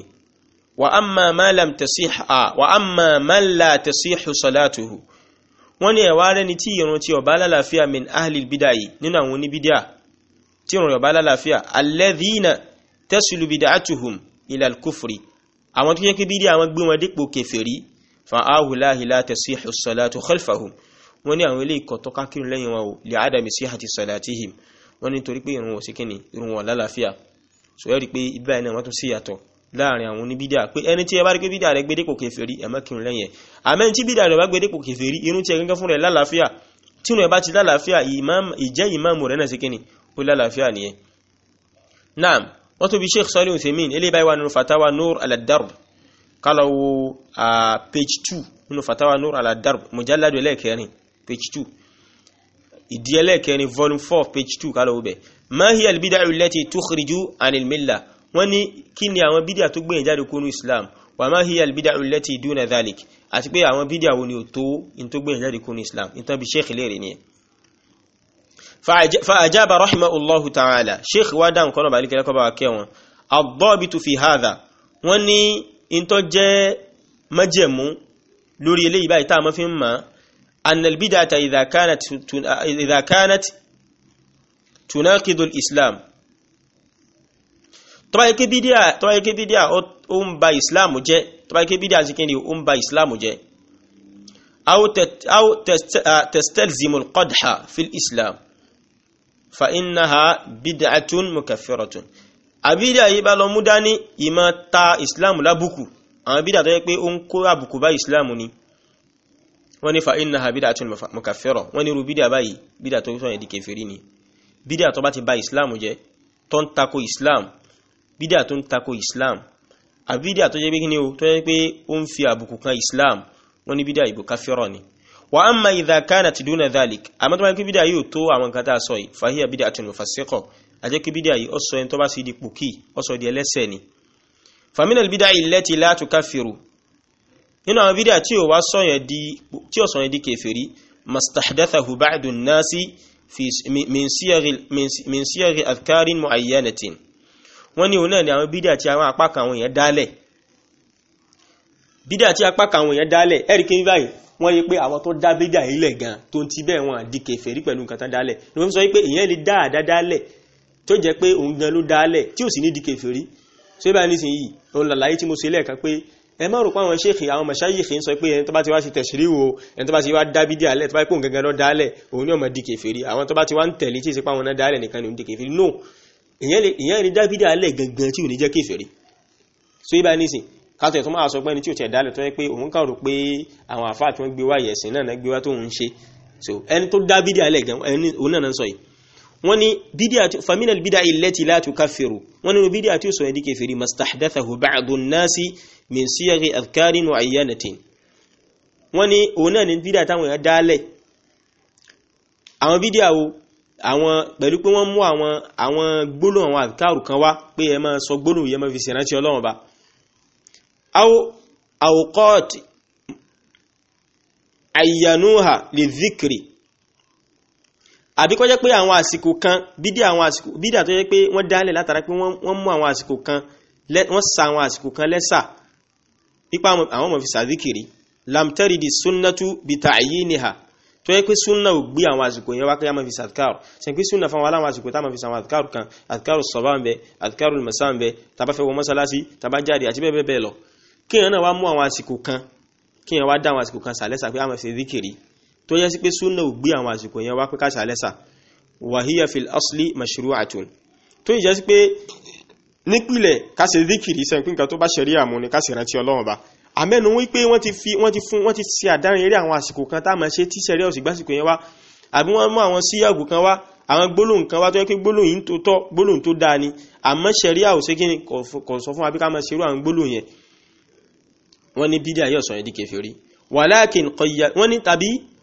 wa amma ma lam tasih wa amma man la tasihu salatuhu wọ́n ní ẹ̀wà rẹ̀ ni tí ìrun tí ó bá lálàáfíà min ahlil bídà yìí nínú àwọn oníbídà tí ìrun ó lálàáfíà alladhina tasilu bid'atuhum ila al-kufri àwọn tó yẹ kí bídà àwọn gbé wọn dípò kèfèrí fa'ahu lahi la tasihu as-salatu khalfahum wọ́n ní àwọn ilé ìkọ̀ tó kákírù lẹ́yìn wọn lè adami sihati salatihim wọ́n ní torí pé ìrun wọn sí kíni ìrun wọn lálàáfíà so ẹ́ rí pé ibà iná wọ́n tún sí yàtọ̀ láàrin àwọn oníbídà pé ẹni tí ẹ bá rí pé bídà rẹ gbédépò kèfèrí ẹ má kírun lẹ́yìn ẹ̀ àmẹ́ni tí bídà rẹ bá gbédépò kèfèrí irun kálọ̀wò a page 2 nínú fatawa nur aladarb mujalladu ẹlẹ́ẹ̀kẹrin page 2 ìdí ẹlẹ́ẹ̀kẹrin volume 4 page 2 kálọ̀wò bẹ̀ mahi albida ulẹ́ti tukhriju anil milla wọ́n ní kí ni àwọn bídíà tó gbẹ̀yìn jáde kúrú islam wà mahi albida ulẹ́ti duna dhalik àti pé àwọn bídíà wo ni ò tó in tó gbẹ̀yìn jáde kúrú islam in tán bí sheikh lè rí ni فأجاب رحمه الله تعالى شيخ وادان كنا بالك لك بقى كيوان الضابط في هذا وني ìntọ́ jẹ́ májẹ̀mú lórí eléyìí báyìí tá a mọ́ fi ń mọ̀ annal bid'ata idha kanat idha kanat tunaqidu al-islam tó bá yẹ kí bídíà tó bá yẹ kí bídíà ó ń ba islam jẹ́ tó bá yẹ kí bídíà sí kíni ó ń ba islam jẹ́ aw tastalzimu qadha fi islam fa innaha bid'atun mukaffiratun àbídà yìí bá lọ mú dání ìmọ̀ ta islam lábùkù àwọn àbídà tó yẹ pé ó ń kó àbùkù bá islam ni wọ́n ní fa inna ha bídà tún mọ̀kàfẹ́rọ̀ wọ́n ní irú bídà báyìí bídà tó sọ̀rọ̀ di kèfèrí ni bídà tó bá ti ba islam jẹ́ tó ń tako islam bídà tó ń tako islam àbídà tó jẹ́ pé kíni o tó yẹ pé ó ń fi àbùkù kan islam wọ́n ní bídà ìbò kàfẹ́rọ̀ ni wa amma idha kanat duna dhalik àmọ́ tó bá yẹ pé bídà yóò tó àwọn kan tá a fa hiya bídà tún mufassiqo ajẹ́ kí bídíà yìí ọsọ ẹni tó bá sì di pòkì ọsọ di ẹlẹ́sẹ̀ ni faminal bídíà illati la tukaffiru nínú àwọn bídíà tí ò wá sọ yẹn di kèfèrí mastahdathahu ba'du nasi min siyaghi adhkarin muayyanatin wọ́n ní òun náà ni àwọn bídíà tí àwọn apá kan àwọn èèyàn dálẹ̀ bídíà tí apá kan àwọn èèyàn dálẹ̀ ẹ̀ríkì báyìí wọ́n yí di kèfèrí pẹ̀lú nǹkan tán dálẹ̀ ni wọ́n sọ dálẹ̀ tó jẹ́ pé òun gan ló dálẹ̀ tí ò sì ní di kèfèrí tó bá nísìnyí òun làlàyé tí mo ṣe lẹ́ẹ̀kan pé ẹ má rò pé àwọn ṣéèkì àwọn mọ̀ṣáyèkì ń sọ pé ẹni tó bá ti wá ṣe tẹ̀sírí wo ẹni tó bá ti wá dá bídí tó bá pò gangan lọ dálẹ̀ òun ní ọmọ di kèfèrí àwọn tó bá ti wá ń tẹ̀lé tí ì náà dálẹ̀ nìkan ni òun di kèfèrí no ìyẹn ni dá bídí alẹ́ gangan tí ò ní jẹ́ kèfèrí so ibà nísìn kátẹ̀ tó máa sọ pé ẹni tí ò tẹ̀ dálẹ̀ tó yẹ pé òun kàn pé àwọn àfáà tí wọ́n gbé wá yẹ̀sìn náà gbé wá tó ń ṣe so ẹni tó dá bídí alẹ́ gan òun náà sọ yìí wọ́n ní bídíà tí famina bídíà illati la tukaffiru wọ́n nínú bídíà tí ó sọ ẹ̀dí kẹfẹ́rí mastahdathahu ba'du nasi min siyaghi adhkarin wa ayyanatin wọ́n ní òun náà ní bídíà táwọn èèyàn dálẹ̀ àwọn bídíà wo àwọn pẹ̀lú pé wọ́n mú àwọn àwọn àwọn adhkaru kan wá pé ẹ máa sọ gbólóhùn yẹn máa fi ṣèrántí ọlọ́run ba aw awqat àbí kọ́ jẹ́ pé àwọn àsìkò kan bídí àwọn àsìkò bídí àtọ́ jẹ́ pé wọ́n dálẹ̀ látara pé wọ́n mú àwọn àsìkò kan wọ́n sa àwọn àsìkò kan lẹ́sà nípa àwọn ọmọ fi sàdíkìrì lamtaridi sunnatu bita ayiniha tó yẹ pé súnà ò gbé àwọn àsìkò yẹn wá pé a máa fi sàtkáàrù ṣe pé súnà fáwọn aláwọn àsìkò táwọn fi sàwọn àtkáàrù kan àtkáàrù sọ̀bá ń bẹ àtkáàrù mẹ́sà ń bẹ tàbá fẹ́ wọ mọ́sálásí tàbá jáde àti bẹ́ẹ̀ bẹ́ẹ̀ lọ kí èèyàn náà wá mú àwọn àsìkò kan kí èèyàn wá dá àwọn àsìkò kan sàlẹ́sà pé a máa fi ṣe díkìrì tó yẹ sí pé súnà ò gbé àwọn àsìkò yẹn wá pé káṣà lẹ́sà wàhíyà fil asli mashru'atun tó yẹ sí pé nípìlẹ̀ káṣe díkìrì sẹ́yìn nǹkan tó bá ṣẹ̀rí àmú ni káṣe rántí ọlọ́run ba àmẹ́nu wípé wọ́n ti fi wọ́n ti fún wọ́n ti ṣe àdárin eré àwọn àsìkò kan tá a máa ṣe tí ṣẹ̀rí ọ̀sìn gbásìkò yẹn wá àbí wọ́n mú àwọn síyàgò kan wá àwọn gbólóhùn kan ni àmọ́ ṣẹ̀rí àwòṣe kí ni wọ́n ní tàbí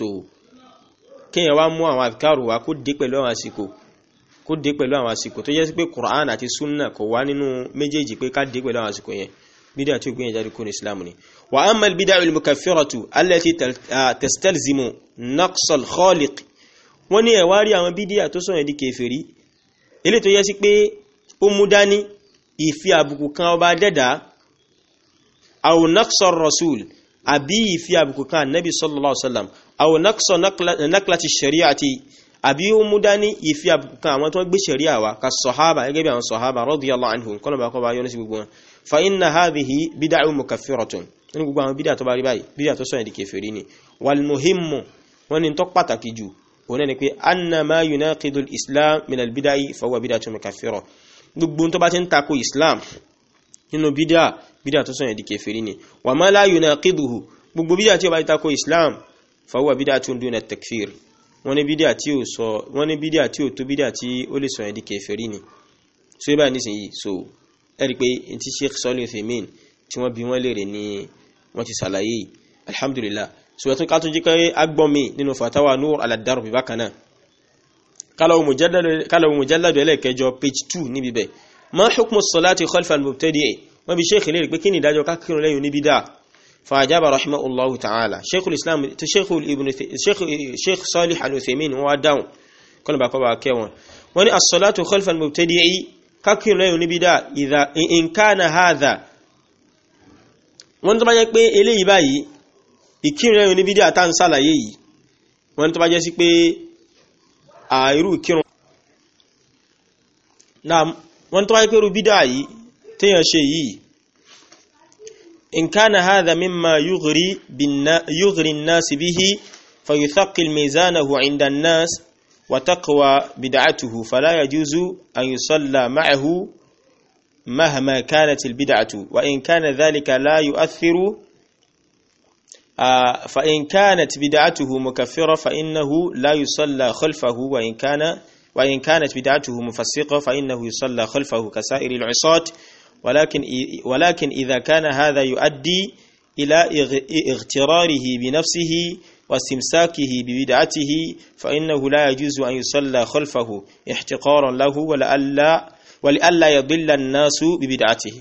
so kéèyàn wá mú àwọn àfikáàrù wá kó dé pẹ̀lú àwọn àsìkò kó dé pẹ̀lú àwọn àsìkò tó jẹ́ sí pé Qur'an àti sunna kò wá nínú méjèèjì pé ká dé pẹ̀lú àwọn àsìkò yẹn bídà tí ó gbé yẹn jáde kó ní Islam ni wa amma al-bid'a al-mukaffiratu allati tastalzimu naqsal khaliq wọ́n ní ẹ̀wá rí àwọn bídíà tó sọ̀rọ̀ di kèfèrí ilé tó yẹ sí pé ó mú dání ìfi àbùkù kan ọba dẹ́dà aw naqsar rasul àbí ìfi àbùkù kan nabi sallallahu alaihi aw naqsa naqlati shari'ati àbí ó mú dání ìfi àbùkàn àwọn tó ń gbé ṣẹ̀ríà wá ka sọ̀hábà gẹ́gẹ́ bí àwọn sọ̀hábà radiyallahu anhum kọ́nà bá kọ́ bá yọ́nà sí gbogbo wọn fa inna hadhihi bid'u mukaffiratun nínú gbogbo àwọn bídà tó bá rí báyìí bídà tó sọ̀yìn di kèfèrí ni wal muhimmu wọ́n ni tó pàtàkì jù òun ni pé anna ma yunaqidul islam min tí ó bá ti tako islam fàwọ́ bídíà tún dúnà takfir wọ́n ní bídíà tí ó sọ wọ́n ní bídíà tí ó tó bídíà tí ó lè sọ ẹ̀dí kèfèrí ni so ibà nísìnyí so ẹ̀rí pé n ti Sheikh Salih Uthaymeen tí wọ́n bi wọ́n léèrè ni wọ́n ti ṣàlàyé alhamdulillah so ẹ̀tún ká tún jí pé agbọ́n mi nínú fatawa Nur فأجاب رحمه الله تعالى شيخ الإسلام شيخ ابن شيخ شيخ صالح العثيمين هو داون كل باكو باكيون وني الصلاة خلف المبتدئ كاكي لا ينبدا إذا إن كان هذا wọ́n tó bá jẹ́ pé eléyìí báyìí ìkírun ẹ̀yìn níbi dí àtàn sàlàyé yìí wọ́n tó bá jẹ́ sí pé àìrú ìkírun náà wọ́n tó bá jẹ́ pé rú bídà yìí téèyàn ṣe yìí إن كان هذا مما يغري, يغري الناس به فيثقل ميزانه عند الناس وتقوى بدعته فلا يجوز أن يصلى معه مهما كانت البدعة وإن كان ذلك لا يؤثر آه، فإن كانت بدعته مكفرة فإنه لا يصلى خلفه وإن كان وإن كانت بدعته مفسقة فإنه يصلى خلفه كسائر العصاة ولكن ولكن إذا كان هذا يؤدي إلى اغتراره بنفسه واستمساكه ببدعته فإنه لا يجوز أن يصلى خلفه احتقارا له ولألا ولألا يضل الناس ببدعته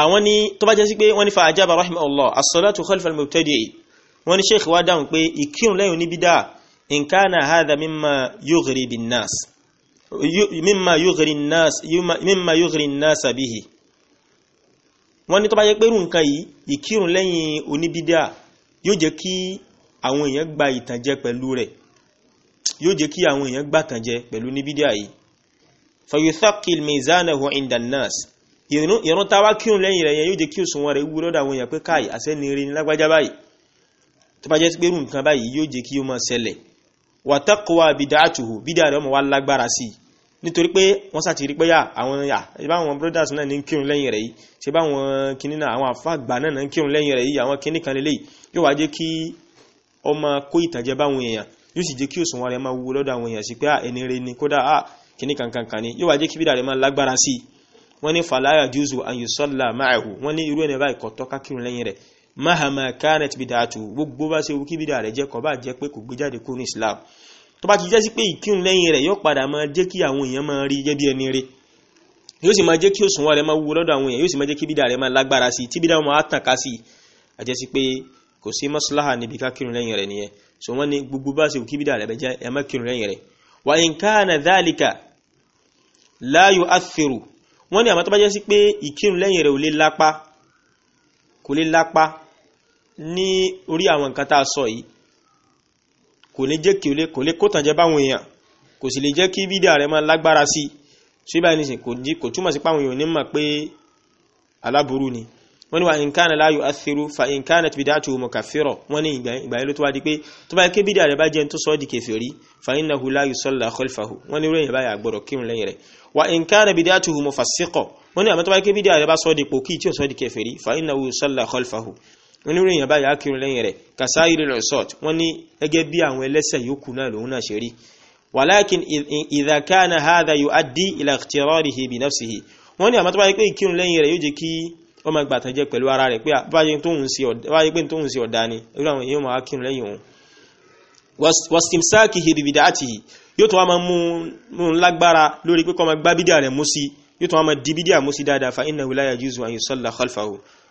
àwọn ni tó bá jẹ́ sí pé wọ́n ní fa àjábà rahimahullah as-salatu khalfa al-mubtadi'i wọ́n ní sheikh wa dáhùn pé ìkírùn lẹ́yìn oníbídà in kana hadha mimma yughri bin nas mímà yóògìrì náà sàbíhì wọ́n ní tó bá jẹ́ pé irú nǹkan yìí ìkírun lẹ́yìn oníbídíà yóò jẹ́ kí àwọn èèyàn gba ìtànjẹ pẹ̀lú rẹ̀ yóò jẹ́ kí àwọn èèyàn gba ìtànjẹ pẹ̀lú oníbídíà yìí fayuthaqil mizanahu inda nas ìrún tá a wá kírun lẹ́yìn rẹ̀ yẹn yóò jẹ́ kí òṣùwọ̀n rẹ̀ wúrọ́ dàwọn èèyàn pé káì àsẹ́nire ní lágbájá báyìí tó bá jẹ́ pé irú nǹkan báyìí yóò jẹ́ kí ó máa ṣẹlẹ̀ wa taqwa bid'atuhu bídà rẹ̀ ọmọ wa lágbára sí i nítorí pé wọ́n sá ti rí pé yà àwọn yà ìbá àwọn brothers náà ní ń kírun lẹ́yìn rẹ̀ yìí ṣe bá àwọn kinní náà àwọn àfáàgbà náà ní ń kírun lẹ́yìn rẹ̀ yìí àwọn kinní kan lélẹ́yìí yóò wá jẹ́ kí ọmọ kó ìtànjẹ báwọn èèyàn yóò sì jẹ́ kí òṣùwọ̀n rẹ̀ máa wúwo lọ́dọ̀ àwọn èèyàn sí pé ẹni rẹ̀ ni kódà kinní kankan kan yóò wá kí bídà rẹ̀ máa lágbára falaya juzu an yusalla ma'ahu wọ́n ní irú ẹni báyìí kò tọ́ ká kírun lẹ́yìn rẹ̀ mahama kanat bidatu gbogbo bá ṣe wù kí bídà islam tó bá ti jẹ́ sí pé ìkírun lẹ́yìn rẹ̀ yóò padà máa jẹ́ kí àwọn èèyàn máa rí gẹ́gẹ́ bí ẹni rí yóò sì máa jẹ́ kí òṣùwọ̀n rẹ̀ máa wúwo lọ́dọ̀ àwọn èèyàn yóò sì máa jẹ́ kí bídà rẹ̀ máa lágbára sí tí bídà máa tàn ká sí àjẹ́ sí pé kò sí mọ́sálàhà níbi ká kírun lẹ́yìn rẹ̀ nìyẹn so wọ́n ní gbogbo bá ṣe kí bídà rẹ̀ jẹ́ ẹ má kírun lẹ́yìn rẹ̀ wà in kana dhalika la yu'athiru wọ́n ní àmọ́ tó bá jẹ́ sí pé ìkírun lẹ́yìn rẹ̀ kò lè lápá ní orí àwọn nǹkan tá a sọ yìí kò ní jẹ́ kò lè kótànjẹ báwọn èèyàn kò sì lè jẹ́ kí fídíò rẹ̀ máa lágbára sí ṣé báyìí nìsín kò túmọ̀ sí páwọn èèyàn ní mọ̀ pé aláburú ni wọ́n ní wa in kana la yu'athiru fa in kanat bid'atuhu mukaffira wọ́n ní ìgbà yẹn ló tó wá di pé tó bá yẹ kí rẹ̀ bá jẹ́ tó sọ di kèfèrí fa innahu la yusalla khalfahu wọ́n ní ròyìn báyà wa in kana bid'atuhu mufassiqa wọ́n ní àmọ́ tó bá yẹ kí bídà rẹ̀ bá sọ ọ́ di pòkì tí ò sọ ọ́ di kèfèrí wọ́n ní ròyìn báyìí akírun lẹ́yìn rẹ̀ kasáyìrì resort wọ́n ní gẹ́gẹ́ bí àwọn ẹlẹ́sẹ̀ yòókù náà lòun náà ṣe rí wàlákin ìdàkánà hádà yóò adí ilà tìrọ́rì hìbì náfsìhì wọ́n ní àmọ́ tó bá yẹ pé ìkírun lẹ́yìn rẹ̀ yóò jẹ́ kí wọ́n máa gbàtàn jẹ́ pẹ̀lú ara rẹ̀ pé báyé tó ń ṣe ọ̀dá ni irú àwọn èèyàn máa kírun lẹ́yìn òun wàsímsáàkì hìbì bìdà àtìhì yóò tó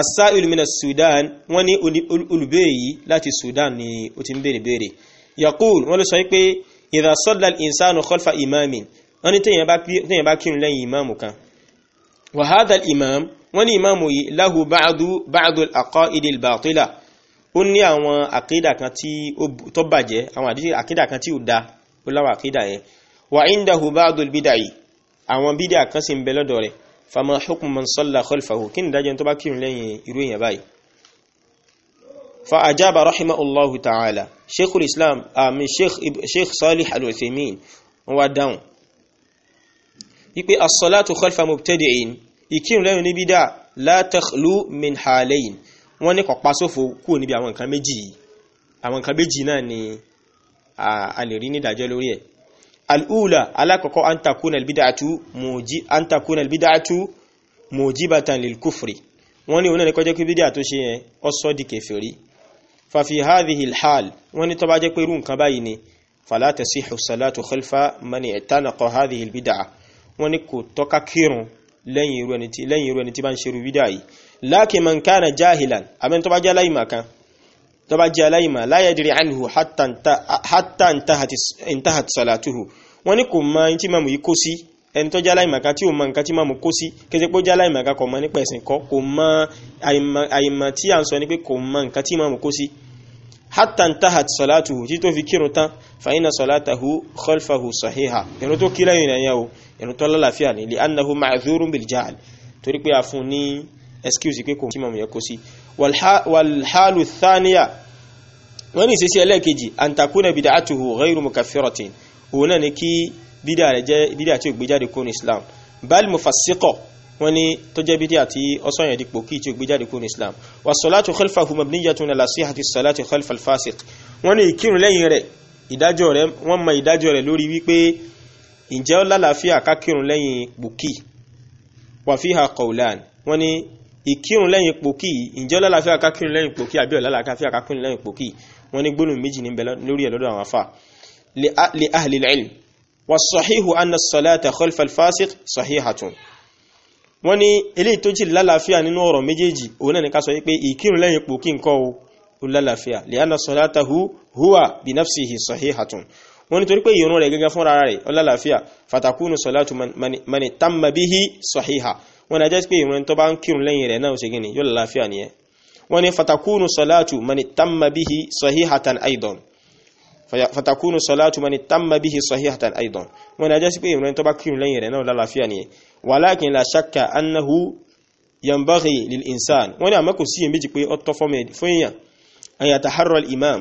as-sa'il min as-sudan wọ́n ní olùbéèrè yìí láti sudan ni ó ti ń béèrè béèrè yaqul wọ́n ló sọ pé idha salla al-insanu khalfa imamin wọ́n ní téèyàn bá kírun lẹ́yìn ìmáàmù kan wa hadha al-imam ìmáàmù yìí lahu ba'du ba'du al-aqaid al ó ní àwọn àkídà kan tí ó bàjẹ́ àwọn àkídà kan tí ó da ó láwọn àkídà yẹn wa indahu ba'du al-bid'ah àwọn bídà kan sì ń bẹ lọ́dọ̀ rẹ̀ fama hukmu man salla khalfahu kí ni dájẹ́ tó bá kírun lẹ́yìn irú èèyàn báyìí fa ajaba rahimahullahu ta'ala sheikhul islam àmì sheikh salih al-uthaymin wọ́n wá dáhùn wípé as-salatu khalfa mubtadi'in ìkírun lẹ́yìn ní bídá la takhlu min halayn wọ́n ní kọ̀pá sófo kúrò níbi àwọn nǹkan méjì àwọn nǹkan méjì náà ni a lè rí nídàjọ́ lórí ẹ̀ al'ula alákọ̀ọ́kọ́ an takuna albidatu muji an takuna albidatu mujibatan lil kufri wọ́n ní ona ni kó jẹ́ pé bidia tó ṣe yẹn ó sọ di kèfèrí fa fi hadhihi al hal wọ́n ní tó bá jẹ́ pé ru nǹkan báyìí ni fala tasihu salatu khalfa man itanaqa hadhihi al bid'a wọ́n ní kò tọ́ kírun lẹ́yìn irú ẹni tí bá ń ṣe ru bidia yìí lakin man kana jahilan amen tó jẹ́ láì makan tó bá jẹ́ aláìmọ̀ la yadri anhu hatta intahat salatuhu wọ́n ní kò mọ̀ tí mọ̀mù yìí kó sí ẹni tó jẹ́ aláìmọ̀ kan tí ò mọ̀ nǹkan tí mọ̀mù kó sí kété pé ó jẹ́ aláìmọ̀ kan kò mọ̀ nípa ẹ̀sìn kọ́ kò mọ̀ àìmọ̀ tí à ń sọ ni pé kò mọ̀ nǹkan tí mọ̀mù kó sí hatta intahat salatuhu tí tó fi kírun tán fa inna salatahu khalfahu sahiha tó kí walhalu thaniya wọ́n ní ìṣesí ẹlẹ́ẹ̀kejì antakuna bid'atuhu ghayru mukaffiratin òun náà ni kí bídà rẹ̀ jẹ́ bídà tí ó gbé jáde kúrò ní islam bal mufassiqo wọ́n ní tó jẹ́ bídà tí ọsán yẹn dípò kí tí ó gbé jáde kúrò ní islam wa salatu khalfahu mabniyatun ala sihhati salati khalfal fasiq wọ́n ní ìkírun lẹ́yìn rẹ̀ ìdájọ́ rẹ̀ wọ́n mọ ìdájọ́ rẹ̀ lórí wípé ǹjẹ́ ó lálàáfíà ká kírun lẹ́yìn bùkì wa fiha qawlan wọ́n ní ìkírun lẹ́yìn pòkì ìjẹ́ lálàáfíà kákírun lẹ́yìn pòkì àbí ọ̀lálàáfíà kákírun lẹ́yìn pòkì wọ́n ní gbólóhùn méjì níbẹ̀ lórí ẹ̀ lọ́dọ̀ àwọn afá li ahli al-ilm was-sahihu anna as-salata khalfa al-fasiq sahihatun wọ́n tó jì lálàáfíà nínú ọ̀rọ̀ méjèèjì òun náà ní ká sọ pé ìkírun lẹ́yìn pòkì nǹkan o lálàáfíà li anna as-salatahu huwa bi nafsihi sahihatun wọ́n ní torí pé ìrun rẹ̀ gẹ́gẹ́ fúnra rẹ̀ ó lálàáfíà fatakunu salatu tamma bihi sahiha wọ́n ní ajẹ́sí pé ìwọ̀n tó bá ń kírun lẹ́yìn rẹ̀ náà ṣe gini yóò lálàáfíà nìyẹn wọ́n ní fatakunu salatu mani tamma bihi sahihatan aidan fatakunu salatu mani tamma bihi sahihatan aidan wọ́n ní ajẹ́sí pé ìwọ̀n tó bá kírun lẹ́yìn rẹ̀ náà lálàáfíà nìyẹn walakin la shakka annahu yanbaghi lil insan wọ́n ní àmọ́ kò sí iyèméjì pé ó tọ́ fún èèyàn an yataharra al imam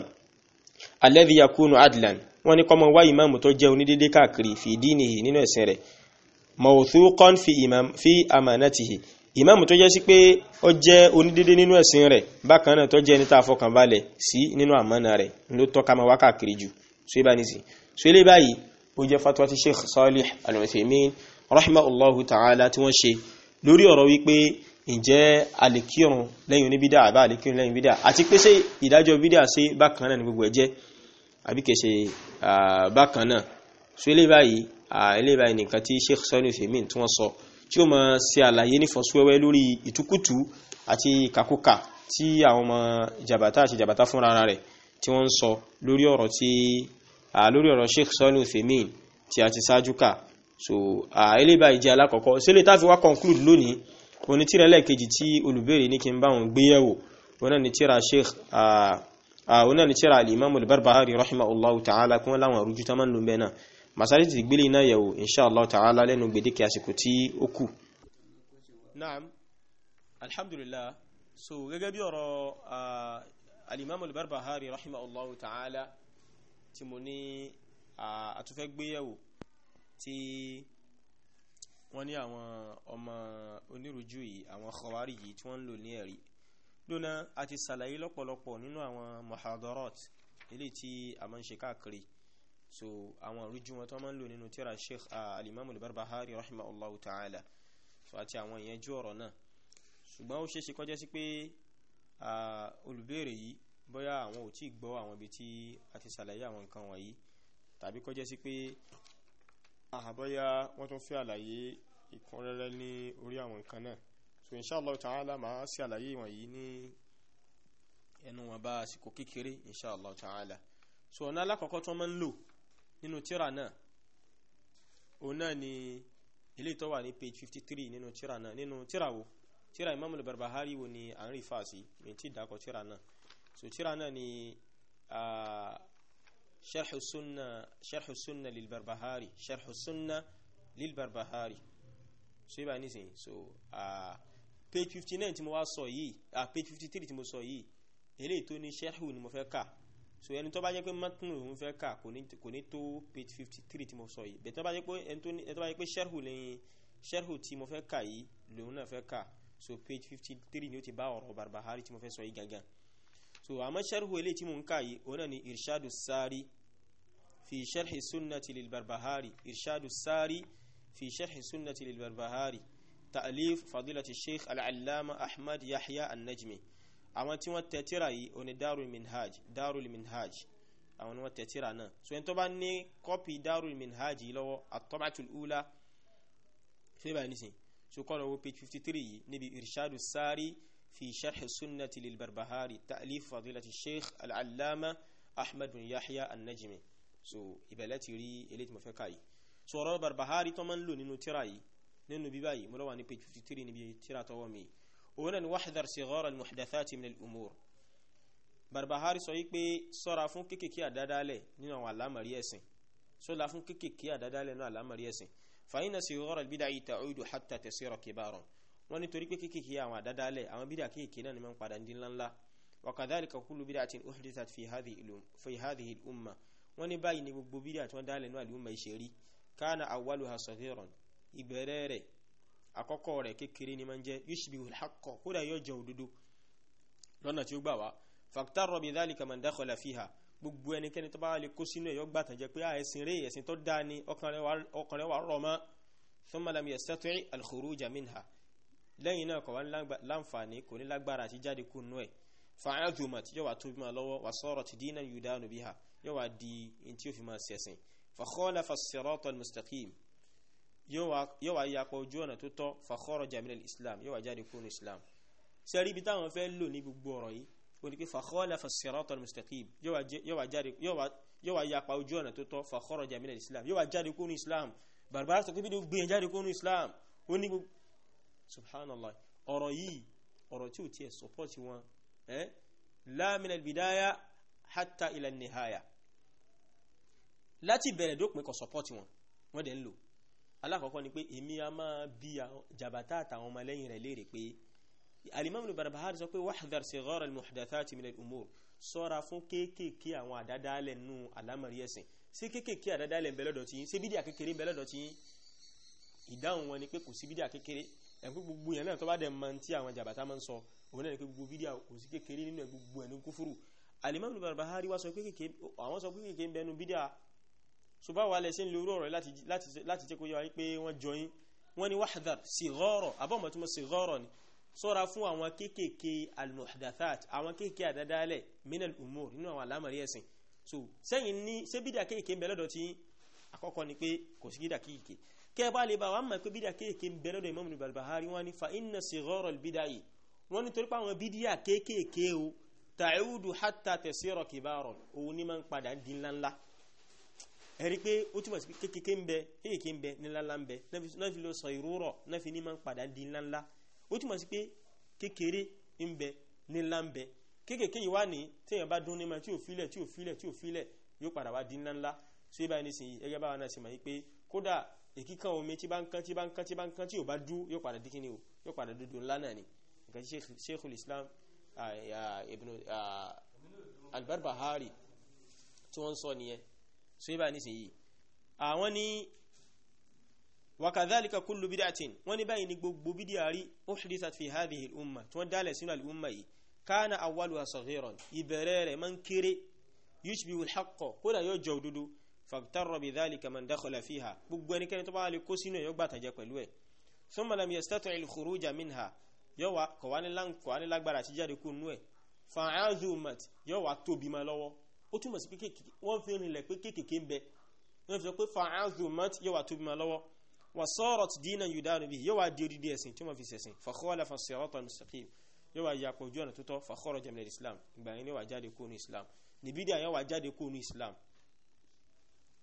alladhi yakunu adlan wọ́n ní kó wá ìmáàmù tó jẹ́ onídéédé káàkiri fi dinihi nínú ẹ̀sìn rẹ̀ mawthuqan fi imam fi amanatihi ìmáàmù tó jẹ́ sí pé ó jẹ́ onídédé nínú ẹ̀sìn rẹ̀ bákan náà tó jẹ́ ẹni tá a fọkàn balẹ̀ sí nínú àmánà rẹ̀ ló tọ́ka máa wá káàkiri jù so fatwa ti sheikh salih al-uthaymin rahimahullahu ta'ala tí wọ́n ṣe lórí ọ̀rọ̀ wípé ǹjẹ́ alikirun lẹ́yìn oníbídà àbá alikirun lẹ́yìn bídà àti pé ṣé ìdájọ́ bídà sí bákan náà ní gbogbo báyìí ilé ìbáyìí nìkan tí Sheikh sọ́ni fèmín tí wọ́n sọ tí ó máa ṣe àlàyé nífọ̀síwẹ́wẹ́ lórí ìtukùtù àti ìkàkùkà tí àwọn ọmọ jàbàtà àti jàbàtà fúnra rẹ̀ tí wọ́n ń sọ lórí ọ̀rọ̀ tí lórí ọ̀rọ̀ Sheikh sọ́ni fèmín tí a ti ṣáájú kà so ilé ìbáyìí jẹ́ alákọ̀ọ́kọ́ sílẹ̀ tá a fi wá conclude lónìí onítìrẹ̀ lẹ́ẹ̀kejì tí olùbéèrè ní kí n bá wọn gbé yẹ̀wò wọn ni tíra Sheikh wọn ta'ala kún láwọn àrùjú tó máa ń lò mẹ́náà masari ti gbélé iná yẹ̀wò inṣáàlá ta'ala lẹ́nu gbèdéke àsìkò tí ó kù naam alhamdulillah so gẹ́gẹ́ bí ọ̀rọ̀ alimami al-Barbahari rahimahullahu ta'ala tí mo ní àtúfẹ́ gbéyẹ̀wò tí wọ́n ní àwọn ọmọ onírújú yìí àwọn khawari yìí tí wọ́n ń lò ní ẹ̀rí lónà àti sàlàyé lọ́pọ̀lọpọ̀ nínú àwọn muhadarat ilé tí a máa ń ṣe káàkiri so àwọn ìrújú wọn tó máa ń lò nínú tíra sheikh alimamul barbahari rahimahullahu ta'ala so àti àwọn ìyẹnjú ọ̀rọ̀ náà ṣùgbọ́n ó ṣeéṣe kọjá sí pé olùbéèrè yìí bóyá àwọn ò tí gbọ́ àwọn ibi tí a ti ṣàlàyé àwọn nǹkan wọ̀nyí tàbí kọjá sí pé àbọ́yá wọ́n tún fẹ́ àlàyé ìkúnrẹ́rẹ́ ní orí àwọn nǹkan náà so inshallah ta'ala ma ṣe àlàyé wọ̀nyí ní ẹnu wọn bá àsìkò kékeré inshallah ta'ala so ọ̀nà alákọ̀ọ́kọ́ tó máa ń lò nínú tíra náà òun náà ni ilé tó wà ní page 53 nínú tíra náà nínú tíra wo tíra Imam al-Barbahari wo ni à ń rí fàásì mi tí ìdákọ̀ tíra náà so tíra náà ni sharh sunna sharh sunna lil Barbahari so ibà nísìnyí so page 59 tí mo wá sọ yìí page 53 tí mo sọ yìí eléyìí tó ní sharh ni mo fẹ́ kà so ẹni tó bá jẹ́ pé matnu lòun fẹ́ kà kò ní tó page fifty three tí mo sọ yìí bẹ́ẹ̀ tó bá jẹ́ pé ẹni tó bá jẹ́ pé sharhu lẹ́yìn sharhu tí mo fẹ́ kà yìí lòun náà fẹ́ kà so page fifty three ni ó ti bá ọ̀rọ̀ Barbahari tí mo fẹ́ sọ yìí gangan so àmọ́ sharhu eléyìí tí mo ń kà yìí òun náà ni irshadu sari fi sharhi sunnati lil Barbahari irshadu sari fi sharhi sunnati lil Barbahari ta'lif fadilati sheikh al Ahmad Yahya an Al àwọn tí wọ́n tẹ̀tírà yìí oní darul minhaj darul minhaj àwọn ni wọ́n tẹ̀tírà náà so ẹni tó bá ní kọ́pì darul minhaj yìí lọ́wọ́ at ula fẹ́bà nísìn so kọ́ lọ́wọ́ page fifty three yìí níbi irshadu sari fi sharhi sunnati lil barbahari ta'lif fadilati sheikh al-allama ahmed bin yahya an-najmi so ìbẹ̀lẹ̀ ti rí eléyìí tí mo fẹ́ ká yìí so ọ̀rọ̀ barbahari tó máa ń lò nínú tíra yìí nínú bíbá yìí mo lọ́wọ́ ní page fifty three níbi tíra tọwọ́ mi yìí onan wahdhar sighar al-muhdathati min al-umur Barbahari sọ yí pé sọ́ra fún kékèké àdádálẹ̀ nínú àwọn àlámọ̀rí ẹ̀sìn sọ́ra fún kékèké àdádálẹ̀ nínú àlámọ̀rí ẹ̀sìn fa inna sighar al-bid'i ta'udu hatta tasira kibaran wọ́n ní torí pé kékèké àwọn àdádálẹ̀ àwọn bídà kékèké náà ni máa ń padà dín ńláńlá wa kadhalika kullu bid'atin uhdithat fi hadhihi al-umma wọ́n báyìí ni gbogbo bídà tí wọ́n dálẹ̀ nínú al-umma àkọ́kọ́ rẹ̀ kékeré ni máa ń jẹ́ yushbihu al-haqqa kódà yóò jẹ́ òdodo lọ́nà tí ó gbà wá faktarra bi dhalika man dakhala fiha gbogbo ẹnikẹ́ni tó bá lè kó sínú ẹ̀ yọ gbà pé ah, ẹ̀sìn rẹ̀ ẹ̀sìn tó dáa ni ọkàn rẹ̀ wà rọ̀ mọ́ thumma lam yastati' al-khuruja minha lẹ́yìn náà kọ̀ láǹfààní kò ní lágbára àti jáde kú nú ẹ̀ fa'azuma tí yóò wá tóbi máa lọ́wọ́ wà sọ̀rọ̀ ti dinan yudanu biha yóò wá di in tí ó fi máa ṣẹ̀sìn fa khalafa as yóò wá yapa ojú ọ̀nà tó tọ́ fa kharaja minal islam yóò wá jáde kúrò ní islam sẹ́rí ibi táwọn fẹ́ lò ní gbogbo ọ̀rọ̀ yìí ó ní pé fa khalafa siratal mustaqim yóò wá yapa ojú ọ̀nà tó tọ́ fa kharaja minal islam yóò wá jáde kúrò ní islam bàbá sọ pé bí ó gbìyànjú jáde kúrò ní islam ó ní gbogbo alákọ̀ọ́kọ́ ni pé èmi a máa bí jàbátá àtàwọn ọmọlẹ́yìn rẹ̀ léèrè pé alimami ibn barbahari sọ pé wahdhar sighar al-muhdathati min al-umur sọ́ra fún kéékèèké àwọn àdádálẹ̀ nù alámọ̀rí ẹ̀sìn ṣé kéékèèké àdádálẹ̀ ń bẹ lọ́dọ̀ tí ṣé bídíà kékeré ń bẹ lọ́dọ̀ tí ìdáhùn wọn ni pé kò sí bídíà kékeré ẹ̀kú gbogbo so báwa lẹ ṣe ń lo irú ọ̀rọ̀ láti jẹ́ kó yẹ wa pé wọ́n jọ yín wọ́n ní wahdar sighara àbọ̀mọ̀ tí mo sighara ni sọ́ra fún àwọn kéékèèké almuhdathat àwọn kéékèèké àdádálẹ̀ minal umur nínú àwọn àlámọ̀rí ẹ̀sìn so sẹ́yìn ní ṣé bídà kéékèèké ń bẹ lọ́dọ̀ tí àkọ́kọ́ ni pé kò sí bídà kéékèèké kẹ́ bá lè bá wa mọ̀ pé ẹ̀rí pé ó túmọ̀ sí kékeré ń bẹ kékeré ń bẹ níláńlá ń bẹ náà fi lọ sọ ìrúrọ̀ náà fi ní máa ń padà di ńláńlá ó túmọ̀ sí pé kékeré ń bẹ níláńlá ń bẹ kékeré yìí wá ní téèyàn bá dún ní ma tí ò filẹ̀ tí ò filẹ̀ tí ò filẹ̀ yóò padà wá di ńláńlá so ibà ní sìn ẹgbẹ́ báwa náà sì máa yí pé kódà èkíkan omi tí bá ń kán tí bá ń kán tí bá ń kán tí ò bá dú yóò padà díkíní o yóò padà dúdú ńlá náà ni nǹkan tí Sheikhul Islam Ibn Al-Barbahari tí wọ́n ń sọ nìyẹn so yíba nísìnyí àwọn ní wakadhalika kullu bid'atin wọ́n ní báyìí ní gbogbo bídíà rí uhdithat fi hadhihi al-umma tí wọ́n dálẹ̀ sínú al-umma yìí kana awwaluha saghiran ìbẹ̀rẹ̀ rẹ̀ man kéré yushbihu al-haqqa kódà yóò jọ òdodo fabtarra bidhalika man dakhala fiha gbogbo ẹnikẹ́ni tó bá lè kó sínú yóò gbàtàjẹ pẹ̀lú ẹ̀ thumma lam yastati' al-khuruja minha yóò wá kọ̀wánilágbára àti jáde kúnnú ẹ̀ fa'azumat yóò wá tóbi ma lọ́wọ́ ó túmọ̀ sí pé wọ́n fi rinlẹ̀ pé kéékèèké ń bẹ wọ́n fi sọ pé fa'azu mat yóò wà tóbi ma lọ́wọ́ wà sọ́ọ̀rọ̀ ti dínà yudanu bi yóò wà di odidi ẹ̀sìn tí fi sẹ̀sìn fàkọ́ọ́lá fa sirata mustaqim yóò wà yàpọ̀ ojú ọ̀nà tó tọ́ fàkọ́ọ̀rọ̀ islam ìgbà yẹn wà jáde kó nu islam nìbídà yóò wà jáde kó nu islam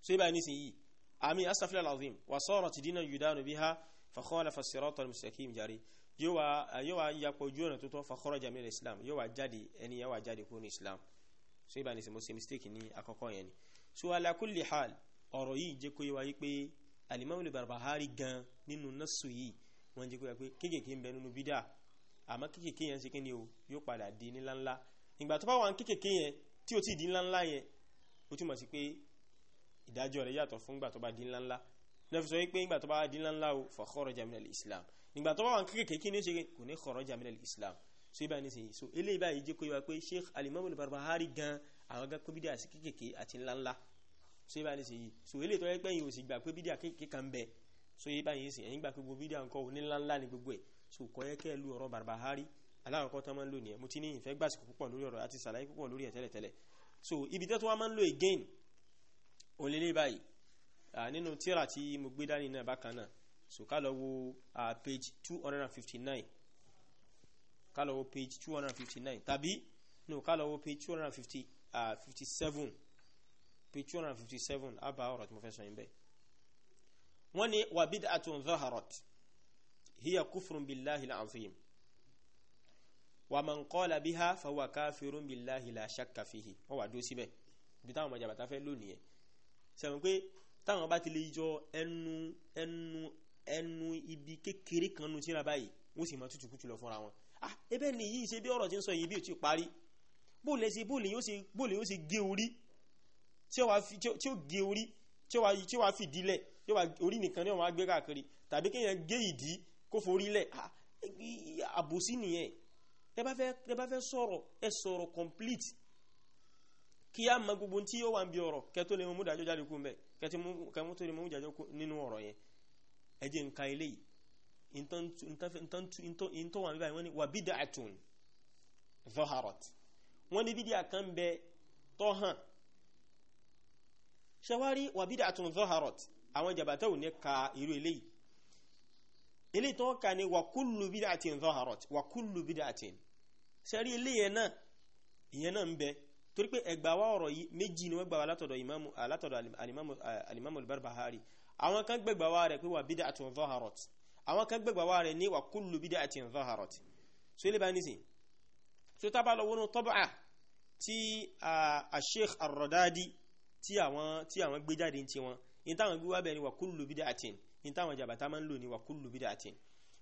so ibà ní yìí àmì asafilẹ̀ lazim wà sọ́ọ̀rọ̀ ti dínà yudanu biha fàkọ́ọ́lá fa sirata mustaqim jàre yóò wà yàpọ̀ ojú ọ̀nà tó tọ́ fàkọ́ọ̀rọ̀ islam yóò wà jáde ẹni yóò wà jáde kó nu islam so ibà ní sè mo ṣe mistake ní àkọ́kọ́ yẹn ni so ala kulli hal ọ̀rọ̀ yìí jẹ́ kó yé wa wípé alimami lè Barbahari gan nínú nọ́ọ̀sù yìí wọ́n jẹ́ kó yé wa pé kéékèèké ń bẹ nínú bídà àmọ́ kéékèèké yẹn ṣe kí ni o yóò padà di ní ńláńlá ìgbà tó bá wà kéékèèké yẹn tí o ti di ńláńlá yẹn o túmọ̀ sí pé ìdájọ́ rẹ̀ yàtọ̀ fún ìgbà tó bá di ńláńlá náà fi sọ wípé ìgbà tó bá di ńláńlá o fa kharaja minal Islam ìgbà tó bá wà kéékèèké kí ni ṣe kò ní kharaja minal Islam so ibà ní sèyí so ilé ibà yìí jẹ́ kó yíwa pé sheikh alimami barbahari gan àwọn gan pé bídíà sí kékèké àti ńláńlá so ibà ní sèyí so ilé tó yẹ pé yìí ò sì gbà pé bídíà kékèké kan bẹ so ibà yìí sì ẹ̀yìn gbà pé gbogbo bídíà nǹkan òní ńláńlá ni gbogbo ẹ̀ so kọ́ yẹ kẹ́ lu ọ̀rọ̀ barbahari alákọ̀ọ́kọ́ tó máa ń lò nìyẹn mo ti ní ìfẹ́ gbàsìkò púpọ̀ lórí ọ̀rọ̀ àti sàlàyé púpọ̀ lórí ẹ̀ tẹ́lẹ̀tẹ́lẹ̀ so ibi tẹ́tọ́ wa máa ń lò again òlélẹ́ báyìí nínú tíra tí mo gbé dání náà bákan náà so ká lọ wo page two hundred and fifty nine ká lọ wo page two hundred fifty nine tàbí no ká lọ wo page two hundred and fifty uh, fifty seven page two hundred and fifty seven àbá ọ̀rọ̀ tí mo fẹ́ sọ yín bẹ́ẹ̀. wọ́n ní wa bid'atun zaharat hiya kufrun billahi al-azim wa man qala biha fahuwa kafirun billahi la shakka fihi wọ́n wà dúró síbẹ̀ bí táwọn ọmọjà bàtà fẹ́ lónìí yẹn sẹ́wọ̀n pé táwọn bá ti lè jọ ẹnu ẹnu ẹnu ibi kékeré kan nu tíra báyìí wọ́n sì máa tutù kútù lọ fúnra wọn ah ebe ni yìí ṣe bí ọ̀rọ̀ tí ń sọ yìí bí ò ti parí bóòlù ẹsẹ bóòlù yóò ṣe bóòlù yóò ṣe gé orí tí ó gé orí tí ó wá fìdílẹ̀ tí ó wá orí nìkan ní ọmọ agbé káàkiri tàbí kéèyàn gé ìdí kó forí lẹ̀ ah, àbòsí nìyẹn ẹ bá fẹ́ ẹ bá fẹ́ sọ̀rọ̀ ẹ sọ̀rọ̀ complete kí á mọ gbogbo tí ó wà ń bí ọ̀rọ̀ kẹ tó lè mú dájọ́ jáde kú mbẹ kẹ tó lè mú dájọ́ nínú ọ̀rọ̀ yẹn ẹ jẹ́ nǹkan eléyìí in tó wà níbàá wọ́n ni wà bid'atun zaharat wọ́n ní bídíà kan bẹ tó hàn ṣẹwárí wà bid'atun zaharat àwọn jàbátà ò ní ka irú eléyìí eléyìí tó ń ka ni wà kullu bid'atin zaharat wà kullu bid'atin ṣẹ́rí eléyìí náà ìyẹn náà ń bẹ torí pé ẹgbà wa ọ̀rọ̀ yìí méjì ni wọ́n gbà wá látọ̀dọ̀ látọ̀dọ̀ alimamu albarbahari àwọn kan gbẹgbà wa rẹ̀ pé wà bid'atun zaharat àwọn kan gbẹ̀gbà wà rẹ̀ ní wà kullu bid'atin zaharat so ilé bá ní sìn so tá lọ wọnú tọ́bà tí Sheikh Ar-Radadi tí àwọn tí àwọn gbé jáde ti wọn ní táwọn gbé wá bẹ̀ ní wà kullu bid'atin ní táwọn jàbàtà máa ń lò ní wà kullu bid'atin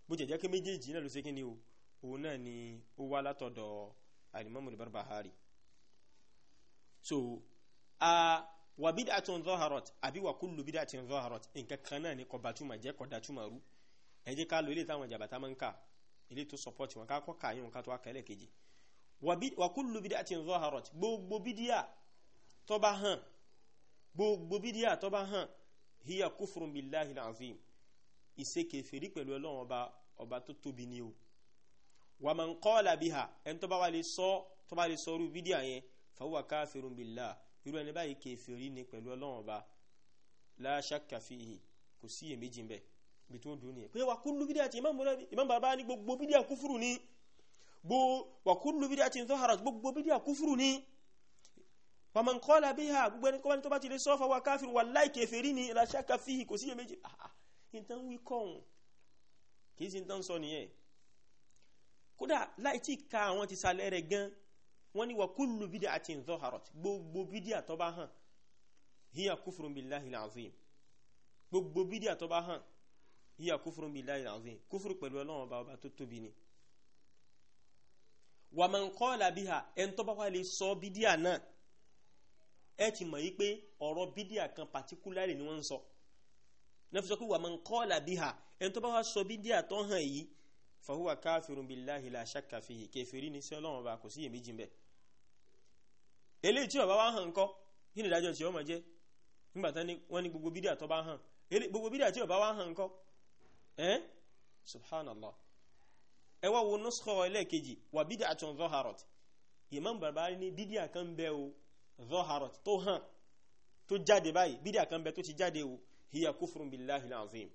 bó jẹ́ jẹ́ kí méjèèjì náà ló ṣe kí ni o náà ni ó wá látọ̀dọ̀ Al-Imam Al-Barbahari so wà bid'atun zaharat àbí wà kullu bid'atin zaharat nǹkan kan náà ni kọ̀bàtúmọ̀ jẹ́ kọ̀dàtúmọ̀ rú ẹ jẹ́ ká lo ilé táwọn jàbàtà máa ń kà ilé tó support wọn ká kọ́ kà yín ká tó wá kẹ́lẹ̀ kejì wa kullu bid'atin zaharat gbogbo bídíà tó bá hàn gbogbo bídíà tó bá hàn hiya kufrun billahi al-azim ìṣe kèfèrí pẹ̀lú ọlọ́run ọba ọba tó tóbi ni o wa man qala biha ẹni tó bá wà lè sọ tó bá lè sọ irú bídíà yẹn fa huwa kafirun billah irú ẹni báyìí kèfèrí ni pẹ̀lú ọlọ́run ọba la shakka fihi kò sí iyèméjì bẹ́ẹ̀ bí tó dùn ní pé wà kúlù bídíà tí imam bàbá ní gbogbo bídíà kúfùrù ní wà kúlù bídíà tí zaharat gbogbo bídíà kúfùrù ní wa man qala biha gbogbo ẹni kọ́bá tó bá ti lè sọ́fà wà káfíru wallahi kèfèrí ní la shakka fihi kò sí iyèméjì ìtàn ah, ah, wí kọ́hùn kìí sí ìtàn sọ nìyẹn kódà láì gbogbo bídíà tó hàn hiya kufurun billahi alazim kufuru pẹ̀lú ọlọ́run ọba ọba tó tóbi ni wà máa ń kọ́ ọ̀la bí ha ẹni tó bá wà lè sọ bídíà náà ẹ ti mọ̀ yí pé ọ̀rọ̀ bídíà kan pàtíkúlárì ni wọ́n ń sọ náà pé wà máa ń kọ́ ọ̀la ha ẹni tó bá wà sọ bídíà tó hàn yìí fahuwa káfírun billahi la shakka fihi kèfèrí ni sí ọlọ́run ọba kò sí iyèméjì ń bẹ eléyìí tí ó bá wá hàn kọ́ kí ni ìdájọ́ tí ó máa jẹ́ nígbà tí wọ́n gbogbo bídíà tí ó bá hàn kọ́ ẹ́n eh? subhanallah ẹ wá wo nọ́sọ̀rọ̀ ẹlẹ́ẹ̀kejì wà bídí àtún zoharot Imam Barbahari ní bídí àkàn bẹ́ o zoharot tó hàn tó jáde báyìí bídí àkàn bẹ́ tó ti jáde o hiya kufrun billahi lazim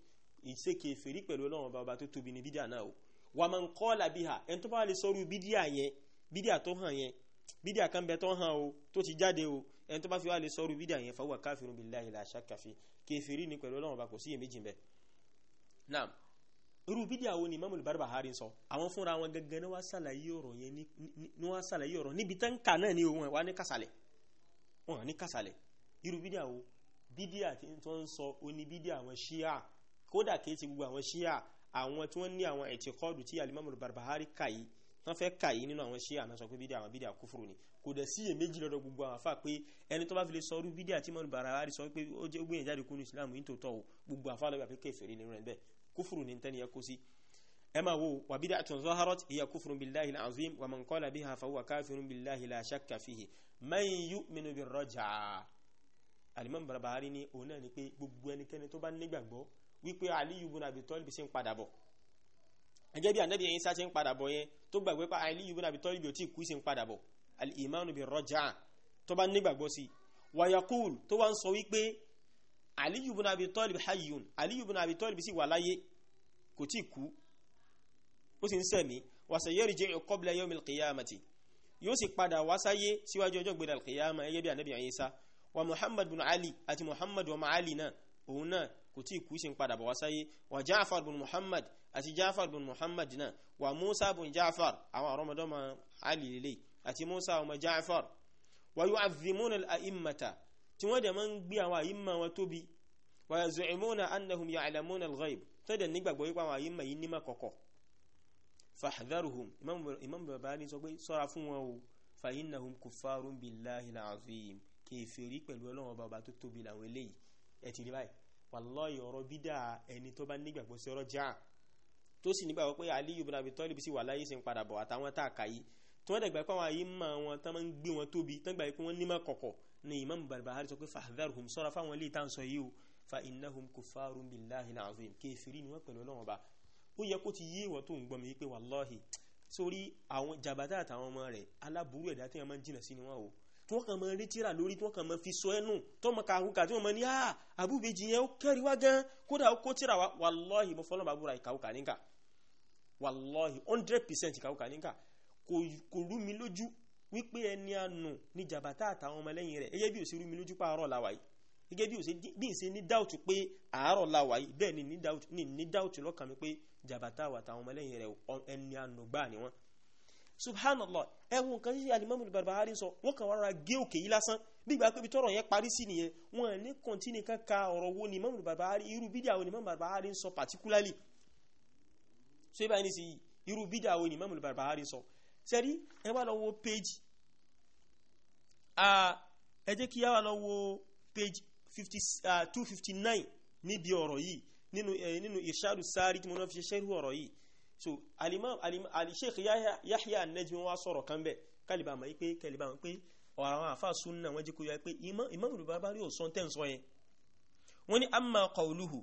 ìṣe kèfèrí pẹ̀lú ọlọ́run bàbá tó tóbi ní bídí àná o wà man qala biha ẹni tó bá lè sọ̀rọ̀ bídí àyẹn bídí àtó hàn yẹn bídí àkàn bẹ́ tó hàn o tó ti jáde o ẹni tó bá fi wá lè sọ̀rọ̀ bídí fa huwa kafirun billahi la shakka fi kèfèrí ni pẹ̀lú ọlọ́run bàbá kò sí iyèméjì bẹ́ẹ̀ naam irú bídíà wo ni imamul barbahari sọ àwọn fúnra wọn gẹ́gẹ́ ni wọ́n ṣàlàyé ọ̀rọ̀ yẹn ni wọ́n ṣàlàyé ọ̀rọ̀ níbi tán kà náà ni wọn wà ní kásálẹ̀ wọn ní kásálẹ̀ irú bídíà wo bídíà tó ń sọ oní bídíà àwọn ṣíà kódà kìí ti gbogbo àwọn ṣíà àwọn tí wọ́n ní àwọn ẹ̀tìkọ́dù tí alimamul barbahari kà yìí wọ́n fẹ́ kà yìí nínú àwọn ṣíà náà sọ pé bídíà àwọn bídíà kúfùrù ni kò dẹ̀ sí èméjì lọ́dọ̀ gbogbo àwọn àfáà pé ẹni tó bá fi lè sọ irú bídíà tí mọ̀lú barbahari sọ pé ó jẹ́ gbìyànjáde kúnú ìsìlámù yìí tó tọ́ o gbogbo àfáà lọ́gbà pé kèfèrí nínú ẹ̀ bẹ́ẹ̀ kúfùrù ní tẹ́niyẹ kó sí ẹ máa wo wà bid'atun zaharat hiya kúfùrù billahi al-azim wa man qala biha fahuwa kafirun billahi la shakka fihi man yu'minu bir-raj'a alimam Barbahari ní òun ni pé gbogbo ẹnikẹ́ni tó bá nígbàgbọ́ wípé Aliyu ibn Abi Talib ṣe ń padà bọ̀ gẹ́gẹ́ anabi ẹ̀yin sáṣẹ́ ń padà bọ̀ yẹn tó gbàgbé pa Aliyu ibn Abi Talib bí ti kú ṣe ń padà al-imanu bir-raj'a tó bá nígbàgbọ́ sí wa yaqul tó wá ń sọ wípé aliyu bin abi talib hayyun aliyu bin abi talib sì wà láyé kò tí kú ó sì ń sẹ̀mí wa sayarji'u qabla yawmil qiyamati yóò sì padà wá sáyé síwájú ọjọ́ gbẹ̀dẹ̀ alqiyama ẹgẹ́ bí anabi Isa wa muhammad bin ali àti muhammad wa ma'ali náà òun náà kò tí kú sí ń padà bọ̀ wá sáyé wa jaafar bin muhammad àti jaafar bin muhammad náà wa musa bin jaafar àwọn àrọ́mọdọ́mọ ali lélẹ̀ àti musa ọmọ jaafar wa yu'azzimuna al-a'immata tí wọ́n dẹ̀ máa ń gbé àwọn àyíma wọn tóbi wa yaz'umuna annahum ya'lamuna al-ghayb tó dẹ̀ nígbàgbọ́ wípé àwọn àyíma yìí nímọ̀ kọ̀kọ̀ fahdharuhum imam Barbahari sọ pé sọ́ra fún wọn o fa innahum kuffarun billahi al-azim kèfèrí pẹ̀lú ọlọ́wọ́n bàbá tó tóbi làwọn eléyìí ẹ ti rí báyìí wallahi ọ̀rọ̀ bídà ẹni tó bá nígbàgbọ́ sí ọ̀rọ̀ jáà tó sì nígbàgbọ́ pé Aliyu ibn Abi Talib sì wà láyé sí ń padà bọ̀ àtàwọn tá a kà tí wọ́n dẹ̀ gbà pé àwọn àyè ń tán máa ń gbé wọn tóbi tán gbà pé wọ́n nímọ̀ kọ̀kọ̀ ní imam barbahari sọ pé fahdharhum sọ́ra fáwọn ilé ìtàn sọ yìí o fa innahum kuffarun billahi azim kèfèrí ni wọ́n pẹ̀lú ọlọ́wọ́n ba ó yẹ kó ti yé ìwọ tó ń gbọ́ mi wípé wàláhì sórí àwọn jàbátà àtàwọn ọmọ rẹ̀ aláburú ẹ̀dá tí wọ́n máa ń jìnà sí ni o tí wọ́n kàn máa rí tíra lórí tí wọ́n kàn máa fi sọ ẹnu tó mọ kàwùkà tí wọ́n máa ní àà ah, àbúbejì yẹn ó kẹ́rí wá gan kódà ó kó tíra wá wàláhì mo fọlọ́ bàbúrà ìkàwùkà níkà wàláhì hundred percent ìkàwùkà níkà kò rú mi lójú wípé ẹni ànù ní jàbátá àtàwọn ọmọlẹ́yìn rẹ̀ gẹ́gẹ́ bí ó ṣe rú mi lójú pa àárọ̀ làwà yìí gẹ́gẹ́ bí ó ṣe bí ní dáùtù pé àárọ̀ làwà yìí bẹ́ẹ̀ ni ní dáùtù lọ́kàn mi pé jàbátá àtàwọn ọmọlẹ́yìn rẹ̀ ẹni ànù gbáà ni wọ́n subhanallah ẹwọn kan yíyá alimami Barbahari sọ wọn kàn wára gé òkè yìí lásán gbígbà pé ibi tọrọ yẹn parí sí nìyẹn wọn ní kọ́ntínì kankan ọ̀rọ̀ wo ni imam Barbahari irú bídíà wo ni imam Barbahari sọ particularly so ibà yìí ní sí irú bídíà wo ni imam Barbahari sọ sẹ́rí ẹ wá lọ wo page ah, ẹ jẹ́ kí á wá lọ wo page fifty ah, two fifty nine níbi ọ̀rọ̀ yìí nínú eh, nínú ìṣàdù sáárì tí mo náà fi ṣe ṣẹ́rù ọ̀rọ̀ yìí so alimam alisheikh yahya an-najmi wa sọ̀rọ̀ kan bẹ́ẹ̀ kálíbà mọ̀ pé kálíbà mọ̀ pé ọ̀rọ̀ àwọn àfa sunna wọn jẹ́ kó yọ pé imam al-Barbahari ò sọ tẹ́ ń sọ yẹn wọ́n ní amma qawluhu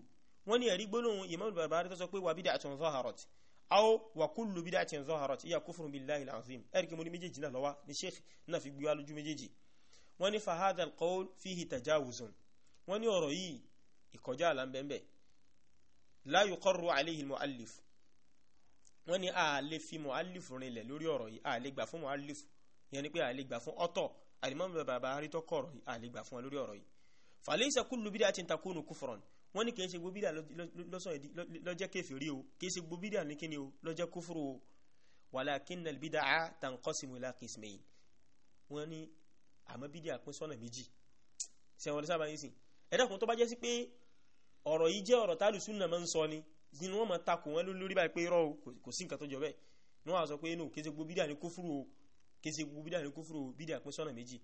wọ́n ní ẹ̀rí gbólóhùn imam al-Barbahari tó sọ pé wàbídà àtúnfọ́ harrod aw wa kullu bid'atin zaharat iya kufrun billahi alazim erki mo ní méjèèjì náà lọ́wọ́ ni sheikh náà fi gbé alójú méjèèjì wọ́n ní fa hadha alqawl fihi tajawuzun wọ́n ní ọ̀rọ̀ yìí ìkọjá àlà ń bẹ́ẹ̀ la yuqarru alayhi almuallif wọ́n ní a lè fi muallif rinlẹ̀ lórí ọ̀rọ̀ yìí a lè gbà fún muallif yẹn ni pé a lè gbà fún ọ̀tọ̀ àdìmọ́ bàbá arítọ́kọ̀ ọ̀rọ̀ yìí a lè gbà fún wa lórí ọ̀rọ̀ yìí kullu bid'atin takunu kufran wọ́n ní kìí ṣe gbogbo bídà lọ́jẹ́ kèfèrí o kìí ṣe gbogbo bídà ní kíni o lọ́jẹ́ kúfúrú o walakinnal bid'a tanqasimu ila qismayn wọ́n ní àmọ́ bídà pín sọ́nà méjì sẹ́wọ̀n sábà yìí sìn ẹ̀dàkùn tó bá jẹ́ sí pé ọ̀rọ̀ yìí jẹ́ ọ̀rọ̀ tálù súnà máa ń sọ ni nínú wọn máa wọ́n ní kúfúrú o kìí ṣe bídà pín sọ́nà méjì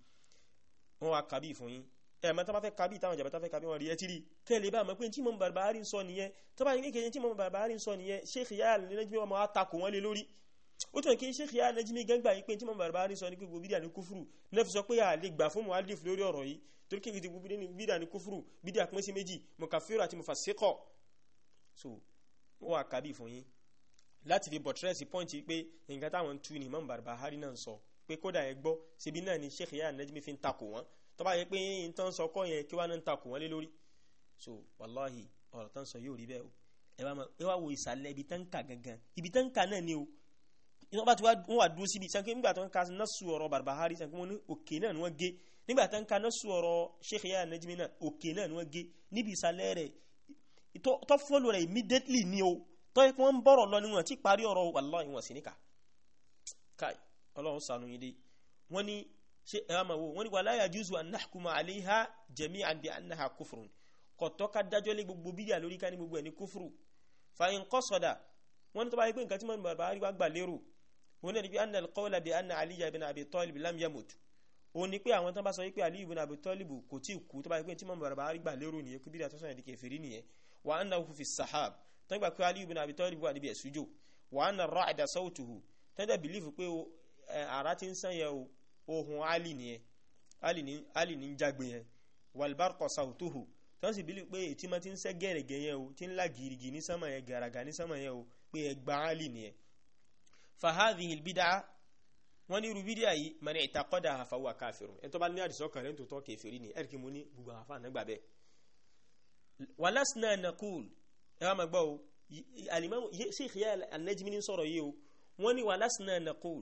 ẹ̀mọ́ eh, tó bá fẹ́ kábí táwọn ìjàmbá tó fẹ́ kábí wọn rí ẹtí rí kẹ́lẹ̀ bá mọ̀ pé tí mọ̀ bàbá rí ń sọ nìyẹn tó bá yẹ kékeré tí mọ̀ bàbá rí ń sọ nìyẹn Sheikh Yahya Najmi wọn máa takò wọn lé lórí ó tún kí Sheikh Yahya Najmi gẹ́gbà yìí pé tí mọ̀ bàbá rí sọ ní gbogbo bídíà ní kúfùrù náà fi sọ pé a lè gbà fún mu'allif lórí ọ̀rọ̀ yìí torí kí gbogbo bídíà ní kúfùrù bídíà pín sí méjì mukaffiru àti mufasiqo so ó wà kábí fún yín láti fi bọ̀tírẹ́sì pọ́ǹtì pé nǹkan táwọn ń tú ni mọ̀ bàbá rí náà ń sọ pé kódà ẹ gbọ́ síbi náà ni Sheikh Yahya Najmi fi ń takò wọn tó bá yẹ pé yín tán sọ kọ́ yẹn kí wá ní takò wọ́n lórí so wàláhì ọ̀rọ̀ tán sọ yóò rí bẹ́ẹ̀ o ẹ wá wo ìsàlẹ̀ ibi tán kà gangan ibi tán kà náà ni o iná bá ti wọ́n wà dúró síbi sanke nígbà tó ń ka násù ọ̀rọ̀ Barbahari sanke wọn ní òkè náà ni wọ́n gé nígbà tó ń ka násù ọ̀rọ̀ Sheikh Yahya Najmi náà òkè náà ni wọ́n gé níbi ìsàlẹ̀ rẹ̀ tó fọ́lù rẹ̀ immediately ni o tó yẹ kí wọ́n bọ̀rọ̀ lọ níwọ̀n tí parí ọ̀rọ̀ wàláhì wọn sì níkà káì ọlọ́run sànú yìí dé wọ́n ní ṣe ẹ̀hámà wo wọ́n ní wala yajuzu an nahkuma alayha jami'an bi annaha kufrun kọ̀tọ́ ká dájọ́ lé gbogbo bídíà lórí ká ní gbogbo ẹ̀ ní kúfùrù fa in qasada wọ́n ní tó bá yẹ pé nǹkan tí wọ́n bàbá rí wá gbà lérò wọ́n ní bí anna al-qawla bi anna aliya ibn abi talib lam yamut ó ní pé àwọn tó bá sọ pé ali ibn abi talib kò tí kú tó bá yẹ tí wọ́n bàbá rí gbà lérò nìyẹn kú bídíà tó ìdíkẹ̀ fèrí nìyẹn wa annahu fi sahab tó gbà pé ali ibn abi talib wà níbi ẹ̀sùjò wa anna ar-ra'da sawtuhu tó dẹ̀ bìlífù pé eh, ara ti ń sàn ohun ali nìyẹn ali ní jágbe yẹn walbarqa sautuhu tó sì bílí pé tí ma ti ń sẹ́ gẹ̀rẹ̀gẹ̀ yẹn o tí ń la gìrìgì ní sánmà yẹn gàràgà ní sánmà yẹn o pé ẹgbà ali nìyẹn fahadhihi albid'a wọ́n ní irú bídíà yìí man i'taqadaha fahuwa kafirun ẹ̀ tó bá ní àdìsọ́kàn rẹ̀ ń tó tọ́ kèfèrí ni ẹ̀rì kí mo ní gbogbo àwọn afáàná gbà bẹ́ẹ̀ walasna nakul ẹ ma gbọ́ o alimami sheikh yá alẹ́jìmí ní sọ̀rọ̀ yìí o wọ́n walasna nakul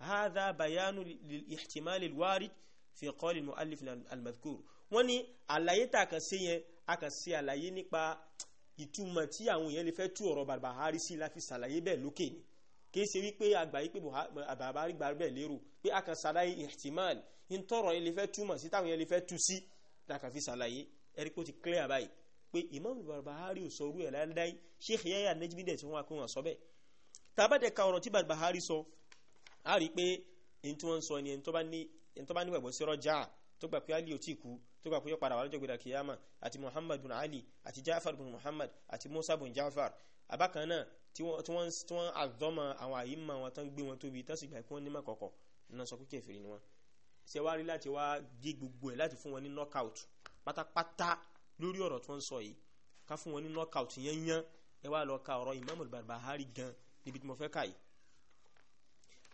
هذا بيان للاحتمال الوارد في قول المؤلف المذكور وني madhkur wọ́n ní àlàyé tá a kàn ṣe yẹn a kàn ṣe àlàyé nípa ìtumọ̀ tí àwọn èèyàn lè fẹ́ tú ọ̀rọ̀ Barbahari sí láfi ṣàlàyé bẹ́ẹ̀ lókè ni kì í ṣe wípé àgbà yìí pé Barbahari gbà bẹ́ẹ̀ lérò pé a kàn ṣàlàyé ihtimal ń tọrọ yẹn lè fẹ́ túmọ̀ sí táwọn yẹn lè fẹ́ tú sí la kàn fi ṣàlàyé ẹ̀rí pé ti clear báyìí pé Imam Barbahari ò sọrú ẹ̀ láńdáì Sheikh Yahya Najmi dẹ̀ tí wọ́n wá pé wọ́n sọ bẹ́ẹ̀ tàbá dẹ̀ ka ọ̀rọ̀ tí Barbahari sọ a rí pé n tí wọ́n ń sọ ni ẹni tó bá nígbàgbọ́ sí rọ́jà tó gbà pé Ali ò tí kú tó gbà pé yóò padà wà lọ́jọ́ gbéra kìyàmà àti Muhammad bin Ali àti Jafar bin Muhammad àti Musa bin Jafar abákan náà tí wọ́n tí wọ́n àzọ́mọ̀ àwọn àyíma wọn tán gbé wọn tóbi tán sì gbà pé wọ́n ní mọ̀kọ̀kọ̀ náà sọ pé kèfèrí ni wọ́n ṣe wá rí láti wá gé gbogbo ẹ̀ láti fún wọn ní knockout pátápátá lórí ọ̀rọ̀ tí wọ́n sọ yìí ká fún wọn ní knockout yẹn ẹ wá lọ ka ọ̀rọ̀ Imam al-Barbahari gan níbi tí mo fẹ́ kà yìí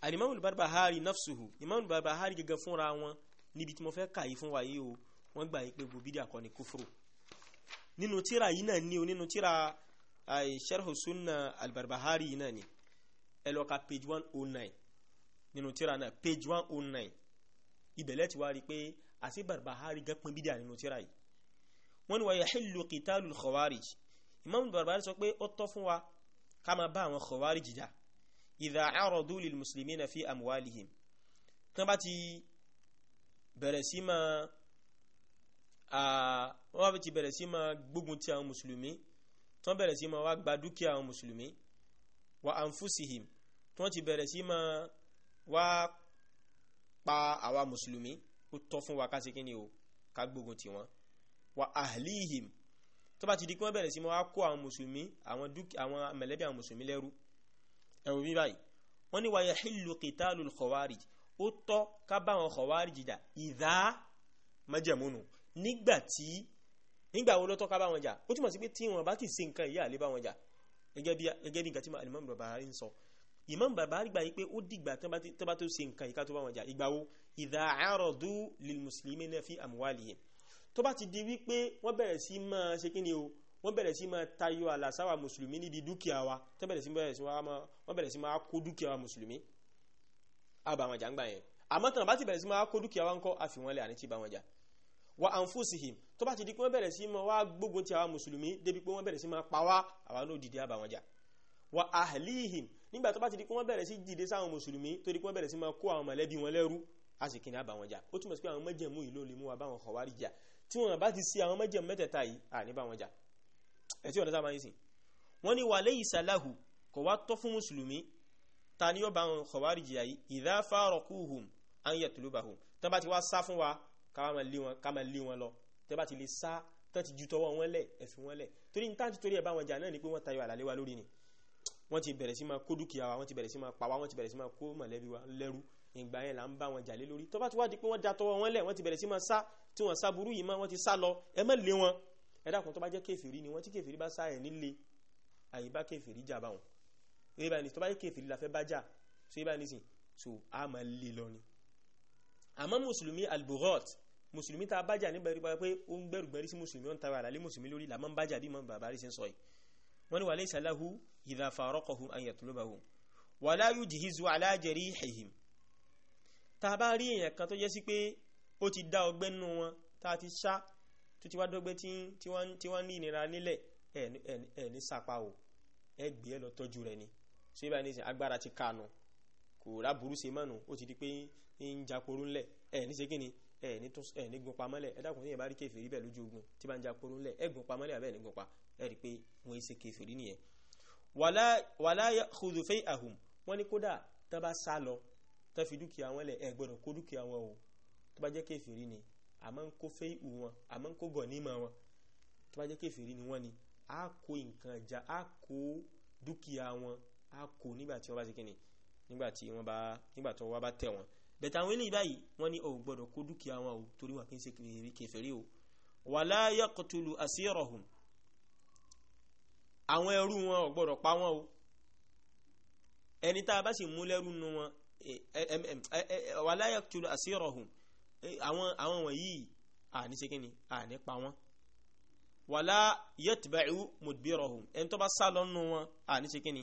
alimami barbahari nafsuhu imam barbahari gẹ́gẹ́ fúnra wọn níbi tí mo fẹ́ kàyí fún wa yìí o wọ́n gbà yìí pé gbòbídì àkọ́ni kúfúrú nínú tíra yìí náà ni o nínú tíra sharhu sunna albarbahari yìí náà ni ẹ lọ ka page one oh nine nínú tíra náà page one oh nine ibẹ̀lẹ̀ ti wá rí i pé àti barbahari gẹ́ pin bídíà nínú tíra yìí wọ́n ní wa yahillu qitalul khawarij imam barbahari sọ pé ó tọ́ fún wa ká máa bá àwọn khawarij jà idha aradu lil muslimina fi amwalihim tán bá ti bẹ̀rẹ̀ sí ma wọ́n bá ti bẹ̀rẹ̀ sí ma gbógun ti àwọn mùsùlùmí tán bẹ̀rẹ̀ sí ma wá gba dúkìá àwọn mùsùlùmí wa anfusihim tán ti bẹ̀rẹ̀ sí ma wá pa àwa mùsùlùmí ó tọ́ fún wa kásí kíni o ká gbógun ti wọn wa ahlihim tó bá ti di kí wọ́n bẹ̀rẹ̀ sí ma wá kó àwọn mùsùlùmí àwọn mẹ̀lẹ́bí àwọn mùsùlùmí lẹ́rú ẹ̀rù mi báyìí wọ́n ní wa yahillu qitalul khawarij ó tọ́ ká bá wọn khawarij jà ìdá májẹ̀múnù nígbà tí nígbà wo ló tọ́ ká bá wọn jà ó túmọ̀ sí pé tí wọn bá ti ṣe nǹkan ìyá àlè bá wọn jà gẹ́gẹ́ bí nǹkan tí Imam Barbahari ń sọ Imam Barbahari gbà yìí pé ó dìgbà tó bá tó ṣe nǹkan ìka tó bá wọn jà ìgbà wo idha aradu lil muslimina fi amwalihim tó bá ti di wípé wọ́n bẹ̀rẹ̀ sí máa ṣe kí ni o wọ́n bẹ̀rẹ̀ sí máa tayọ àlàsáwà mùsùlùmí níbi dúkìá wa tó bẹ̀rẹ̀ sí wọ́n bẹ̀rẹ̀ sí máa kó dúkìá wa mùsùlùmí àbà wọn jà ń gbà yẹn àmọ́ tàn bá ti bẹ̀rẹ̀ sí máa kó dúkìá wa ń kọ́ àfihàn lẹ̀ àní tí bá wọn jà wa anfusihim tó bá ti di pé wọ́n bẹ̀rẹ̀ sí máa wá gbógun ti àwa mùsùlùmí débi pé wọ́n bẹ̀rẹ̀ sí máa pa wá àwa náà dìde àbà wọn jà wa ahlihim nígbà tó bá ti di pé wọ́n bẹ̀rẹ̀ sí dìde sáwọn mùsùlùmí tó di pé wọ́n bẹ̀rẹ̀ sí máa kó àwọn mọ̀lẹ́bí wọn lẹ́rú a sì kìnnì àbà wọn jà ó túmọ̀ sí pé àwọn mẹ́jẹ̀mú yìí ló lè mú wa báwọn kọ̀wárí jà tí wọ́n bá ti sí àwọn mẹ́jẹ̀mú mẹ́tẹ̀ẹ̀ta yìí à ní báwọn jà ẹ̀tí ọ̀dá sáà máa ń sìn wọ́n ní wàlẹ́ ìsàláhù kò wá tọ́ fún mùsùlùmí ta ni yóò bá wọn kọ̀wárì jìyà yìí ìdá fárakúhùm an yatlubahum tán bá ti wá sá fún wa ká máa lé wọn lọ tán bá ti lè sá tán ti ju tọwọ́ wọn lẹ̀ ẹ wọn lẹ̀ torí ní táǹtì torí ẹ̀ bá wọn jà náà ni pé wọ́n tayọ àlàlé wa lórí ni wọ́n ti bẹ̀rẹ̀ sí máa kó dúkìá wa wọ́n ti bẹ̀rẹ̀ sí máa pa wa wọ́n ti bẹ̀rẹ̀ sí máa kó mọ̀lẹ́bí wa lẹ́rú ìgbà yẹn là ń bá wọn jà lé lórí tó bá ti wá di pé wọ́n da tọwọ́ wọn lẹ̀ wọ́n ti bẹ̀rẹ̀ sí máa sá tí wọ́n sá burú yìí mọ́ wọ́n ti sá lọ ẹ má wọn ẹ̀dàkùn tó bá jẹ́ kéfèrí ni wọ́n tí kéfèrí bá sáyẹ̀ nílé àyíbá kéfèrí jà báwọn ríbá ní tó bá jẹ́ kéfèrí la fẹ́ bá jà so ríbá ní sìn so a ma lè lọ ni àmọ́ mùsùlùmí albughot mùsùlùmí ta bájà ní bẹ̀rù pé ó ń gbẹ̀rù gbẹ̀rù sí mùsùlùmí ó ń tara àlàlé mùsùlùmí lórí làmọ́ ń bájà bí mọ́ bàbá rí sí sọ yìí wọ́n ni walaysa lahu idha faraqahum an yatlubahum wala yujhizu ala jarihihim ta bá rí èèyàn kan tó jẹ́ sí pé ó ti dá ọgbẹ́ nínú wọn ta ti ṣá tó ti wá dọ́gbẹ́ tí wọ́n ní ìnira nílẹ̀ ẹ̀ ní sapa o ẹ gbé ẹ lọ tọ́jú rẹ ni ṣé báyìí nísìnyí agbára ti kànú kò ráburú ṣe mọ́nu ó ti di pé ń japoró ńlẹ̀ ẹ̀ ní ṣe kíni ẹ̀ ní gun pamọ́lẹ̀ ẹ dákun tíyẹn bá rí kèfèrí bẹ́ẹ̀ lójú ogun tí bá ń japoró ńlẹ̀ ẹ̀ gun pamọ́lẹ̀ àbẹ́ẹ̀ ní gun pa ẹ̀ rí pé wọ́n ṣe kèfèrí nìyẹn. wàlá kùdùfẹ́ àhùn wọ́n ní kódà tán bá sá lọ tán fi dúkìá wọn lẹ̀ ẹ̀ kó dúkìá wọn o tó bá jẹ́ kèfèrí ni a máa ń kó fẹ́ ìhù wọn a máa ń kó gọ̀ nímọ̀ wọn tó bá jẹ́ kèfèrí ni wọ́n ni a kó nǹkan ìjà a kó dúkìá wọn a kó nígbà tí wọ́n bá ṣe kíni nígbà tí wọ́n bá nígbà tí wọ́n bá tẹ̀ wọ́n bẹ̀tẹ̀ àwọn eléyìí báyìí wọ́n ní ò gbọ́dọ̀ kó dúkìá wọn o torí wọn kì í ṣe kèfèrí o wala yaqtulu asirahum àwọn ẹrú wọn ò gbọ́dọ̀ pa wọn o ẹni tá a bá sì mú nu wọn e, e, e, wala yaqtulu asirahum àwọn àwọn wọ̀nyí àní ṣe kíni àní pa wọ́n wàlá yẹtìbẹ̀rù mudbirahum ẹni tó bá sá lọ́nù wọn àní ṣe kíni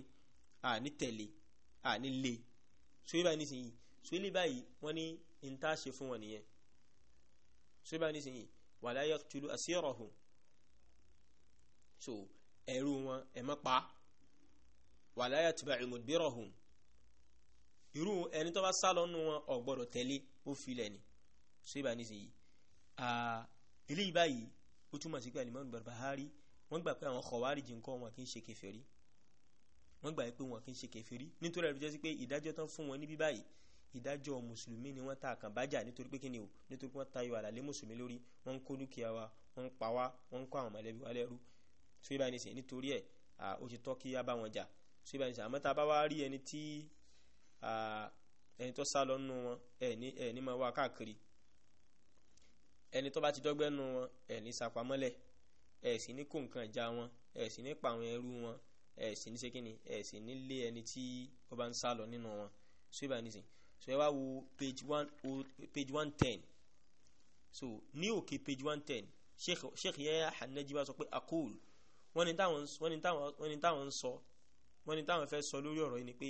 àní tẹ̀lé àní lé so yìí báyìí nísìnyí so yìí báyìí wọ́n ní n tá ṣe fún wọn nìyẹn so báyìí nísìnyí wàlá yaqtulu asirahum so ẹrú wọn ẹ pa wàlá yẹtìbẹ̀rù mudbirahum irú ẹni tó bá sá lọ́nù wọn ò tẹ̀lé ó filẹ̀ ni ṣe bá nísìnyí eléyìí báyìí ó túmọ̀ sí pé alimọ́nù Barbahari wọ́n gbà pé àwọn Khawarij nǹkan wọn kì í ṣe kèfèrí wọ́n gbà pé wọn kì í ṣe kèfèrí nítorí ẹ̀rọ jẹ́ sí pé ìdájọ́ tán fún wọn níbí báyìí ìdájọ́ mùsùlùmí ni wọ́n ta àkàn bájà nítorí pé kí ni o nítorí wọ́n tayọ àlàlé mùsùlùmí lórí wọ́n ń kó dúkìá wa wọ́n ń pa wá wọ́n ń kó àwọn mọ̀lẹ́bí wa lẹ́rú tó yíba nísìnyí nítorí ẹ̀ ó ti tọ́ kí á bá wọn jà tó yíba nísìnyí àmọ́ tá a bá wá rí ẹni tí ẹni tó sá lọ nínú wọn ẹ̀ ní máa wá káàkiri ẹni tó bá ti dọ́gbẹ́ nu wọn ẹ̀ ní sapamọ́lẹ̀ ẹ̀ sì ní kó nǹkan ìjà wọn ẹ̀ sì ní pa àwọn ẹrú wọn ẹ̀ sì ní sékìní ẹ̀ sì ní lé ẹni tí ó bá ń sá lọ nínú wọn so ibà nísìn so ẹ wá wo page one ten so ní òkè page one ten sheikh sheikh yahya sọ pé akol wọ́n ní táwọn ń sọ wọ́n ní táwọn fẹ́ sọ lórí ọ̀rọ̀ yìí ni pé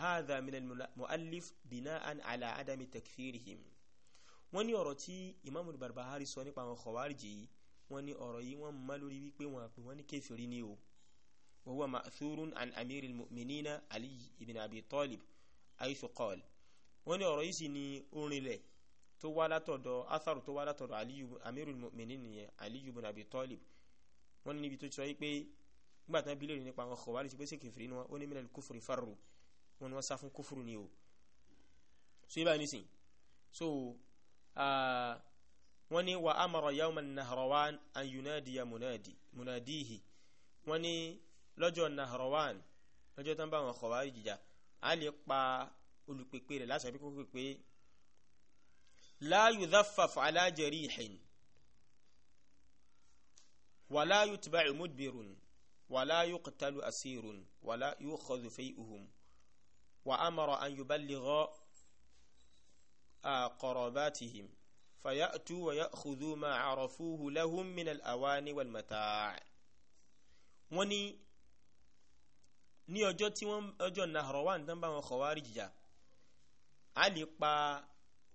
hadha minal mu'allif bina'an ala adami takfirihim wọ́n ní ọ̀rọ̀ tí Imamul Barbahari sọ nípa àwọn Khawariji yìí wọ́n ní ọ̀rọ̀ yìí wọ́n má lórí wípé wọ́n àpè wọ́n ní kèfèrí ní o wa huwa ma'thurun an amiril mu'minina Ali ibn Abi Talib aythu qala wọ́n ní ọ̀rọ̀ yìí sì ni orinlẹ̀ tó wá látọ̀dọ̀ atharu tó wá látọ̀dọ̀ aliyu amirul mu'minin nìyẹn aliyu bin abi talib wọ́n ní níbi tó sọ wípé nígbà tán bílẹ̀ nípa àwọn khawarij pé sí kìfìrí ni wọ́n ó ní minal kufri farru wọ́n ni wọ́n sá fún kúfùrù ni o so yíba nísìn so Ah, wọ́n ní wa amara yawman nahrawan an yunadiya munadi munadihi wọ́n ní lọ́jọ́ nahrawan lọ́jọ́ tán bá wọn khawarij jà á lè pa olùpèpè rẹ̀ láṣẹ pé kó pèpè la yudhaffaf ala jarihin wala yutba'u mudbirun ولا يقتل أسير ولا يؤخذ فيئهم وأمر أن يبلغ قراباتهم فيأتوا ويأخذوا ما عرفوه لهم من الأواني والمتاع wọ́n ní ní ọjọ́ tí wọ́n ọjọ́ Nahrawan tán bá wọn Khawarij jà Ali pa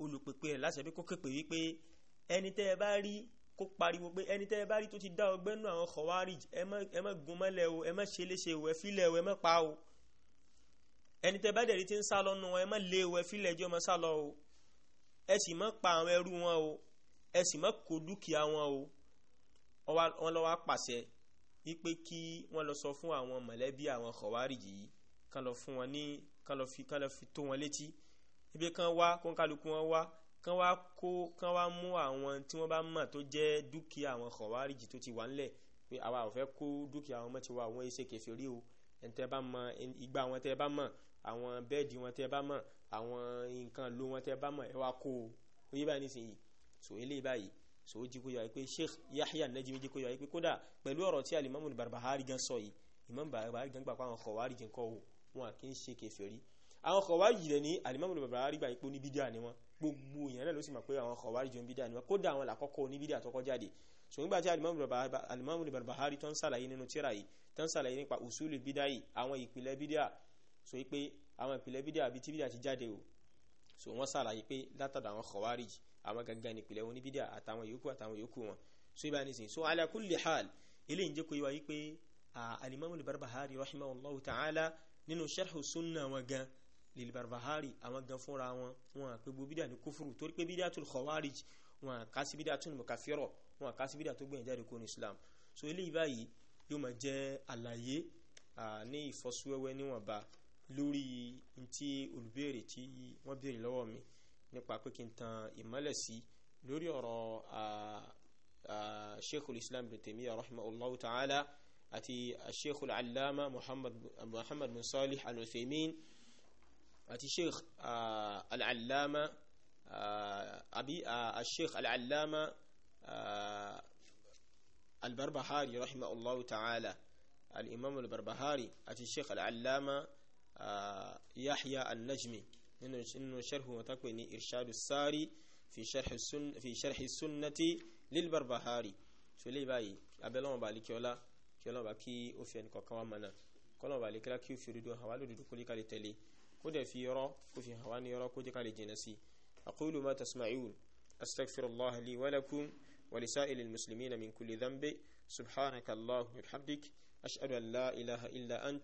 olùpèpè rẹ̀ láṣẹ pé kó képe wípé ẹni tẹ́ ẹ bá rí kó pariwo pé ẹni tẹ́ ẹ bá rí tó ti dá ọgbẹ́ nù àwọn Khawarij ẹ má gun mọ́lẹ̀ o ẹ má ṣe léṣe o ẹ filẹ̀ o ẹ má pa o ẹni tẹ́ bá dẹ̀ rí ti ń sá lọ́nu ẹ má lé o ẹ filẹ̀ jẹ́ ọmọ sá lọ ẹ sì má pa àwọn ẹrú wọn o ẹ sì má kó dúkìá wọn o wọ́n lọ́wọ́ pàṣẹ wípé kí wọ́n lọ sọ fún àwọn mọ̀lẹ́bí àwọn kọ̀wárìjì yìí kán lọ fún wọn ní kán lọ fi kán lọ fi tó wọn létí ibi kan wá kónkálukú wọn wá kán wá kó kán wá mú àwọn tí wọ́n bá mọ̀ tó jẹ́ dúkìá àwọn kọ̀wárìjì tó ti wà ńlẹ̀ pé àwa ò fẹ́ kó dúkìá àwọn ọmọ ti wá àwọn iṣẹ́ kẹfẹ́ rí o ẹ̀ńtẹ́ bá mọ̀ ìgbà àwọn tẹ́ bá mọ̀ àwọn bẹ́ẹ̀dì wọn tẹ́ bá mọ̀ àwọn nǹkan ló wọn tẹ́ bá mọ̀ ẹ wá kó o oyè báyìí nísìnyí so eléyìí báyìí so ó jí kó yọ wáyé pé Sheikh Yahya Najmi jí kó yọ wáyé pé kódà pẹ̀lú ọ̀rọ̀ tí alimami Barbahari gan sọ yìí Imam Barbahari gan gbà pé àwọn Khawarij gan kọ́ o wọn kì í ṣe kèfèrí àwọn Khawarij rẹ̀ ní alimami Barbahari gbà pé oníbídíà ni wọn gbogbo èèyàn náà ló sì mọ̀ pé àwọn Khawarij jọ oníbídíà ni wọn kódà àwọn làkọ́kọ́ oníbídíà tó kọ́ jáde so nígbà tí alimami Barbahari tó ń sàlàyé nínú tírà yìí tó ń sàlàyé nípa usulul so wípé àwọn ìpìlẹ̀ bídíà àbí tí bídíà ti jáde o so wọ́n sàlàyé pé látọ̀dọ̀ àwọn khawarij àwọn gangan ìpìlẹ̀ wọn ní bídíà àtàwọn yòókù àtàwọn yòókù wọn so ibà nísìn so ala kulli hal ilé ìjẹ́ kò yíwa wípé alimami al-Barbahari rahimahullahu ta'ala nínú sharhu sunna wọn gan lil-Barbahari àwọn gan fúnra wọn wọn àpé gbogbo bídíà ní kúfùrù torí pé bídíà tul khawarij wọn àká sí bídíà tul mukafiro wọn àká sí bídíà tó gbìyànjú àdìkú ní Islam so ilé ìbáyìí yóò máa jẹ́ àlàyé ní ìfọ́síwẹ́wẹ́ níwọ̀nba lórí tí olùbéèrè tí wọ́n béèrè lọ́wọ́ mi nípa pé kí n tan ìmọ́lẹ̀ sí lórí ọ̀rọ̀ sheikhul islam bin Taymiyya rahimahullahu ta'ala àti sheikhul allama muhammad muhammad bin salih al-Uthaymin àti sheikh al-allama àbí sheikh al-allama al-barbahari rahimahullahu ta'ala al-imam al-barbahari àti sheikh al-allama. yahya an-najmi nínú sharhu wọn tá pè ní irshadu sari fi sharhi sunnati lil barbahari so lè báyìí abẹ́lọ́wọ̀n bá líkíọ́lá kí ọlọ́wọ̀n bá kí ó fi ẹnìkọ̀ọ̀kan wá mọ̀nà kọlọ́wọ̀n bá líkíọ́lá kí ó fi rídò hàwá lòdòdó kó líkàlẹ̀ tẹ̀lé kó dẹ̀ fi yọrọ kó fi hàwá ní yọrọ kó jẹ́ kàlẹ̀ jìnà sí aqulu ma tasma'un astaghfirullah li wa lakum wa lisa'ilil muslimina min kulli dhanbi subhanaka allahumma wa bihamdik ashhadu an la ilaha illa ant